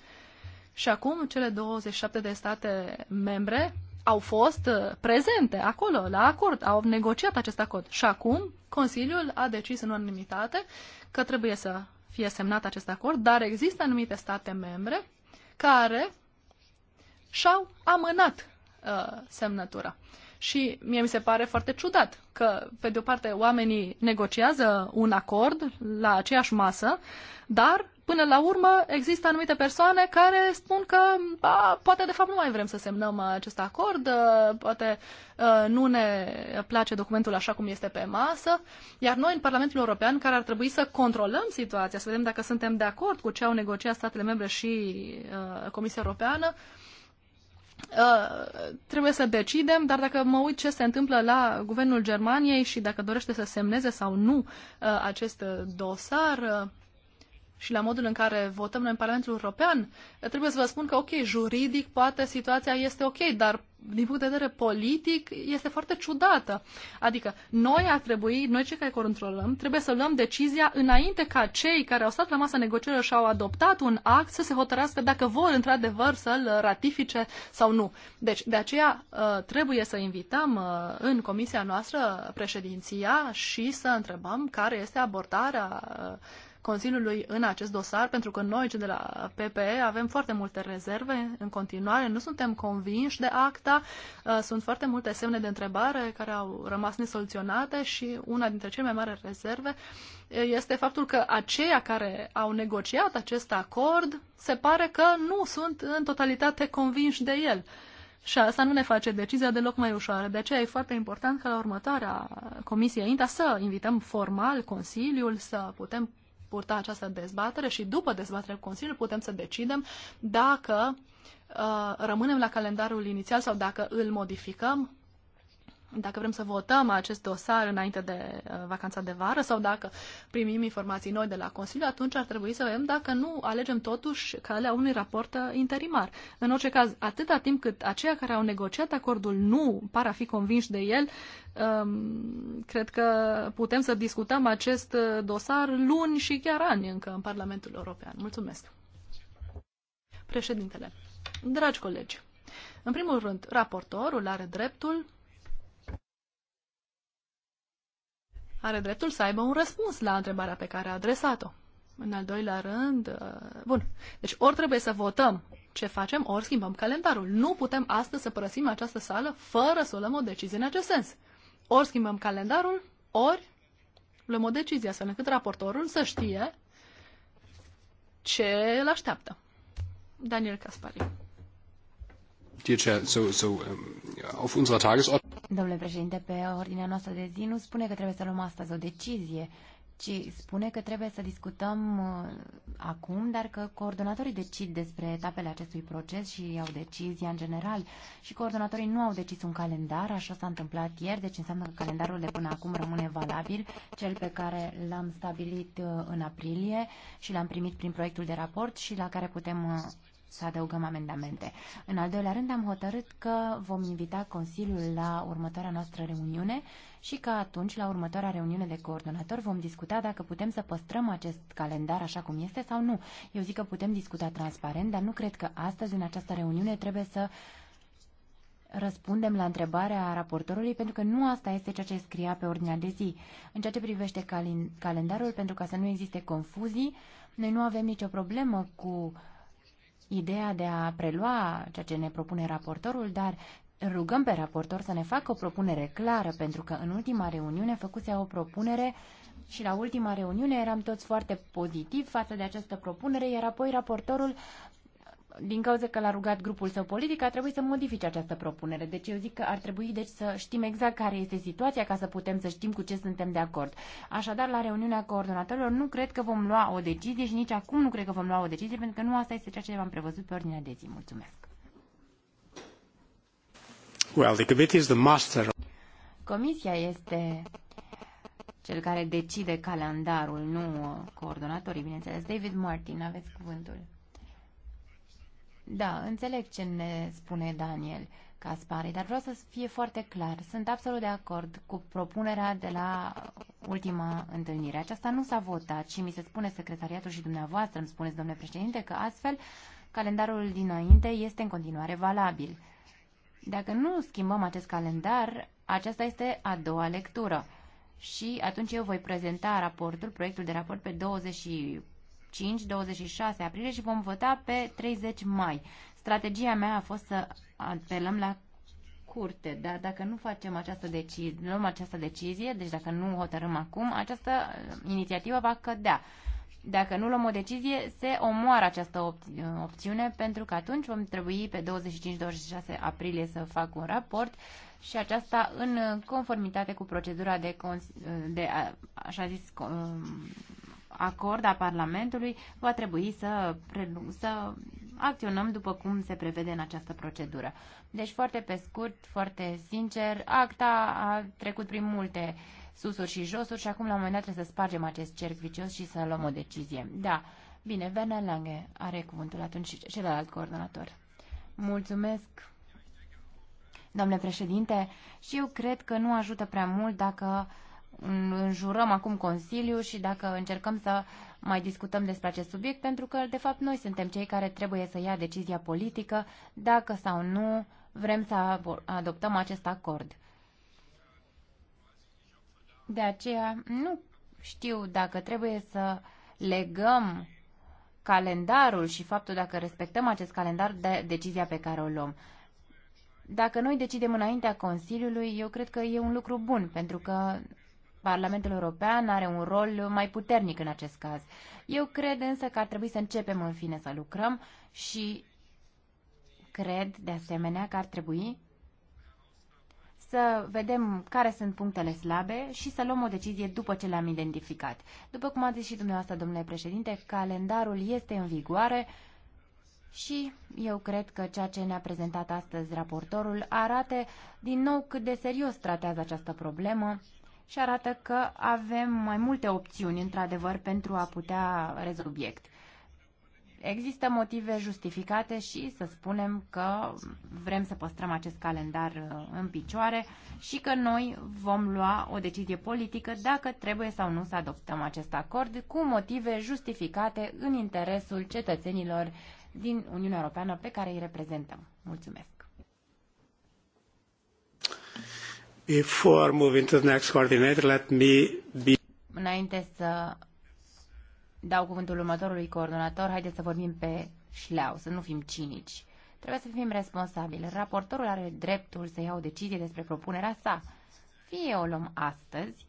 și acum cele 27 de state membre au fost uh, prezente acolo, la acord, au negociat acest acord. Și acum Consiliul a decis în unanimitate că trebuie să fie semnat acest acord, dar există anumite state membre care și-au amânat uh, semnătura. Și mie mi se pare foarte ciudat că, pe de o parte, oamenii negociază un acord la aceeași masă, dar Până la urmă, există anumite persoane care spun că ba, poate de fapt nu mai vrem să semnăm uh, acest acord, uh, poate uh, nu ne place documentul așa cum este pe masă, iar noi în Parlamentul European, care ar trebui să controlăm situația, să vedem dacă suntem de acord cu ce au negociat statele membre și Comisia Europeană, trebuie să decidem, dar dacă mă uit ce se întâmplă la guvernul Germaniei și dacă dorește să semneze sau nu acest dosar, și la modul în care votăm noi în Parlamentul European, trebuie să vă spun că, ok, juridic, poate situația este ok, dar din punct de vedere politic este foarte ciudată. Adică noi ar trebui, noi cei care controlăm, trebuie să luăm decizia înainte ca cei care au stat la masa negocierilor și au adoptat un act să se hotărască dacă vor într-adevăr să-l ratifice sau nu. Deci, de aceea uh, trebuie să invităm uh, în comisia noastră președinția și să întrebăm care este abordarea uh, Consiliului în acest dosar, pentru că noi, cei de la PPE, avem foarte multe rezerve în continuare, nu suntem convinși de acta, uh, sunt foarte multe semne de întrebare care au rămas nesoluționate și una dintre cele mai mari rezerve uh, este faptul că aceia care au negociat acest acord se pare că nu sunt în totalitate convinși de el. Și asta nu ne face decizia deloc mai ușoară. De aceea e foarte important ca la următoarea comisie INTA să invităm formal Consiliul, să putem purta această dezbatere și după dezbaterea cu Consiliul putem să decidem dacă uh, rămânem la calendarul inițial sau dacă îl modificăm dacă vrem să votăm acest dosar înainte de uh, vacanța de vară sau dacă primim informații noi de la Consiliu, atunci ar trebui să vedem dacă nu alegem totuși calea unui raport uh, interimar. În orice caz, atâta timp cât aceia care au negociat acordul nu par a fi convinși de el, um, cred că putem să discutăm acest uh, dosar luni și chiar ani încă în Parlamentul European. Mulțumesc. Președintele, dragi colegi, în primul rând, raportorul are dreptul are dreptul să aibă un răspuns la întrebarea pe care a adresat-o. În al doilea rând, uh, bun, deci ori trebuie să votăm ce facem, ori schimbăm calendarul. Nu putem astăzi să părăsim această sală fără să luăm o decizie în acest sens. Ori schimbăm calendarul, ori luăm o decizie, astfel încât raportorul să știe ce îl așteaptă. Daniel Caspari. Um, Domnule președinte, pe ordinea noastră de zi nu spune că trebuie să luăm astăzi o decizie, ci spune că trebuie să discutăm uh, acum, dar că coordonatorii decid despre etapele acestui proces și au decizia în general. Și coordonatorii nu au decis un calendar, așa s-a întâmplat ieri, deci înseamnă că calendarul de până acum rămâne valabil, cel pe care l-am stabilit uh, în aprilie și l-am primit prin proiectul de raport și la care putem uh, să adăugăm amendamente. În al doilea rând am hotărât că vom invita Consiliul la următoarea noastră reuniune și că atunci, la următoarea reuniune de coordonator, vom discuta dacă putem să păstrăm acest calendar așa cum este sau nu. Eu zic că putem discuta transparent, dar nu cred că astăzi, în această reuniune, trebuie să răspundem la întrebarea raportorului, pentru că nu asta este ceea ce scria pe ordinea de zi. În ceea ce privește calendarul, pentru ca să nu existe confuzii, noi nu avem nicio problemă cu uh, ideea de a prelua ceea ce ne propune raportorul, dar rugăm pe raportor să ne facă o propunere clară, pentru că în ultima reuniune făcuse o propunere și la ultima reuniune eram toți foarte pozitivi față de această propunere, iar apoi raportorul din cauza că l-a rugat grupul său politic, a trebuit să modifice această propunere. Deci eu zic că ar trebui deci, să știm exact care este situația ca să putem să știm cu ce suntem de acord. Așadar, la reuniunea coordonatorilor nu cred că vom lua o decizie și nici acum nu cred că vom lua o decizie, pentru că nu asta este ceea ce am prevăzut pe ordinea de zi. Mulțumesc. Well, the committee is the master. Comisia este cel care decide calendarul, nu uh, coordonatorii, bineînțeles. David Martin, aveți cuvântul. Da, înțeleg ce ne spune Daniel Caspari, dar vreau să fie foarte clar. Sunt absolut de acord cu propunerea de la ultima întâlnire. Aceasta nu s-a votat și mi se spune secretariatul și dumneavoastră, îmi spuneți, domnule președinte, că astfel calendarul dinainte este în continuare valabil. Dacă nu schimbăm acest calendar, aceasta este a doua lectură. Și atunci eu voi prezenta raportul, proiectul de raport pe 24 25-26 aprilie și vom vota pe 30 mai. Strategia mea a fost să apelăm la curte, dar dacă nu facem această decizie, luăm această decizie, deci dacă nu hotărâm acum, această uh, inițiativă va cădea. Dacă nu luăm o decizie, se omoară această op- uh, opțiune pentru că atunci vom trebui pe 25-26 aprilie să fac un raport și aceasta în conformitate cu procedura de, cons- uh, de așa zis, um, acord a Parlamentului, va trebui să, să acționăm după cum se prevede în această procedură. Deci, foarte pe scurt, foarte sincer, acta a trecut prin multe susuri și josuri și acum, la un moment dat, trebuie să spargem acest cerc vicios și să luăm o decizie. Da, bine, Werner Lange are cuvântul atunci celălalt coordonator. Mulțumesc! Domnule președinte, și eu cred că nu ajută prea mult dacă uh, înjurăm acum Consiliu și dacă încercăm să mai discutăm despre acest subiect, pentru că, de fapt, noi suntem cei care trebuie să ia decizia politică dacă sau nu vrem să adoptăm acest acord. De aceea, nu știu dacă trebuie să legăm calendarul și faptul dacă respectăm acest calendar de decizia pe care o luăm. Dacă noi decidem înaintea Consiliului, eu cred că e un lucru bun, pentru că Parlamentul European are un rol mai puternic în acest caz. Eu cred însă că ar trebui să începem în fine să lucrăm și cred de asemenea că ar trebui să vedem care sunt punctele slabe și să luăm o decizie după ce le-am identificat. După cum a zis și dumneavoastră, domnule președinte, calendarul este în vigoare și eu cred că ceea ce ne-a prezentat astăzi raportorul arate din nou cât de serios tratează această problemă și arată că avem mai multe opțiuni, într-adevăr, pentru a putea rezolva Există motive justificate și să spunem că vrem să păstrăm acest calendar uh, în picioare și că noi vom lua o decizie politică dacă trebuie sau nu să adoptăm acest acord cu motive justificate în interesul cetățenilor din Uniunea Europeană pe care îi reprezentăm. Mulțumesc! Before moving to the next coordinator, let me be... Înainte să dau cuvântul următorului coordonator, haideți să vorbim pe șleau, să nu fim cinici. Trebuie să fim responsabili. Raportorul are dreptul să ia o decizie despre propunerea sa. Fie o luăm astăzi,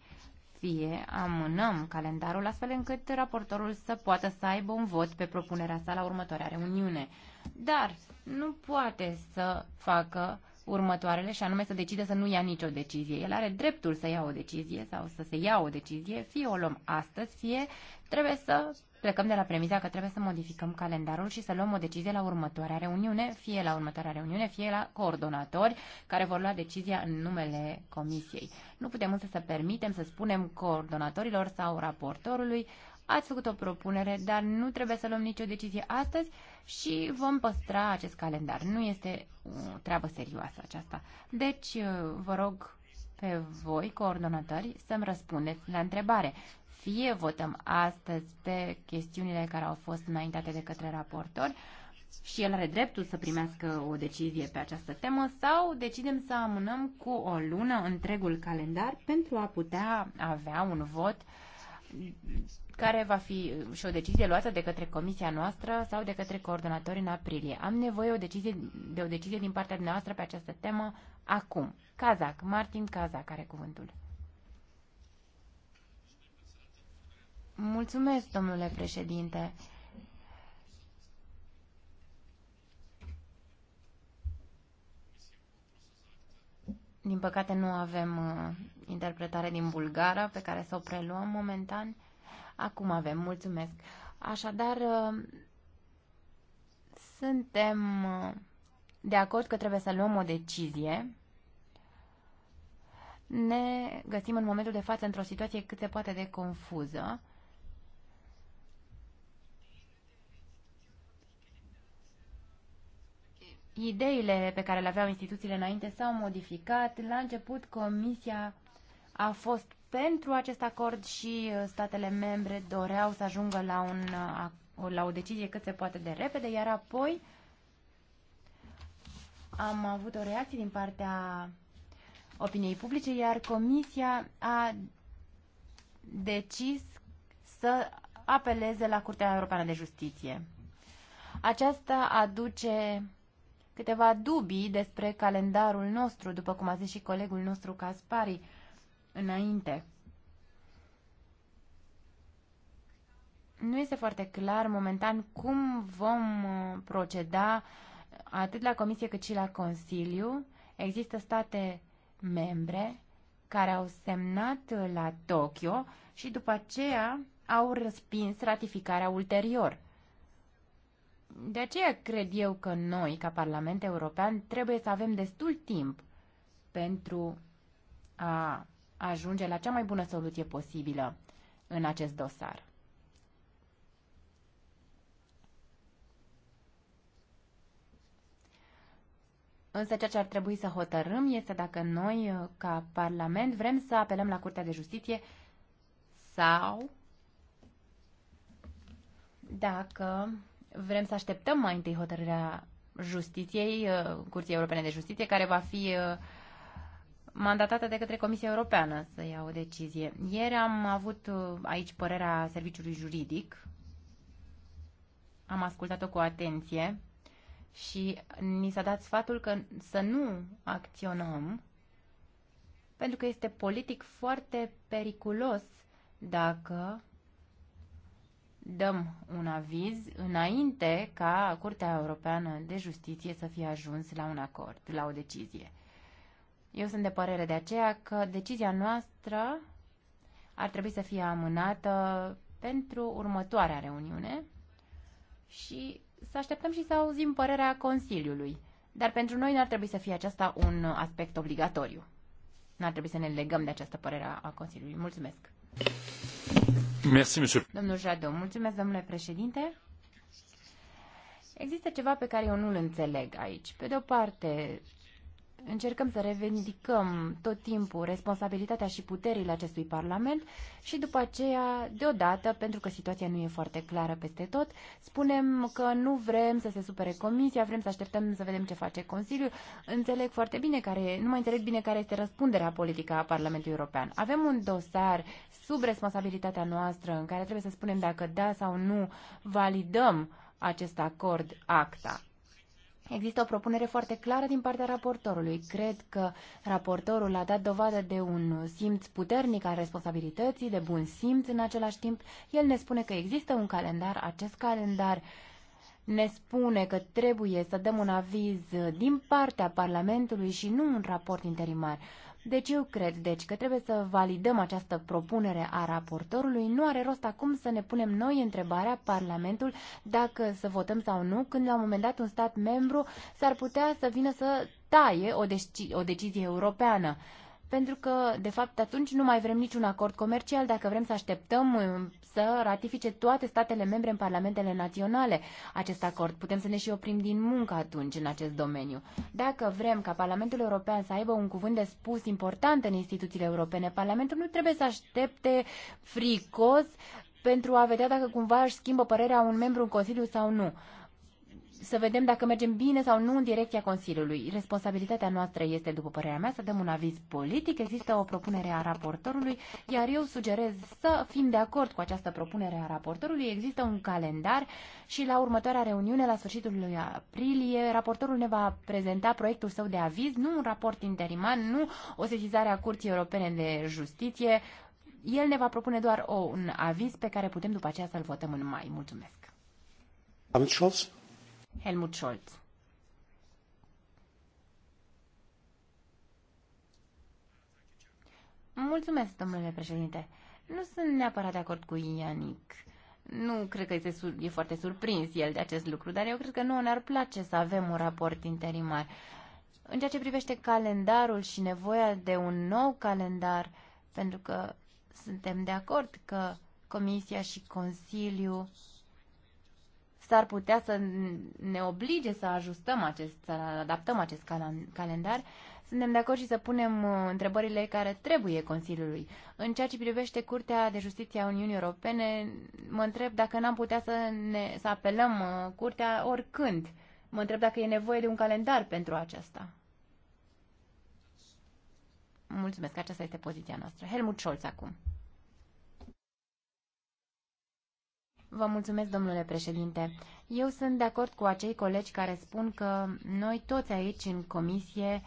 fie amânăm calendarul astfel încât raportorul să poată să aibă un vot pe propunerea sa la următoarea reuniune. Dar nu poate să facă următoarele și anume să decide să nu ia nicio decizie. El are dreptul să ia o decizie sau să se ia o decizie, fie o luăm astăzi, fie trebuie să plecăm de la premiza că trebuie să modificăm calendarul și să luăm o decizie la următoarea reuniune, fie la următoarea reuniune, fie la coordonatori care vor lua decizia în numele comisiei. Nu putem însă să permitem să spunem coordonatorilor sau raportorului ați făcut o propunere, dar nu trebuie să luăm nicio decizie astăzi, și vom păstra acest calendar. Nu este o treabă serioasă aceasta. Deci, uh, vă rog pe voi, coordonatori, să-mi răspundeți la întrebare. Fie votăm astăzi pe chestiunile care au fost înaintate de către raportor și el are dreptul să primească o decizie pe această temă sau decidem să amânăm cu o lună întregul calendar pentru a putea avea un vot care va fi uh, și o decizie luată de către comisia noastră sau de către coordonatori în aprilie. Am nevoie o decizie, de o decizie din partea noastră pe această temă acum. Kazak, Martin Kazak are cuvântul. Mulțumesc, domnule președinte. Din păcate nu avem uh, interpretare din bulgară pe care să o preluăm momentan. Acum avem, mulțumesc. Așadar, ă, suntem de acord că trebuie să luăm o decizie. Ne găsim în momentul de față într-o situație cât se poate de confuză. Ideile pe care le aveau instituțiile înainte s-au modificat. La început, comisia a fost pentru acest acord și uh, statele membre doreau să ajungă la, un, uh, la o decizie cât se poate de repede, iar apoi am avut o reacție din partea opiniei publice, iar Comisia a decis să apeleze la Curtea Europeană de Justiție. Aceasta aduce câteva dubii despre calendarul nostru, după cum a zis și colegul nostru Caspari înainte. Nu este foarte clar momentan cum vom uh, proceda atât la Comisie cât și la Consiliu. Există state membre care au semnat la Tokyo și după aceea au respins ratificarea ulterior. De aceea cred eu că noi, ca Parlament European, trebuie să avem destul timp pentru a ajunge la cea mai bună soluție posibilă în acest dosar. Însă ceea ce ar trebui să hotărâm este dacă noi, ca Parlament, vrem să apelăm la Curtea de Justiție sau dacă vrem să așteptăm mai întâi hotărârea Justiției, uh, Curții Europene de Justiție, care va fi uh, mandatată de către Comisia Europeană să ia o decizie. Ieri am avut uh, aici părerea serviciului juridic, am ascultat-o cu atenție și ni s-a dat sfatul că să nu acționăm pentru că este politic foarte periculos dacă dăm un aviz înainte ca Curtea Europeană de Justiție să fie ajuns la un acord, la o decizie. Eu sunt de părere de aceea că decizia noastră ar trebui să fie amânată pentru următoarea reuniune și să așteptăm și să auzim părerea Consiliului. Dar pentru noi n-ar trebui să fie aceasta un aspect obligatoriu. N-ar trebui să ne legăm de această părere a Consiliului. Mulțumesc! Merci, monsieur. Domnul Jadot, mulțumesc, domnule președinte. Există ceva pe care eu nu-l înțeleg aici. Pe de o parte, încercăm să revendicăm tot timpul responsabilitatea și puterile acestui Parlament și după aceea, deodată, pentru că situația nu e foarte clară peste tot, spunem că nu vrem să se supere Comisia, vrem să așteptăm să vedem ce face Consiliul. Înțeleg foarte bine care, nu mai înțeleg bine care este răspunderea politică a Parlamentului European. Avem un dosar sub responsabilitatea noastră în care trebuie să spunem dacă da sau nu validăm acest acord ACTA. Există o propunere foarte clară din partea raportorului. Cred că raportorul a dat dovadă de un simț puternic al responsabilității, de bun simț în același timp. El ne spune că există un calendar, acest calendar ne spune că trebuie să dăm un aviz din partea Parlamentului și nu un raport interimar. Deci eu cred deci, că trebuie să validăm această propunere a raportorului. Nu are rost acum să ne punem noi întrebarea, Parlamentul, dacă să votăm sau nu, când la un moment dat un stat membru s-ar putea să vină să taie o, deci- o decizie europeană pentru că, de fapt, atunci nu mai vrem niciun acord comercial dacă vrem să așteptăm uh, să ratifice toate statele membre în parlamentele naționale acest acord. Putem să ne și oprim din muncă atunci în acest domeniu. Dacă vrem ca Parlamentul European să aibă un cuvânt de spus important în instituțiile europene, Parlamentul nu trebuie să aștepte fricos pentru a vedea dacă cumva își schimbă părerea un membru în Consiliu sau nu să vedem dacă mergem bine sau nu în direcția Consiliului. Responsabilitatea noastră este, după părerea mea, să dăm un aviz politic. Există o propunere a raportorului, iar eu sugerez să fim de acord cu această propunere a raportorului. Există un calendar și la următoarea reuniune, la sfârșitul lui aprilie, raportorul ne va prezenta proiectul său de aviz, nu un raport interiman, nu o sesizare a Curții Europene de Justiție. El ne va propune doar un aviz pe care putem după aceea să-l votăm în mai. Mulțumesc! Am Helmut Scholz. Mulțumesc, domnule președinte. Nu sunt neapărat de acord cu Ianic. Nu cred că este, sur, e foarte surprins el de acest lucru, dar eu cred că nouă ne-ar place să avem un raport interimar. În ceea ce privește calendarul și nevoia de un nou calendar, pentru că suntem de acord că Comisia și Consiliul s-ar putea să ne oblige să ajustăm acest, să adaptăm acest calendar, suntem de acord și să punem uh, întrebările care trebuie Consiliului. În ceea ce privește Curtea de Justiție a Uniunii Europene, mă întreb dacă n-am putea să, ne, să apelăm uh, Curtea oricând. Mă întreb dacă e nevoie de un calendar pentru aceasta. Mulțumesc, aceasta este poziția noastră. Helmut Scholz acum. Vă mulțumesc, domnule președinte. Eu sunt de acord cu acei colegi care spun că noi toți aici, în comisie,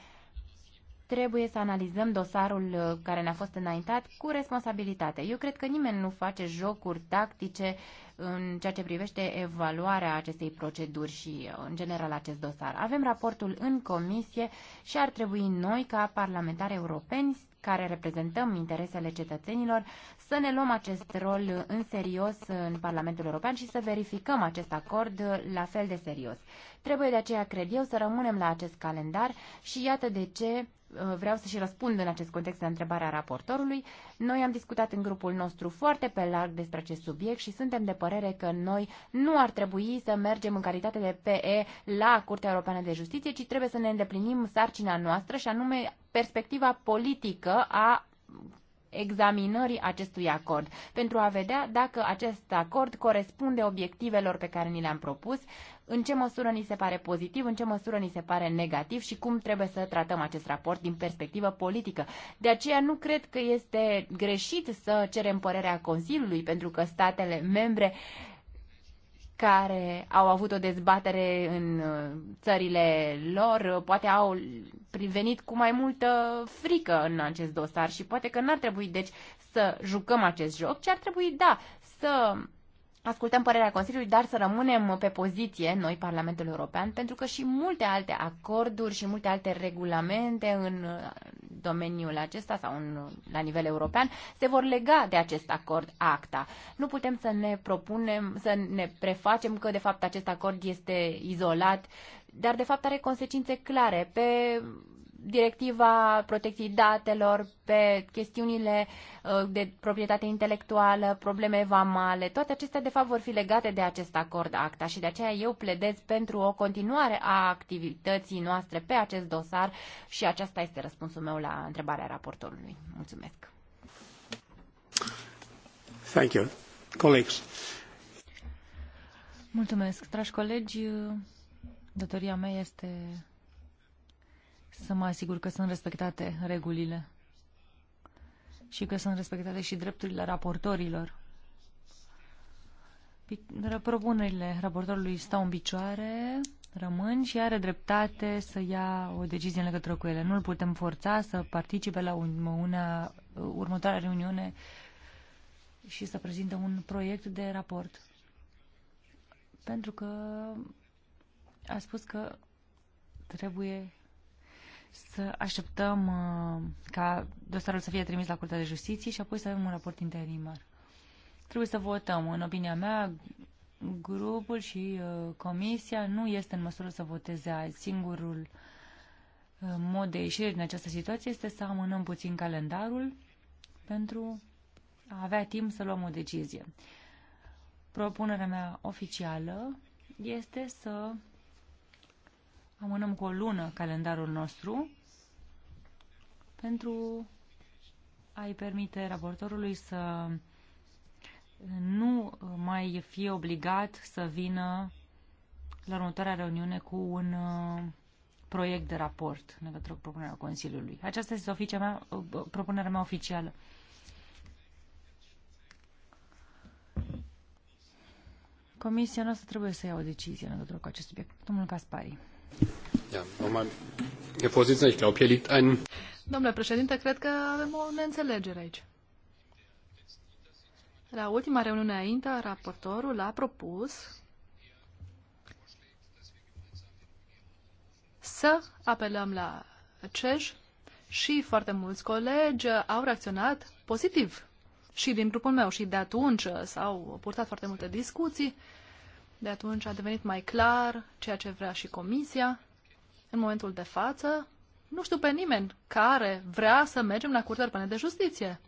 trebuie să analizăm dosarul uh, care ne-a fost înaintat cu responsabilitate. Eu cred că nimeni nu face jocuri tactice în ceea ce privește evaluarea acestei proceduri și, uh, în general, acest dosar. Avem raportul în comisie și ar trebui noi, ca parlamentari europeni, care reprezentăm interesele cetățenilor, să ne luăm acest rol în serios în Parlamentul European și să verificăm acest acord la fel de serios. Trebuie de aceea, cred eu, să rămânem la acest calendar și iată de ce Uh, vreau să și răspund în acest context la întrebarea raportorului. Noi am discutat în grupul nostru foarte pe larg despre acest subiect și suntem de părere că noi nu ar trebui să mergem în calitate de PE la Curtea Europeană de Justiție, ci trebuie să ne îndeplinim sarcina noastră și anume perspectiva politică a examinării acestui acord pentru a vedea dacă acest acord corespunde obiectivelor pe care ni le-am propus, în ce măsură ni se pare pozitiv, în ce măsură ni se pare negativ și cum trebuie să tratăm acest raport din perspectivă politică. De aceea nu cred că este greșit să cerem părerea Consiliului, pentru că statele membre care au avut o dezbatere în uh, țările lor, uh, poate au privenit cu mai multă frică în acest dosar și poate că n-ar trebui, deci, să jucăm acest joc, ci ar trebui, da, să ascultăm părerea Consiliului, dar să rămânem pe poziție, noi, Parlamentul European, pentru că și multe alte acorduri și multe alte regulamente în domeniul acesta sau în, la nivel european se vor lega de acest acord ACTA. Nu putem să ne propunem, să ne prefacem că, de fapt, acest acord este izolat, dar, de fapt, are consecințe clare pe directiva protecției datelor, pe chestiunile uh, de proprietate intelectuală, probleme vamale, toate acestea de fapt vor fi legate de acest acord ACTA și de aceea eu pledez pentru o continuare a activității noastre pe acest dosar și aceasta este răspunsul meu la întrebarea raportorului. Mulțumesc. Thank you. Colleagues. Mulțumesc, dragi colegi. Uh, datoria mea este să mă asigur că sunt respectate regulile și că sunt respectate și drepturile raportorilor. Propunerile raportorului stau în picioare, rămân și are dreptate să ia o decizie în legătură cu ele. Nu îl putem forța să participe la una, următoarea reuniune și să prezinte un proiect de raport. Pentru că a spus că trebuie să așteptăm uh, ca dosarul să fie trimis la Curtea de Justiție și apoi să avem un raport interimar. Trebuie să votăm. În opinia mea, grupul și uh, comisia nu este în măsură să voteze azi. Singurul uh, mod de ieșire din această situație este să amânăm puțin calendarul pentru a avea timp să luăm o decizie. Propunerea mea oficială este să amânăm cu o lună calendarul nostru pentru a-i permite raportorului să nu mai fie obligat să vină la următoarea reuniune cu un uh, proiect de raport în legătură cu propunerea Consiliului. Aceasta este oficia mea, uh, uh, propunerea mea oficială. Comisia noastră trebuie să ia o decizie în legătură cu acest subiect. Domnul Caspari. Ja, nochmal, Herr Vorsitzender, ich glaube, hier liegt ein... Domnule președinte, cred că avem o neînțelegere aici. La ultima reuniune a INTA, raportorul a propus să apelăm la CEJ și foarte mulți colegi au reacționat pozitiv și din grupul meu și de atunci s-au purtat foarte multe discuții de atunci a devenit mai clar ceea ce vrea și Comisia. În momentul de față, nu știu pe nimeni care vrea să mergem la Curtea Europeană de Justiție.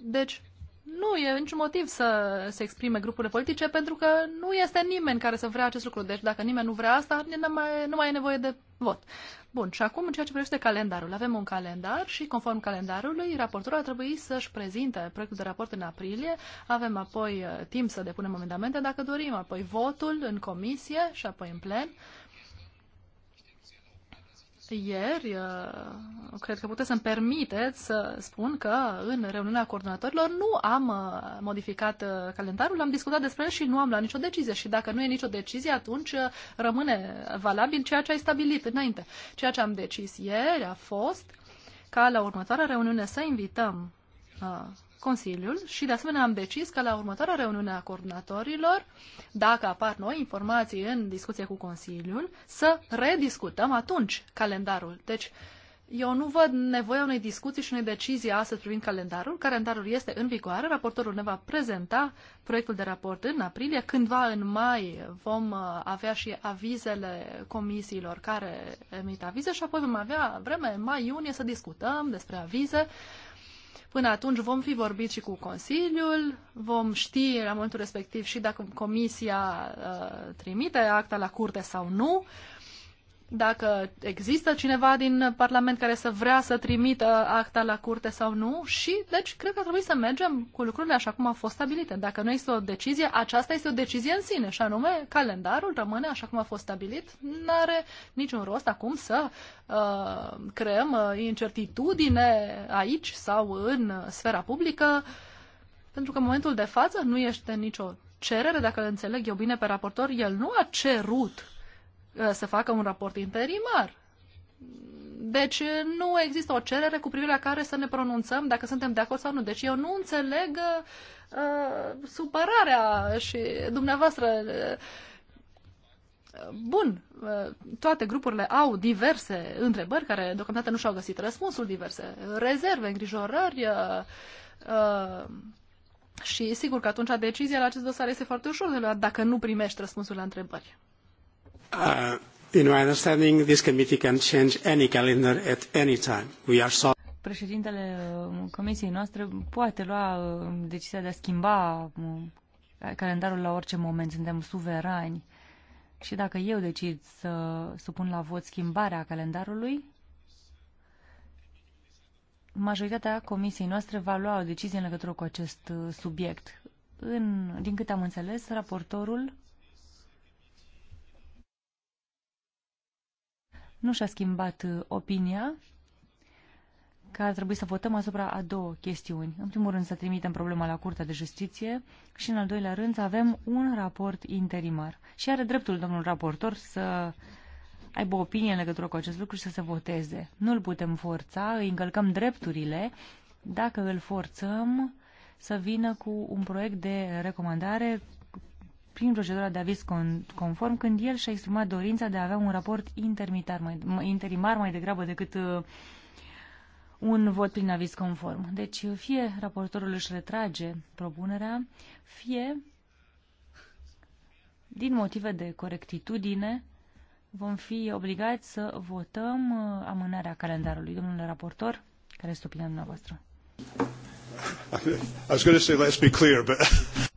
Deci, nu e niciun motiv să se exprime grupurile politice pentru că nu este nimeni care să vrea acest lucru. Deci dacă nimeni nu vrea asta, nu mai, nu mai e nevoie de vot. Bun, și acum în ceea ce privește calendarul. Avem un calendar și conform calendarului, raportorul ar trebui să-și prezinte proiectul de raport în aprilie. Avem apoi uh, timp să depunem amendamente dacă dorim, apoi votul în comisie și apoi în plen ieri, uh, cred că puteți să-mi permiteți să spun că în reuniunea coordonatorilor nu am uh, modificat uh, calendarul, am discutat despre el și nu am luat nicio decizie. Și dacă nu e nicio decizie, atunci rămâne valabil ceea ce ai stabilit înainte. Ceea ce am decis ieri a fost ca la următoarea reuniune să invităm Consiliul și de asemenea am decis că la următoarea reuniune a coordonatorilor, dacă apar noi informații în discuție cu Consiliul, să rediscutăm atunci calendarul. Deci eu nu văd nevoia unei discuții și unei decizii astăzi privind calendarul. Calendarul este în vigoare, raportorul ne va prezenta proiectul de raport în aprilie, cândva în mai vom uh, avea și avizele comisiilor care emit avize și apoi vom avea vreme în mai-iunie să discutăm despre avize Până atunci vom fi vorbit și cu Consiliul, vom ști la momentul respectiv și dacă Comisia uh, trimite acta la curte sau nu. Uh, dacă există cineva din Parlament care să vrea să trimită acta la curte sau nu și, deci, cred că trebuie să mergem cu lucrurile așa cum au fost stabilite. Dacă nu este o decizie, aceasta este o decizie în sine și anume calendarul rămâne așa cum a fost stabilit. Nu are niciun rost acum să uh, creăm uh, incertitudine aici sau în sfera publică pentru că în momentul de față nu este nicio cerere, dacă îl înțeleg eu bine pe raportor, el nu a cerut Uh, să facă un raport interimar. Deci nu există o cerere cu privire la care să ne pronunțăm dacă suntem de acord sau nu. Deci eu nu înțeleg uh, supărarea și dumneavoastră. Uh, Bun, uh, toate grupurile au diverse întrebări care deocamdată nu și-au găsit răspunsul, diverse rezerve, îngrijorări uh, uh, și sigur că atunci decizia la acest dosar este foarte ușor de luat dacă nu primești răspunsul la întrebări. Uh, in my understanding, this committee can change any calendar at any time. We are so Președintele uh, comisiei noastre poate lua uh, decizia de a schimba calendarul la orice moment. Suntem suverani. Și dacă eu decid să supun la vot schimbarea calendarului, majoritatea comisiei noastre va lua o decizie în legătură cu acest subiect. În, din câte am înțeles, raportorul nu și-a schimbat uh, opinia că ar trebui să votăm asupra a două chestiuni. În primul rând să trimitem problema la Curtea de Justiție și în al doilea rând să avem un raport interimar. Și are dreptul domnul raportor să aibă opinie în legătură cu acest lucru și să se voteze. Nu îl putem forța, îi încălcăm drepturile dacă îl forțăm să vină cu un proiect de recomandare prin procedura de aviz conform când el și-a exprimat dorința de a avea un raport intermitar mai, interimar mai degrabă decât uh, un vot prin aviz conform. Deci fie raportorul își retrage propunerea, fie din motive de corectitudine vom fi obligați să votăm uh, amânarea calendarului. Domnule raportor, care este opinia dumneavoastră? I was going to say let's be clear, but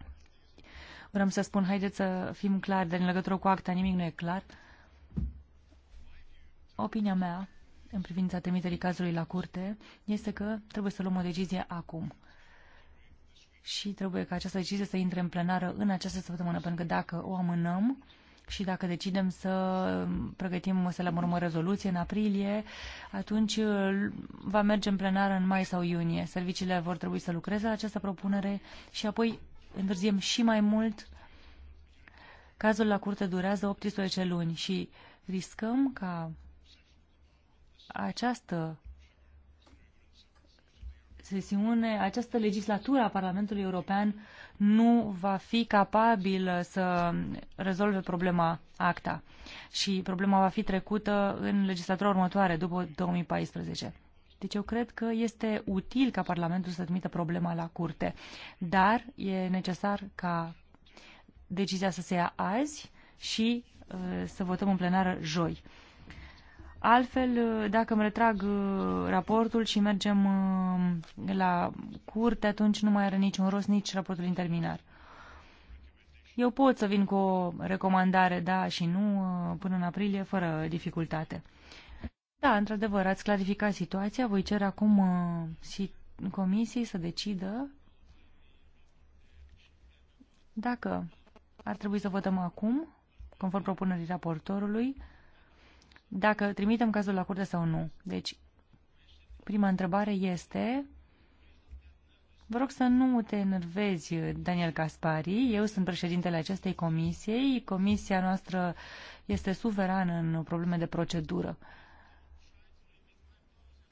Vreau să spun, haideți să fim clari, dar în legătură cu acta nimic nu e clar. Opinia mea în privința trimiterii cazului la curte este că trebuie să luăm o decizie acum. Și trebuie ca această decizie să intre în plenară în această săptămână, pentru că dacă o amânăm, și dacă decidem să pregătim, să elaborăm o rezoluție în aprilie, atunci uh, va merge în plenară în mai sau iunie. Serviciile vor trebui să lucreze la această propunere și apoi întârziem și mai mult, cazul la curte durează 18 luni și riscăm ca această sesiune, această legislatură a Parlamentului European nu va fi capabilă să rezolve problema ACTA și problema va fi trecută în legislatura următoare, după 2014. Deci eu cred că este util ca Parlamentul să admită problema la curte, dar e necesar ca decizia să se ia azi și uh, să votăm în plenară joi. Altfel, uh, dacă îmi retrag uh, raportul și mergem la curte, atunci nu mai are niciun rost nici raportul interminar. Eu pot să vin cu o recomandare, da și nu, până în aprilie, fără dificultate. Da, într-adevăr, ați clarificat situația. Voi cer acum uh, comisiei să decidă dacă ar trebui să votăm acum, conform propunerii raportorului, dacă trimitem cazul la curte sau nu. Deci, prima întrebare este... Vă rog să nu te enervezi, Daniel Caspari. Eu sunt președintele acestei comisiei. Comisia noastră este suverană în probleme de procedură. Uh,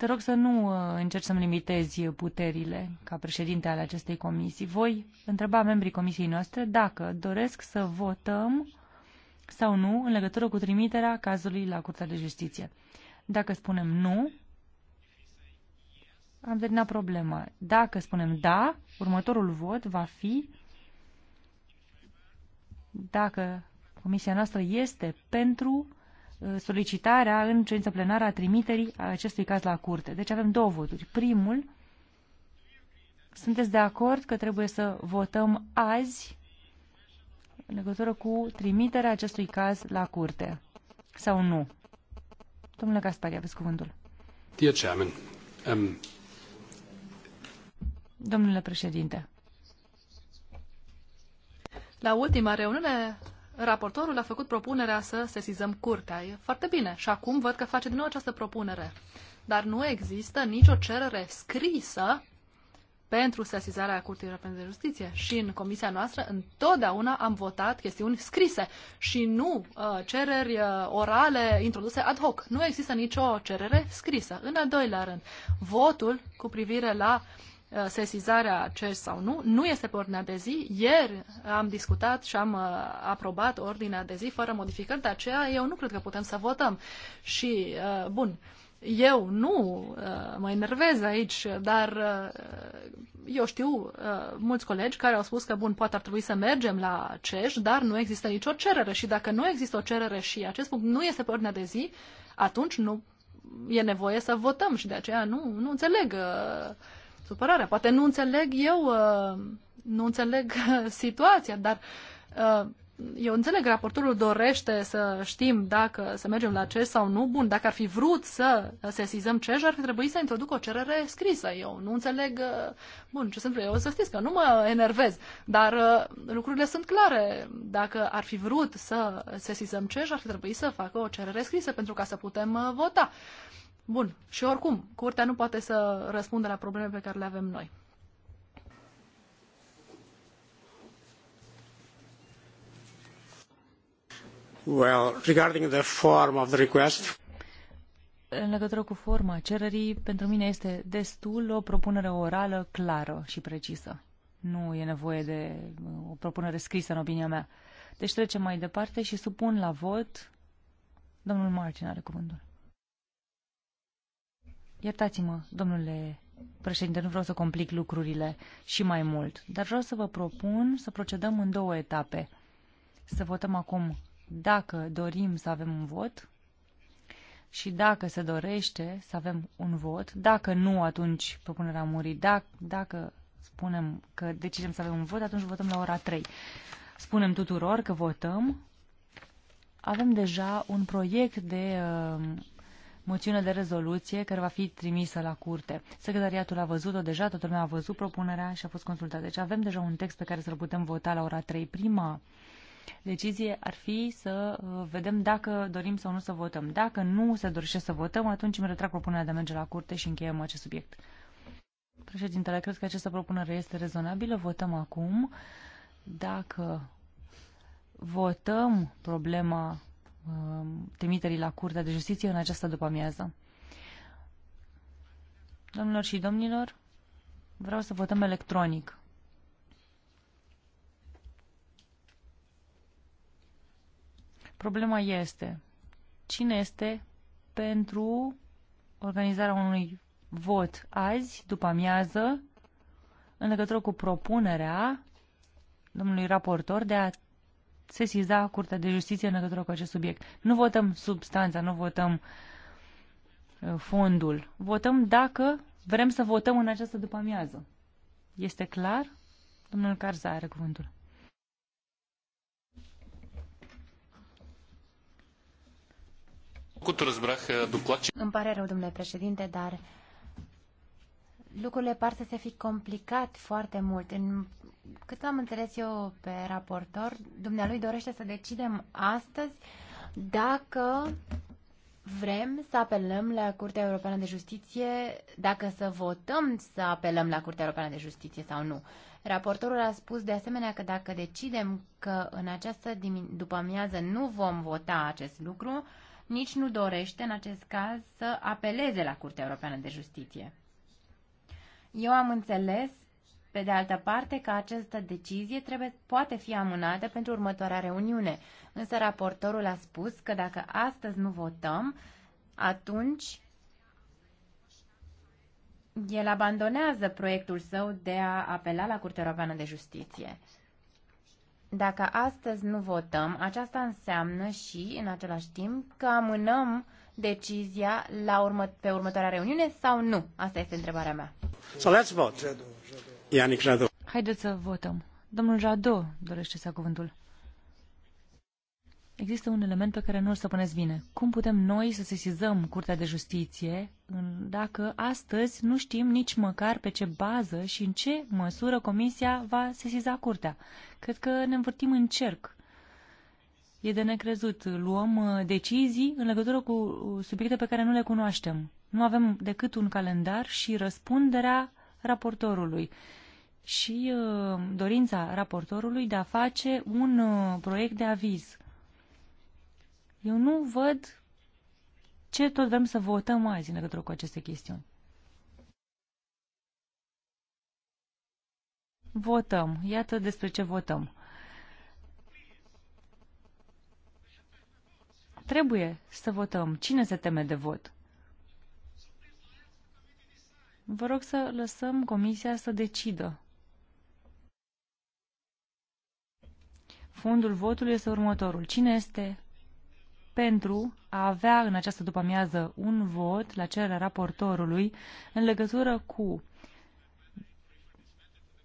te rog să nu uh, încerci să-mi limitezi puterile ca președinte al acestei comisii. Voi întreba membrii comisiei noastre dacă doresc să votăm sau nu în legătură cu trimiterea cazului la Curtea de Justiție. Dacă spunem nu, am terminat problema. Dacă spunem da, următorul vot va fi dacă comisia noastră este pentru solicitarea în ședință plenară a trimiterii a acestui caz la curte. Deci avem două voturi. Primul, sunteți de acord că trebuie să votăm azi în legătură cu trimiterea acestui caz la curte sau nu? Domnule Gaspari, aveți cuvântul. Dear Chairman, um... Domnule președinte. La ultima reuniune raportorul a făcut propunerea să sesizăm curtea. E foarte bine. Și acum văd că face din nou această propunere. Dar nu există nicio cerere scrisă pentru sesizarea Curții Europene de Justiție. Și în comisia noastră întotdeauna am votat chestiuni scrise și nu uh, cereri uh, orale introduse ad hoc. Nu există nicio cerere scrisă. În al doilea rând, votul cu privire la uh, Uh, sesizarea CES sau nu, nu este pe ordinea de zi. Ieri am discutat și am uh, aprobat ordinea de zi fără modificări, de aceea eu nu cred că putem să votăm. Și, uh, bun, eu nu mă enervez aici, dar eu știu mulți colegi care au spus că, bun, poate ar trebui să mergem la CES, dar nu există nicio cerere și dacă nu există o cerere și acest punct nu este pe ordinea de zi, atunci nu e nevoie să votăm și de aceea nu, nu înțeleg uh, supărarea. Poate nu înțeleg eu, uh, nu înțeleg uh, situația, dar uh, eu înțeleg, raportorul dorește să știm dacă să mergem la CEJ sau nu. Bun, dacă ar fi vrut să sesizăm CEJ, ar fi trebuit să introduc o cerere scrisă. Eu nu înțeleg, bun, ce sunt eu, să știți că nu mă enervez, dar lucrurile sunt clare. Dacă ar fi vrut să sesizăm CEJ, ar fi trebuit să facă o cerere scrisă pentru ca să putem vota. Uh, Bun. Și oricum, curtea nu poate să răspundă la probleme pe care le avem noi. Well, regarding the form of the request. În legătură cu forma cererii, pentru mine este destul o propunere orală clară și precisă. Nu e nevoie de uh, o propunere scrisă, în opinia mea. Deci trecem mai departe și supun la vot. Domnul Martin are cuvântul. Iertați-mă, domnule președinte, nu vreau să complic lucrurile și mai mult, dar vreau să vă propun să procedăm în două etape. Să votăm acum dacă dorim să avem un vot și dacă se dorește să avem un vot, dacă nu, atunci propunerea murii, dacă, dacă spunem că decidem să avem un vot, atunci votăm la ora 3. Spunem tuturor că votăm. Avem deja un proiect de uh, moțiune de rezoluție care va fi trimisă la curte. Secretariatul a văzut-o deja, toată lumea a văzut propunerea și a fost consultat. Deci avem deja un text pe care să-l putem vota la ora 3. Prima decizie ar fi să uh, vedem dacă dorim sau nu să votăm. Dacă nu se dorește să votăm, atunci îmi retrag propunerea de a merge la curte și încheiem acest subiect. Președintele, cred că această propunere este rezonabilă. Votăm acum. Dacă votăm problema Um, trimiterii la Curtea de Justiție în această după-amiază. Domnilor și domnilor, vreau să votăm electronic. Problema este cine este pentru organizarea unui vot azi, după amiază, în legătură cu propunerea domnului raportor de a sesiza da, Curtea de Justiție în legătură cu acest subiect. Nu votăm substanța, nu votăm uh, fondul. Votăm dacă vrem să votăm în această după-amiază. Este clar? Domnul Carza are cuvântul. Uh, Îmi pare rău, domnule președinte, dar lucrurile par să se fi complicat foarte mult. În cât am înțeles eu pe raportor, dumnealui dorește să decidem astăzi dacă vrem să apelăm la Curtea Europeană de Justiție, dacă să votăm să apelăm la Curtea Europeană de Justiție sau nu. Raportorul a spus de asemenea că dacă decidem că în această după amiază nu vom vota acest lucru, nici nu dorește în acest caz să apeleze la Curtea Europeană de Justiție. Eu am înțeles pe de altă parte, că această decizie trebuie, poate fi amânată pentru următoarea reuniune. Însă raportorul a spus că dacă astăzi nu votăm, atunci el abandonează proiectul său de a apela la Curtea Europeană de Justiție. Dacă astăzi nu votăm, aceasta înseamnă și, în același timp, că amânăm decizia la urmă, pe următoarea reuniune sau nu? Asta este întrebarea mea. So let's vote. Ianic Jadot. Haideți să votăm. Domnul Jadot dorește să cuvântul. Există un element pe care nu îl stăpânesc bine. Cum putem noi să sesizăm Curtea de Justiție dacă astăzi nu știm nici măcar pe ce bază și în ce măsură Comisia va sesiza Curtea? Cred că ne învârtim în cerc. E de necrezut. Luăm uh, decizii în legătură cu uh, subiecte pe care nu le cunoaștem. Nu avem decât un calendar și răspunderea raportorului și uh, dorința raportorului de a face un uh, proiect de aviz. Eu nu văd ce tot vrem să votăm azi în legătură cu aceste chestiuni. Votăm. Iată despre ce votăm. Trebuie să votăm. Cine se teme de vot? Vă rog să lăsăm Comisia să decidă. Fundul votului este următorul. Cine este pentru a avea în această după-amiază un vot la cererea raportorului în legătură cu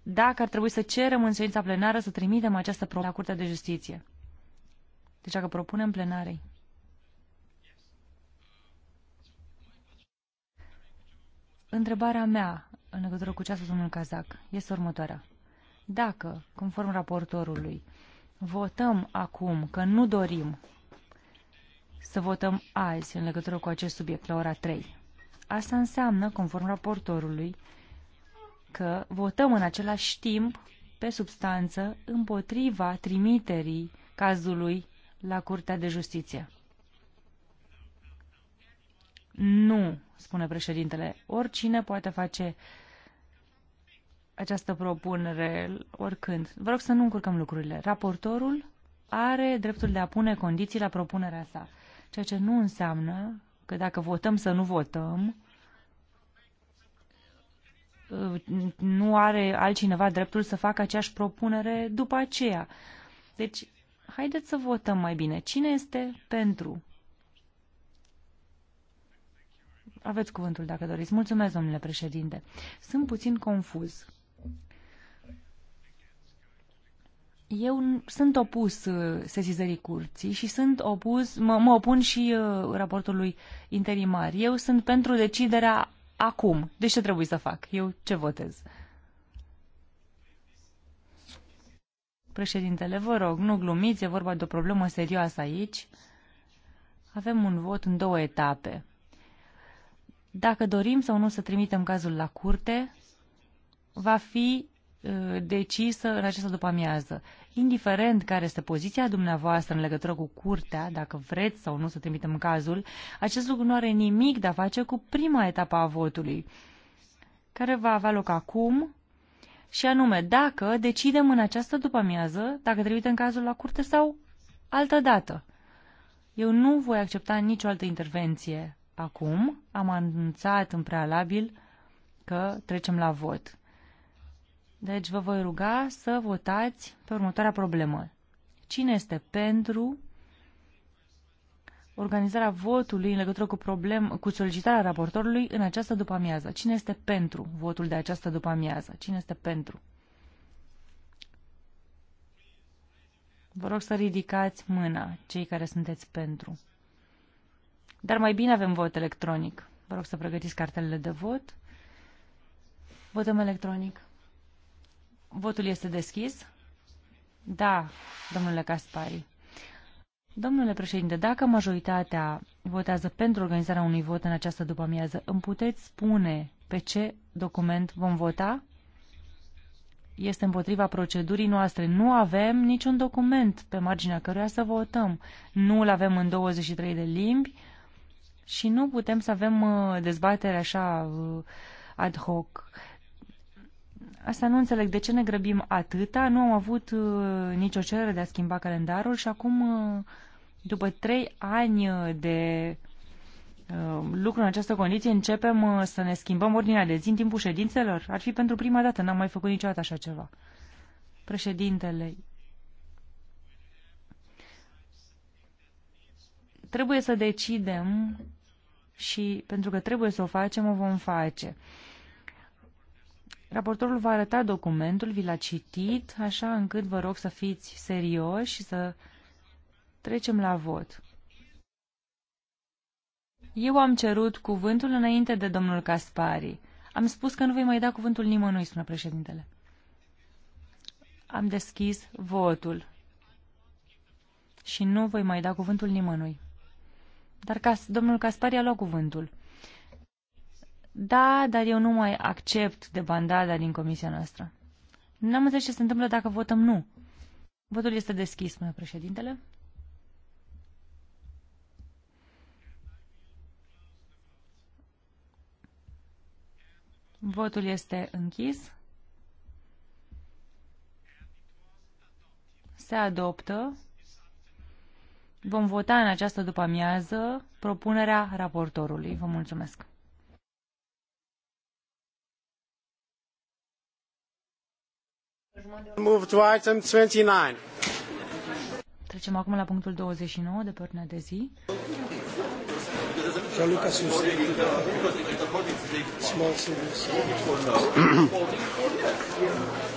dacă ar trebui să cerem în ședința plenară să trimitem această propunere la Curtea de Justiție. Deci dacă propunem plenarei. Întrebarea mea în legătură cu ceasul domnului Cazac este următoarea. Dacă, conform raportorului, votăm acum că nu dorim să votăm azi în legătură cu acest subiect la ora 3, asta înseamnă, conform raportorului, că votăm în același timp pe substanță împotriva trimiterii cazului la Curtea de Justiție. Nu, spune președintele. Oricine poate face această propunere oricând. Vă rog să nu încurcăm lucrurile. Raportorul are dreptul de a pune condiții la propunerea sa, ceea ce nu înseamnă că dacă votăm să nu votăm, nu are altcineva dreptul să facă aceeași propunere după aceea. Deci, haideți să votăm mai bine. Cine este pentru Aveți cuvântul dacă doriți. Mulțumesc, domnule președinte. Sunt puțin confuz. Eu sunt opus uh, sesizării curții și sunt opus, mă, mă opun și uh, raportului interimar. Eu sunt pentru deciderea acum. Deci ce trebuie să fac? Eu ce votez? Președintele, vă rog, nu glumiți, e vorba de o problemă serioasă aici. Avem un vot în două etape. Dacă dorim sau nu să trimitem cazul la curte, va fi uh, decisă în această după-amiază. Indiferent care este poziția dumneavoastră în legătură cu curtea, dacă vreți sau nu să trimitem cazul, acest lucru nu are nimic de a face cu prima etapă a votului, care va avea loc acum, și anume dacă decidem în această după-amiază dacă trimitem cazul la curte sau altă dată. Eu nu voi accepta nicio altă intervenție acum. Am anunțat în prealabil că trecem la vot. Deci vă voi ruga să votați pe următoarea problemă. Cine este pentru organizarea votului în legătură cu, problem, cu solicitarea raportorului în această după-amiază? Cine este pentru votul de această după-amiază? Cine este pentru? Vă rog să ridicați mâna, cei care sunteți pentru. Dar mai bine avem vot electronic. Vă rog să pregătiți cartelele de vot. Votăm electronic. Votul este deschis? Da, domnule Caspari. Domnule președinte, dacă majoritatea votează pentru organizarea unui vot în această după-amiază, îmi puteți spune pe ce document vom vota? Este împotriva procedurii noastre. Nu avem niciun document pe marginea căruia să votăm. Nu-l avem în 23 de limbi și nu putem să avem uh, dezbatere așa uh, ad hoc. Asta nu înțeleg. De ce ne grăbim atâta? Nu am avut uh, nicio cerere de a schimba calendarul și acum, după trei ani de lucru în această condiție, începem să ne schimbăm ordinea de zi în timpul ședințelor? Ar fi pentru prima dată. N-am mai făcut niciodată așa ceva. Președintele, trebuie să decidem și pentru că trebuie să o facem, o vom face. Raportorul va arăta documentul, vi l-a citit, așa încât vă rog să fiți serioși și să trecem la vot. Eu am cerut cuvântul înainte de domnul Caspari. Am spus că nu voi mai da cuvântul nimănui, spune președintele. Am deschis votul și nu voi mai da cuvântul nimănui. Dar ca, domnul i a luat cuvântul. Da, dar eu nu mai accept de bandada din comisia noastră. N-am înțeles ce se întâmplă dacă votăm nu. Votul este deschis, spune președintele. Votul este închis. Se adoptă Vom vota în această după-amiază propunerea raportorului. Vă mulțumesc! Move to item 29. Trecem acum la punctul 29 de pe ordinea de zi. Small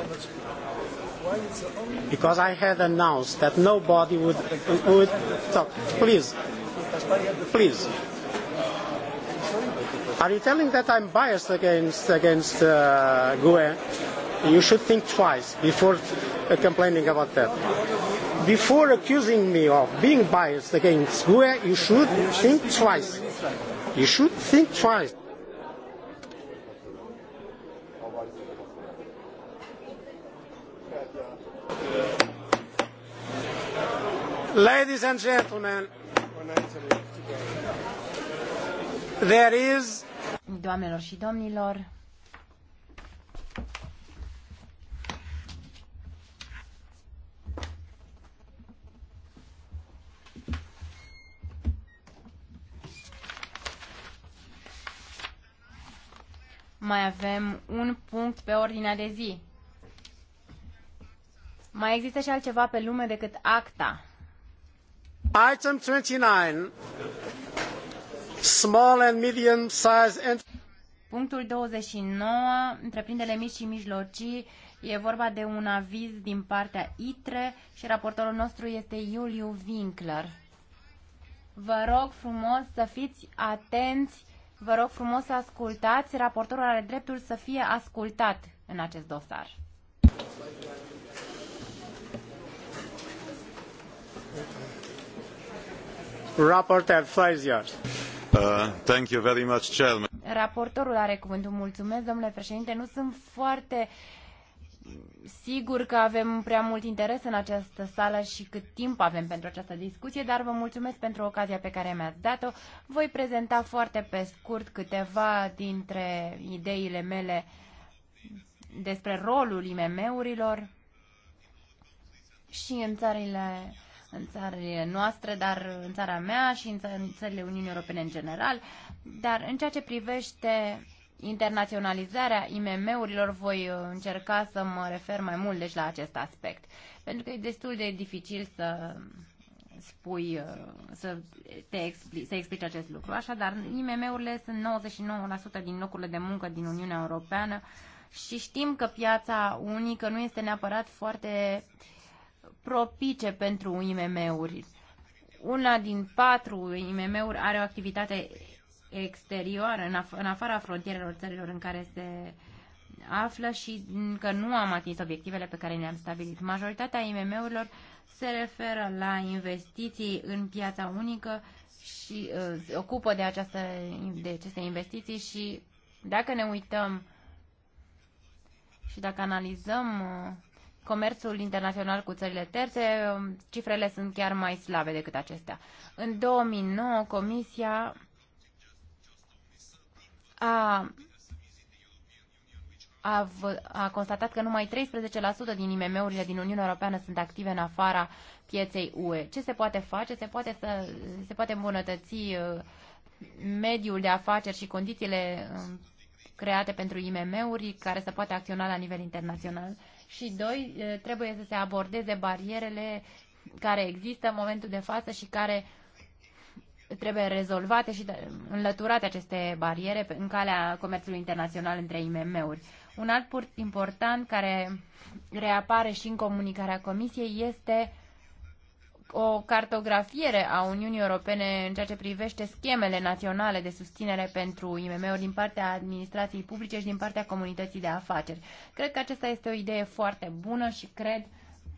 cannot speak. Why only... Because I had announced that nobody would, would talk. Please. Please. Are you telling that I'm biased against against uh, GUE? You should think twice before uh, complaining about that. Before accusing me of being biased against GUE, you should think twice. You should think twice. Ladies and gentlemen, there is... Doamnelor și domnilor, mai avem un punct pe ordinea de zi. Mai există și altceva pe lume decât acta. Item 29. Small and medium Punctul 29, întreprinderile mici și mijlocii, e vorba de un aviz din partea ITRE și raportorul nostru este Iuliu Winkler. Vă rog frumos să fiți atenți, vă rog frumos să ascultați, raportorul are dreptul să fie ascultat în acest dosar. Raportor, floor yours. Uh, thank you very much, Chairman. Raportorul are cuvântul. Mulțumesc, domnule președinte. Nu sunt foarte sigur că avem prea mult interes în această sală și cât timp avem pentru această discuție, dar vă mulțumesc pentru ocazia pe care mi-ați dat-o. Voi prezenta foarte pe scurt câteva dintre ideile mele despre rolul IMM-urilor și în țările în țările noastre, dar în țara mea și în, țările Uniunii Europene în general. Dar în ceea ce privește internaționalizarea IMM-urilor, voi uh, încerca să mă refer mai mult deci la acest aspect. Pentru că e destul de dificil să spui, uh, să, te expli, să explici acest lucru. Așadar, IMM-urile sunt 99% din locurile de muncă din Uniunea Europeană și știm că piața unică nu este neapărat foarte uh, propice pentru IMM-uri. Una din patru IMM-uri are o activitate exterioară, în, af- în afara frontierelor țărilor în care se află și că nu am atins obiectivele pe care ne-am stabilit. Majoritatea IMM-urilor se referă la investiții în piața unică și uh, se ocupă de, această, de aceste investiții și dacă ne uităm și dacă analizăm uh, comerțul internațional cu țările terțe, um, cifrele sunt chiar mai slabe decât acestea. În 2009, Comisia a, a, a constatat că numai 13% din IMM-urile din Uniunea Europeană sunt active în afara pieței UE. Ce se poate face? Se poate, să, se poate îmbunătăți uh, mediul de afaceri și condițiile um, create pentru IMM-uri care să poată acționa la nivel internațional și doi, trebuie să se abordeze barierele care există în momentul de față și care trebuie rezolvate și înlăturate aceste bariere în calea comerțului internațional între IMM-uri. Un alt punct important care reapare și în comunicarea Comisiei este o cartografiere a Uniunii Europene în ceea ce privește schemele naționale de susținere pentru IMM-uri din partea administrației publice și din partea comunității de afaceri. Cred că aceasta este o idee foarte bună și cred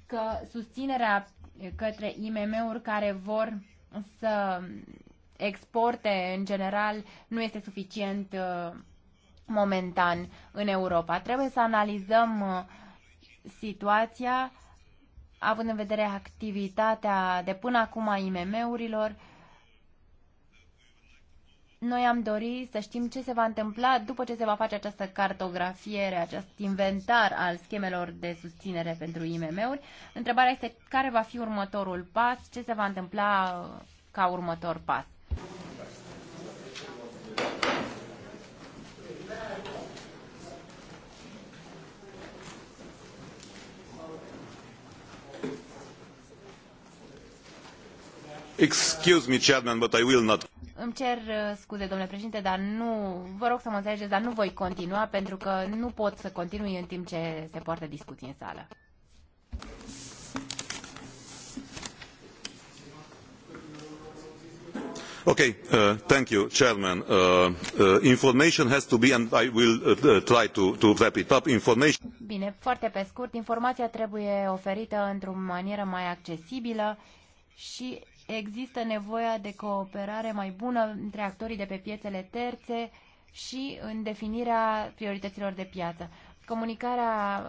că susținerea către IMM-uri care vor să exporte în general nu este suficient uh, momentan în Europa. Trebuie să analizăm uh, situația având în vedere activitatea de până acum a IMM-urilor, noi am dorit să știm ce se va întâmpla după ce se va face această cartografiere, acest inventar al schemelor de susținere pentru IMM-uri. Întrebarea este care va fi următorul pas, ce se va întâmpla ca următor pas. Excuse me, chairman, but I will not. Îmi cer uh, scuze, domnule președinte, dar nu, vă rog să mă înțelegeți, dar nu voi continua pentru că nu pot să continui în timp ce se poartă discuții în sală. Okay, uh, thank you, Chairman. Uh, uh, information has to be, and I will uh, uh, try to, to wrap it up. Information... Bine, foarte pe scurt, informația trebuie oferită într-o manieră mai accesibilă și există nevoia de cooperare mai bună între actorii de pe piețele terțe și în definirea priorităților de piață. Comunicarea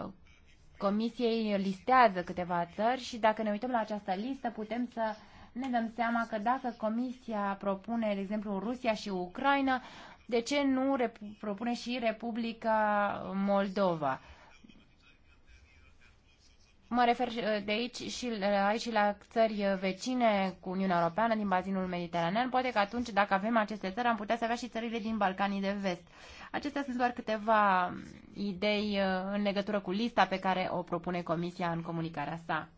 Comisiei listează câteva țări și dacă ne uităm la această listă putem să ne dăm seama că dacă Comisia propune, de exemplu, Rusia și Ucraina, de ce nu propune și Republica Moldova? Mă refer de aici și, aici la țări vecine cu Uniunea Europeană din bazinul mediteranean. Poate că atunci, dacă avem aceste țări, am putea să avea și țările din Balcanii de Vest. Acestea sunt doar câteva idei uh, în legătură cu lista pe care o propune Comisia în comunicarea sa.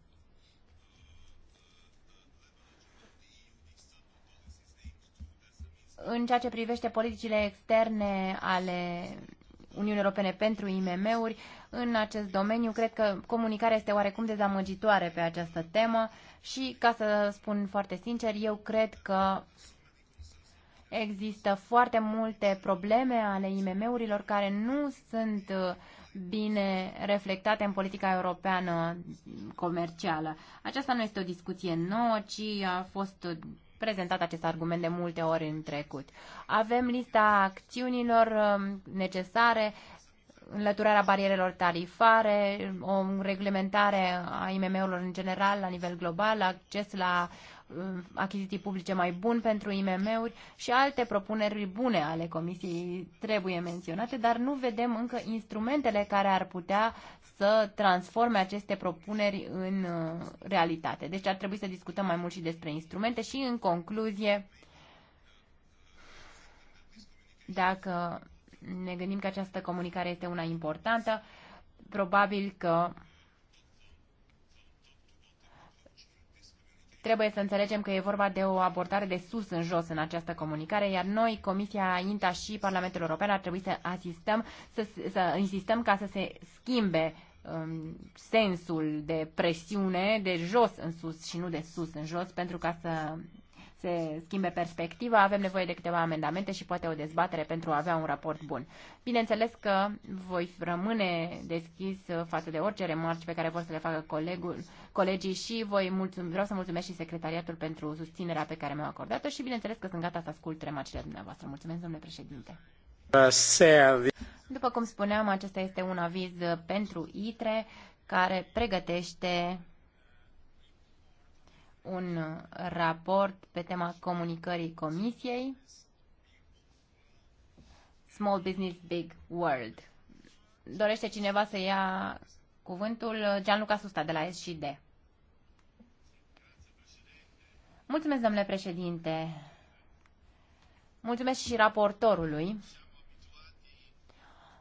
În ceea ce privește politicile externe ale Uniunii Europene pentru IMM-uri în acest domeniu. Cred că comunicarea este oarecum dezamăgitoare pe această temă și, ca să spun foarte sincer, eu cred că există foarte multe probleme ale IMM-urilor care nu sunt uh, bine reflectate în politica europeană comercială. Aceasta nu este o discuție nouă, ci a fost prezentat acest argument de multe ori în trecut. Avem lista acțiunilor um, necesare, înlăturarea barierelor tarifare, o um, reglementare a IMM-urilor în general la nivel global, acces la um, achiziții publice mai bun pentru IMM-uri și alte propuneri bune ale Comisiei trebuie menționate, dar nu vedem încă instrumentele care ar putea să transforme aceste propuneri în uh, realitate. Deci ar trebui să discutăm mai mult și despre instrumente și, în concluzie, dacă ne gândim că această comunicare este una importantă, probabil că Trebuie să înțelegem că e vorba de o abordare de sus în jos în această comunicare, iar noi, Comisia INTA și Parlamentul European, ar trebui să asistăm, să, să insistăm ca să se schimbe um, sensul de presiune de jos în sus și nu de sus în jos pentru ca să se schimbe perspectiva, avem nevoie de câteva amendamente și poate o dezbatere pentru a avea un raport bun. Bineînțeles că voi rămâne deschis față de orice remarci pe care vor să le facă colegul, colegii și voi mulțum, vreau să mulțumesc și secretariatul pentru susținerea pe care mi-au acordat-o și bineînțeles că sunt gata să ascult remarcile dumneavoastră. Mulțumesc, domnule președinte. După cum spuneam, acesta este un aviz pentru ITRE care pregătește un raport pe tema comunicării Comisiei Small Business Big World. Dorește cineva să ia cuvântul Gianluca Susta de la SGD. Mulțumesc, domnule președinte. Mulțumesc și raportorului.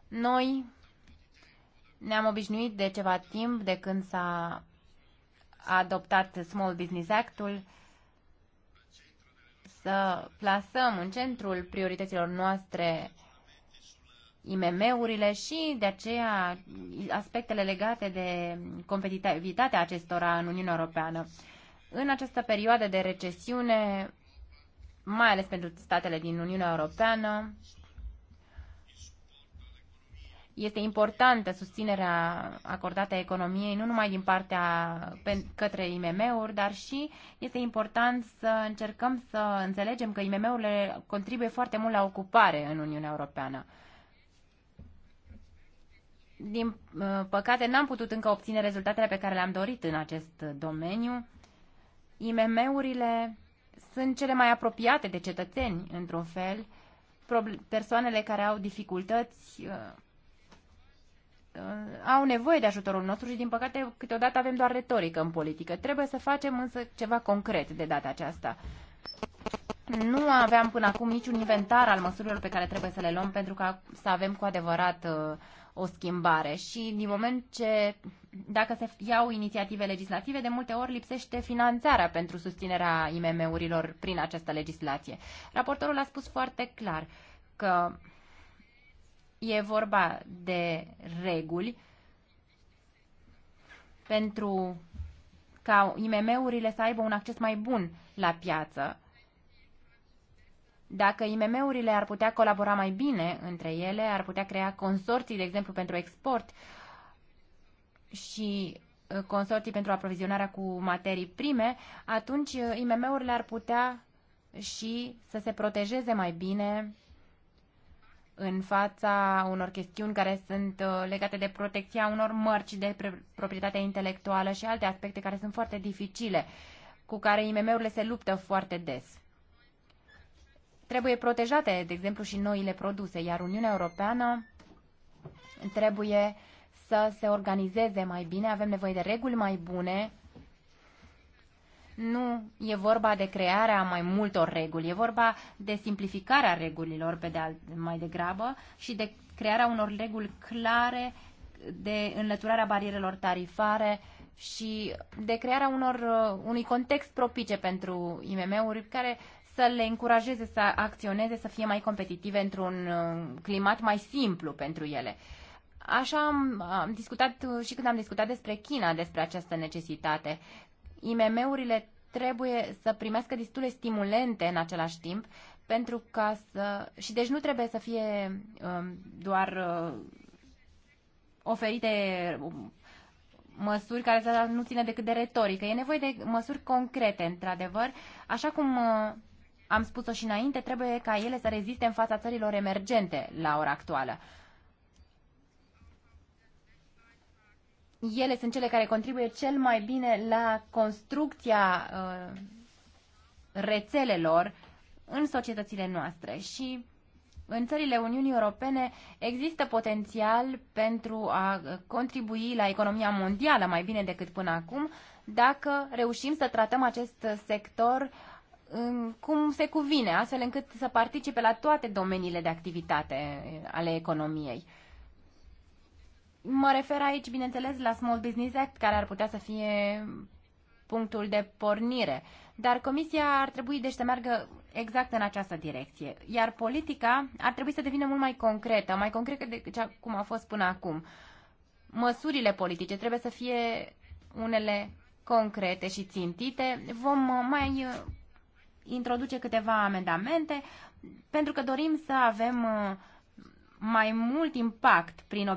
Noi ne-am obișnuit de ceva timp de când s-a a adoptat Small Business Act-ul, să plasăm în centrul priorităților noastre IMM-urile și de aceea aspectele legate de competitivitatea acestora în Uniunea Europeană. În această perioadă de recesiune, mai ales pentru statele din Uniunea Europeană, este importantă susținerea acordată economiei, nu numai din partea către IMM-uri, dar și este important să încercăm să înțelegem că IMM-urile contribuie foarte mult la ocupare în Uniunea Europeană. Din uh, păcate, n-am putut încă obține rezultatele pe care le-am dorit în acest domeniu. IMM-urile sunt cele mai apropiate de cetățeni, într-un fel. Persoanele care au dificultăți uh, Uh, au nevoie de ajutorul nostru și, din păcate, câteodată avem doar retorică în politică. Trebuie să facem însă ceva concret de data aceasta. Nu aveam până acum niciun inventar al măsurilor pe care trebuie să le luăm pentru ca să avem cu adevărat uh, o schimbare. Și din moment ce, dacă se iau inițiative legislative, de multe ori lipsește finanțarea pentru susținerea IMM-urilor prin această legislație. Raportorul a spus foarte clar că E vorba de reguli pentru ca IMM-urile să aibă un acces mai bun la piață. Dacă IMM-urile ar putea colabora mai bine între ele, ar putea crea consorții, de exemplu, pentru export și uh, consorții pentru aprovizionarea cu materii prime, atunci uh, IMM-urile ar putea și să se protejeze mai bine în fața unor chestiuni care sunt uh, legate de protecția unor mărci de proprietate intelectuală și alte aspecte care sunt foarte dificile, cu care IMM-urile se luptă foarte des. Trebuie protejate, de exemplu, și noile produse, iar Uniunea Europeană trebuie să se organizeze mai bine, avem nevoie de reguli mai bune nu e vorba de crearea mai multor reguli, e vorba de simplificarea regulilor pe de alt, mai degrabă și de crearea unor reguli clare de înlăturarea barierelor tarifare și de crearea unor, uh, unui context propice pentru IMM-uri care să le încurajeze să acționeze, să fie mai competitive într-un uh, climat mai simplu pentru ele. Așa am, am discutat uh, și când am discutat despre China, despre această necesitate. IMM-urile trebuie să primească destule stimulente în același timp pentru ca să... Și deci nu trebuie să fie um, doar uh, oferite um, măsuri care să nu țină decât de retorică. E nevoie de măsuri concrete, într-adevăr. Așa cum uh, am spus-o și înainte, trebuie ca ele să reziste în fața țărilor emergente la ora actuală. ele sunt cele care contribuie cel mai bine la construcția uh, rețelelor în societățile noastre și în țările Uniunii Europene există potențial pentru a contribui la economia mondială mai bine decât până acum dacă reușim să tratăm acest sector cum se cuvine, astfel încât să participe la toate domeniile de activitate ale economiei. Mă refer aici, bineînțeles, la Small Business Act, care ar putea să fie punctul de pornire. Dar comisia ar trebui deci să meargă exact în această direcție. Iar politica ar trebui să devină mult mai concretă, mai concretă decât cea cum a fost până acum. Măsurile politice trebuie să fie unele concrete și țintite. Vom mai uh, introduce câteva amendamente pentru că dorim să avem uh, mai mult impact prin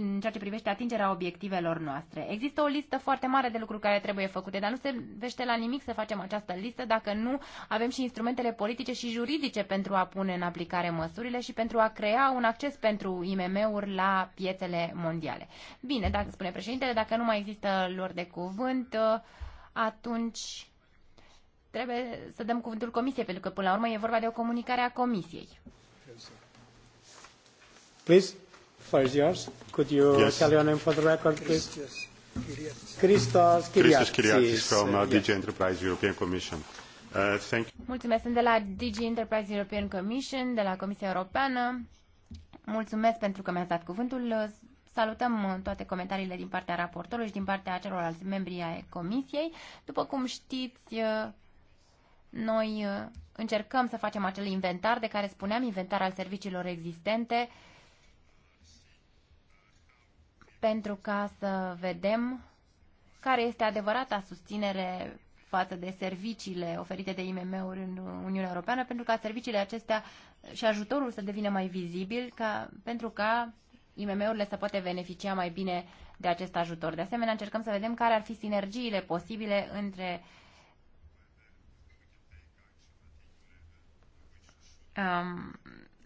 în ceea ce privește atingerea obiectivelor noastre. Există o listă foarte mare de lucruri care trebuie făcute, dar nu se vește la nimic să facem această listă dacă nu avem și instrumentele politice și juridice pentru a pune în aplicare măsurile și pentru a crea un acces pentru IMM-uri la piețele mondiale. Bine, dacă spune președintele, dacă nu mai există lor de cuvânt, uh, atunci trebuie să dăm cuvântul comisiei, pentru că până la urmă e vorba de o comunicare a comisiei. Please, floor is yours. Could you yes. tell your name for the record, please? Christos Kyriakis. Christos Kyriakis, Kyriakis from uh, DG Enterprise European Commission. Uh, thank you. Mulțumesc, sunt de la DG Enterprise European Commission, de la Comisia Europeană. Mulțumesc pentru că mi-ați dat cuvântul. Salutăm uh, toate comentariile din partea raportorului și din partea celorlalți membri ai comisiei. După cum știți, uh, noi uh, încercăm să facem acel inventar de care spuneam, inventar al serviciilor existente, uh, pentru ca să vedem care este adevărata susținere față de serviciile oferite de IMM-uri în Uniunea Europeană, pentru ca serviciile acestea și ajutorul să devină mai vizibil, ca, pentru ca IMM-urile să poate beneficia mai bine de acest ajutor. De asemenea, încercăm să vedem care ar fi sinergiile posibile între um,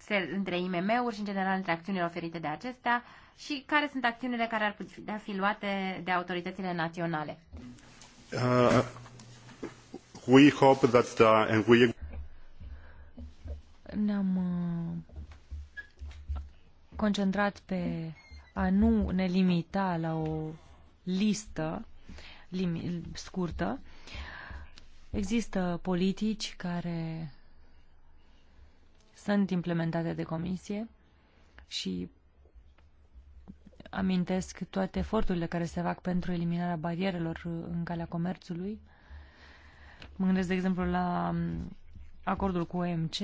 între IMM-uri și, în general, între acțiunile oferite de acestea și care sunt acțiunile care ar putea fi luate de autoritățile naționale. Uh, we hope that the, and we... Ne-am uh, concentrat pe a nu ne limita la o listă lim- scurtă. Există politici care sunt implementate de comisie și amintesc toate eforturile care se fac pentru eliminarea barierelor în calea comerțului. Mă gândesc, de exemplu, la um, acordul cu OMC.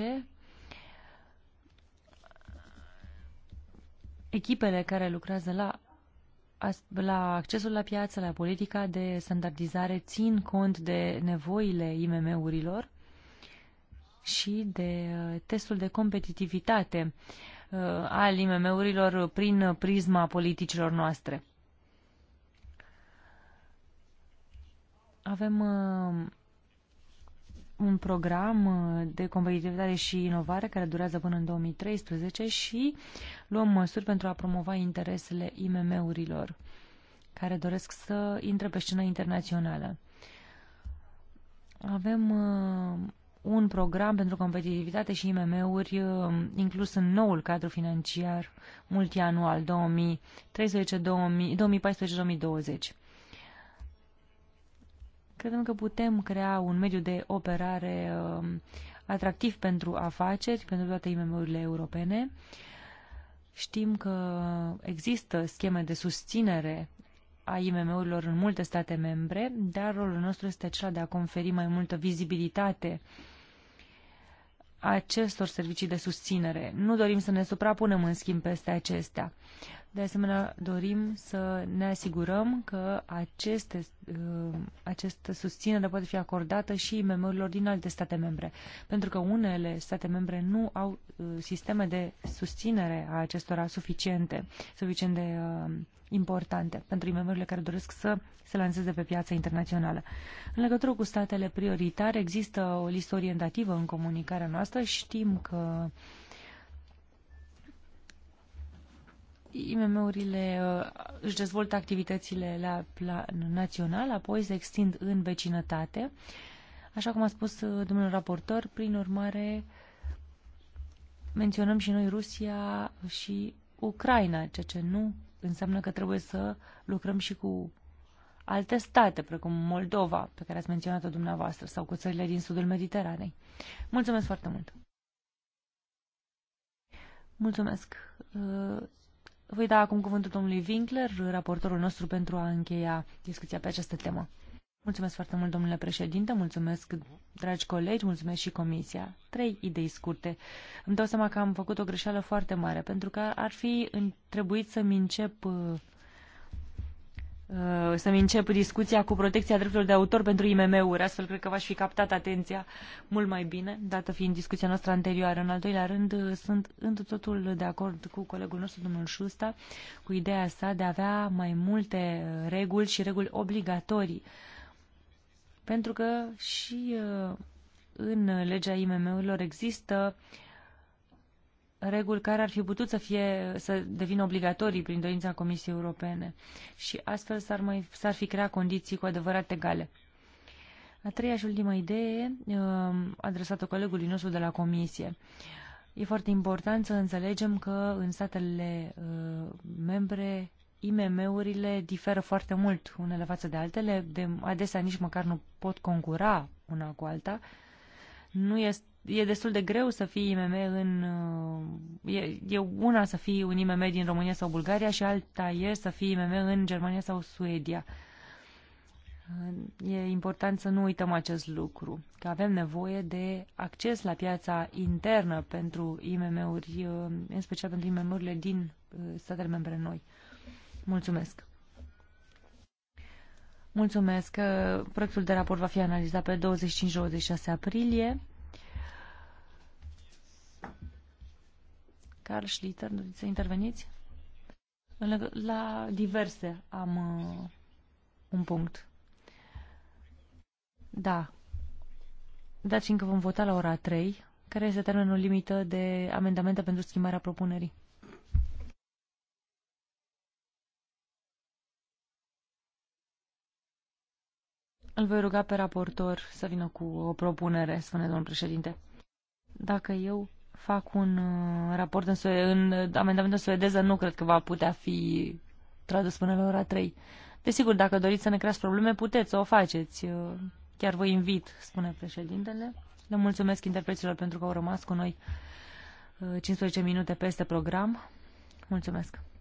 Echipele care lucrează la, la accesul la piață, la politica de standardizare, țin cont de nevoile IMM-urilor și de uh, testul de competitivitate uh, al IMM-urilor prin prisma politicilor noastre. Avem uh, un program de competitivitate și inovare care durează până în 2013 și luăm măsuri pentru a promova interesele IMM-urilor care doresc să intre pe scena internațională. Avem un program pentru competitivitate și IMM-uri um, inclus în noul cadru financiar multianual 2014-2020. Credem că putem crea un mediu de operare um, atractiv pentru afaceri, pentru toate IMM-urile europene. Știm că există scheme de susținere a IMM-urilor în multe state membre, dar rolul nostru este acela de a conferi mai multă vizibilitate uh, acestor servicii de susținere. Nu dorim să ne suprapunem, în schimb, peste acestea. De asemenea, dorim să ne asigurăm că aceste, uh, această susținere poate fi acordată și membrilor din alte state membre, pentru că unele state membre nu au uh, sisteme de susținere a acestora suficiente, suficient de uh, importante pentru IMM-urile care doresc să se lanseze pe piața internațională. În legătură cu statele prioritare, există o listă orientativă în comunicarea noastră. Știm că IMM-urile uh, își dezvoltă activitățile la plan național, apoi se extind în vecinătate. Așa cum a spus uh, domnul raportor, prin urmare menționăm și noi Rusia și Ucraina, ceea ce nu înseamnă că trebuie să lucrăm și cu alte state, precum Moldova, pe care ați menționat-o dumneavoastră, sau cu țările din sudul Mediteranei. Mulțumesc foarte mult! Mulțumesc! Uh, voi da acum cuvântul domnului Winkler, raportorul nostru, pentru a încheia discuția pe această temă. Mulțumesc foarte mult, domnule președinte, mulțumesc, dragi colegi, mulțumesc și comisia. Trei idei scurte. Îmi dau seama că am făcut o greșeală foarte mare, pentru că ar fi trebuit să-mi încep uh, uh, să-mi încep discuția cu protecția drepturilor de autor pentru IMM-uri, astfel cred că v-aș fi captat atenția mult mai bine, dată fiind discuția noastră anterioară. În al doilea rând, uh, sunt în totul de acord cu colegul nostru, domnul Șusta, cu ideea sa de a avea mai multe reguli și reguli obligatorii pentru că și uh, în legea IMM-urilor există reguli care ar fi putut să, fie, să devină obligatorii prin dorința Comisiei Europene și astfel s-ar, mai, s-ar fi creat condiții cu adevărat egale. A treia și ultima idee, uh, adresată colegului nostru de la Comisie. E foarte important să înțelegem că în statele uh, membre IMM-urile diferă foarte mult unele față de altele, de, adesea nici măcar nu pot concura una cu alta. Nu este, e destul de greu să fii IMM în... E, e una să fii un IMM din România sau Bulgaria și alta e să fii IMM în Germania sau Suedia. E important să nu uităm acest lucru, că avem nevoie de acces la piața internă pentru IMM-uri, în special pentru IMM-urile din statele membre noi. Mulțumesc. Mulțumesc. Uh, proiectul de raport va fi analizat pe 25-26 aprilie. Carl Schlitter, doriți să interveniți? La diverse am uh, un punct. Da. Dați fiindcă vom vota la ora 3, care este termenul limită de amendamente pentru schimbarea propunerii. Îl voi ruga pe raportor să vină cu o propunere, spune domnul președinte. Dacă eu fac un uh, raport în, sue- în uh, amendamentul suedeză, nu cred că va putea fi tradus până la ora 3. Desigur, dacă doriți să ne creați probleme, puteți să o faceți. Uh, chiar vă invit, spune președintele. Le mulțumesc interpreților pentru că au rămas cu noi 15 minute peste program. Mulțumesc!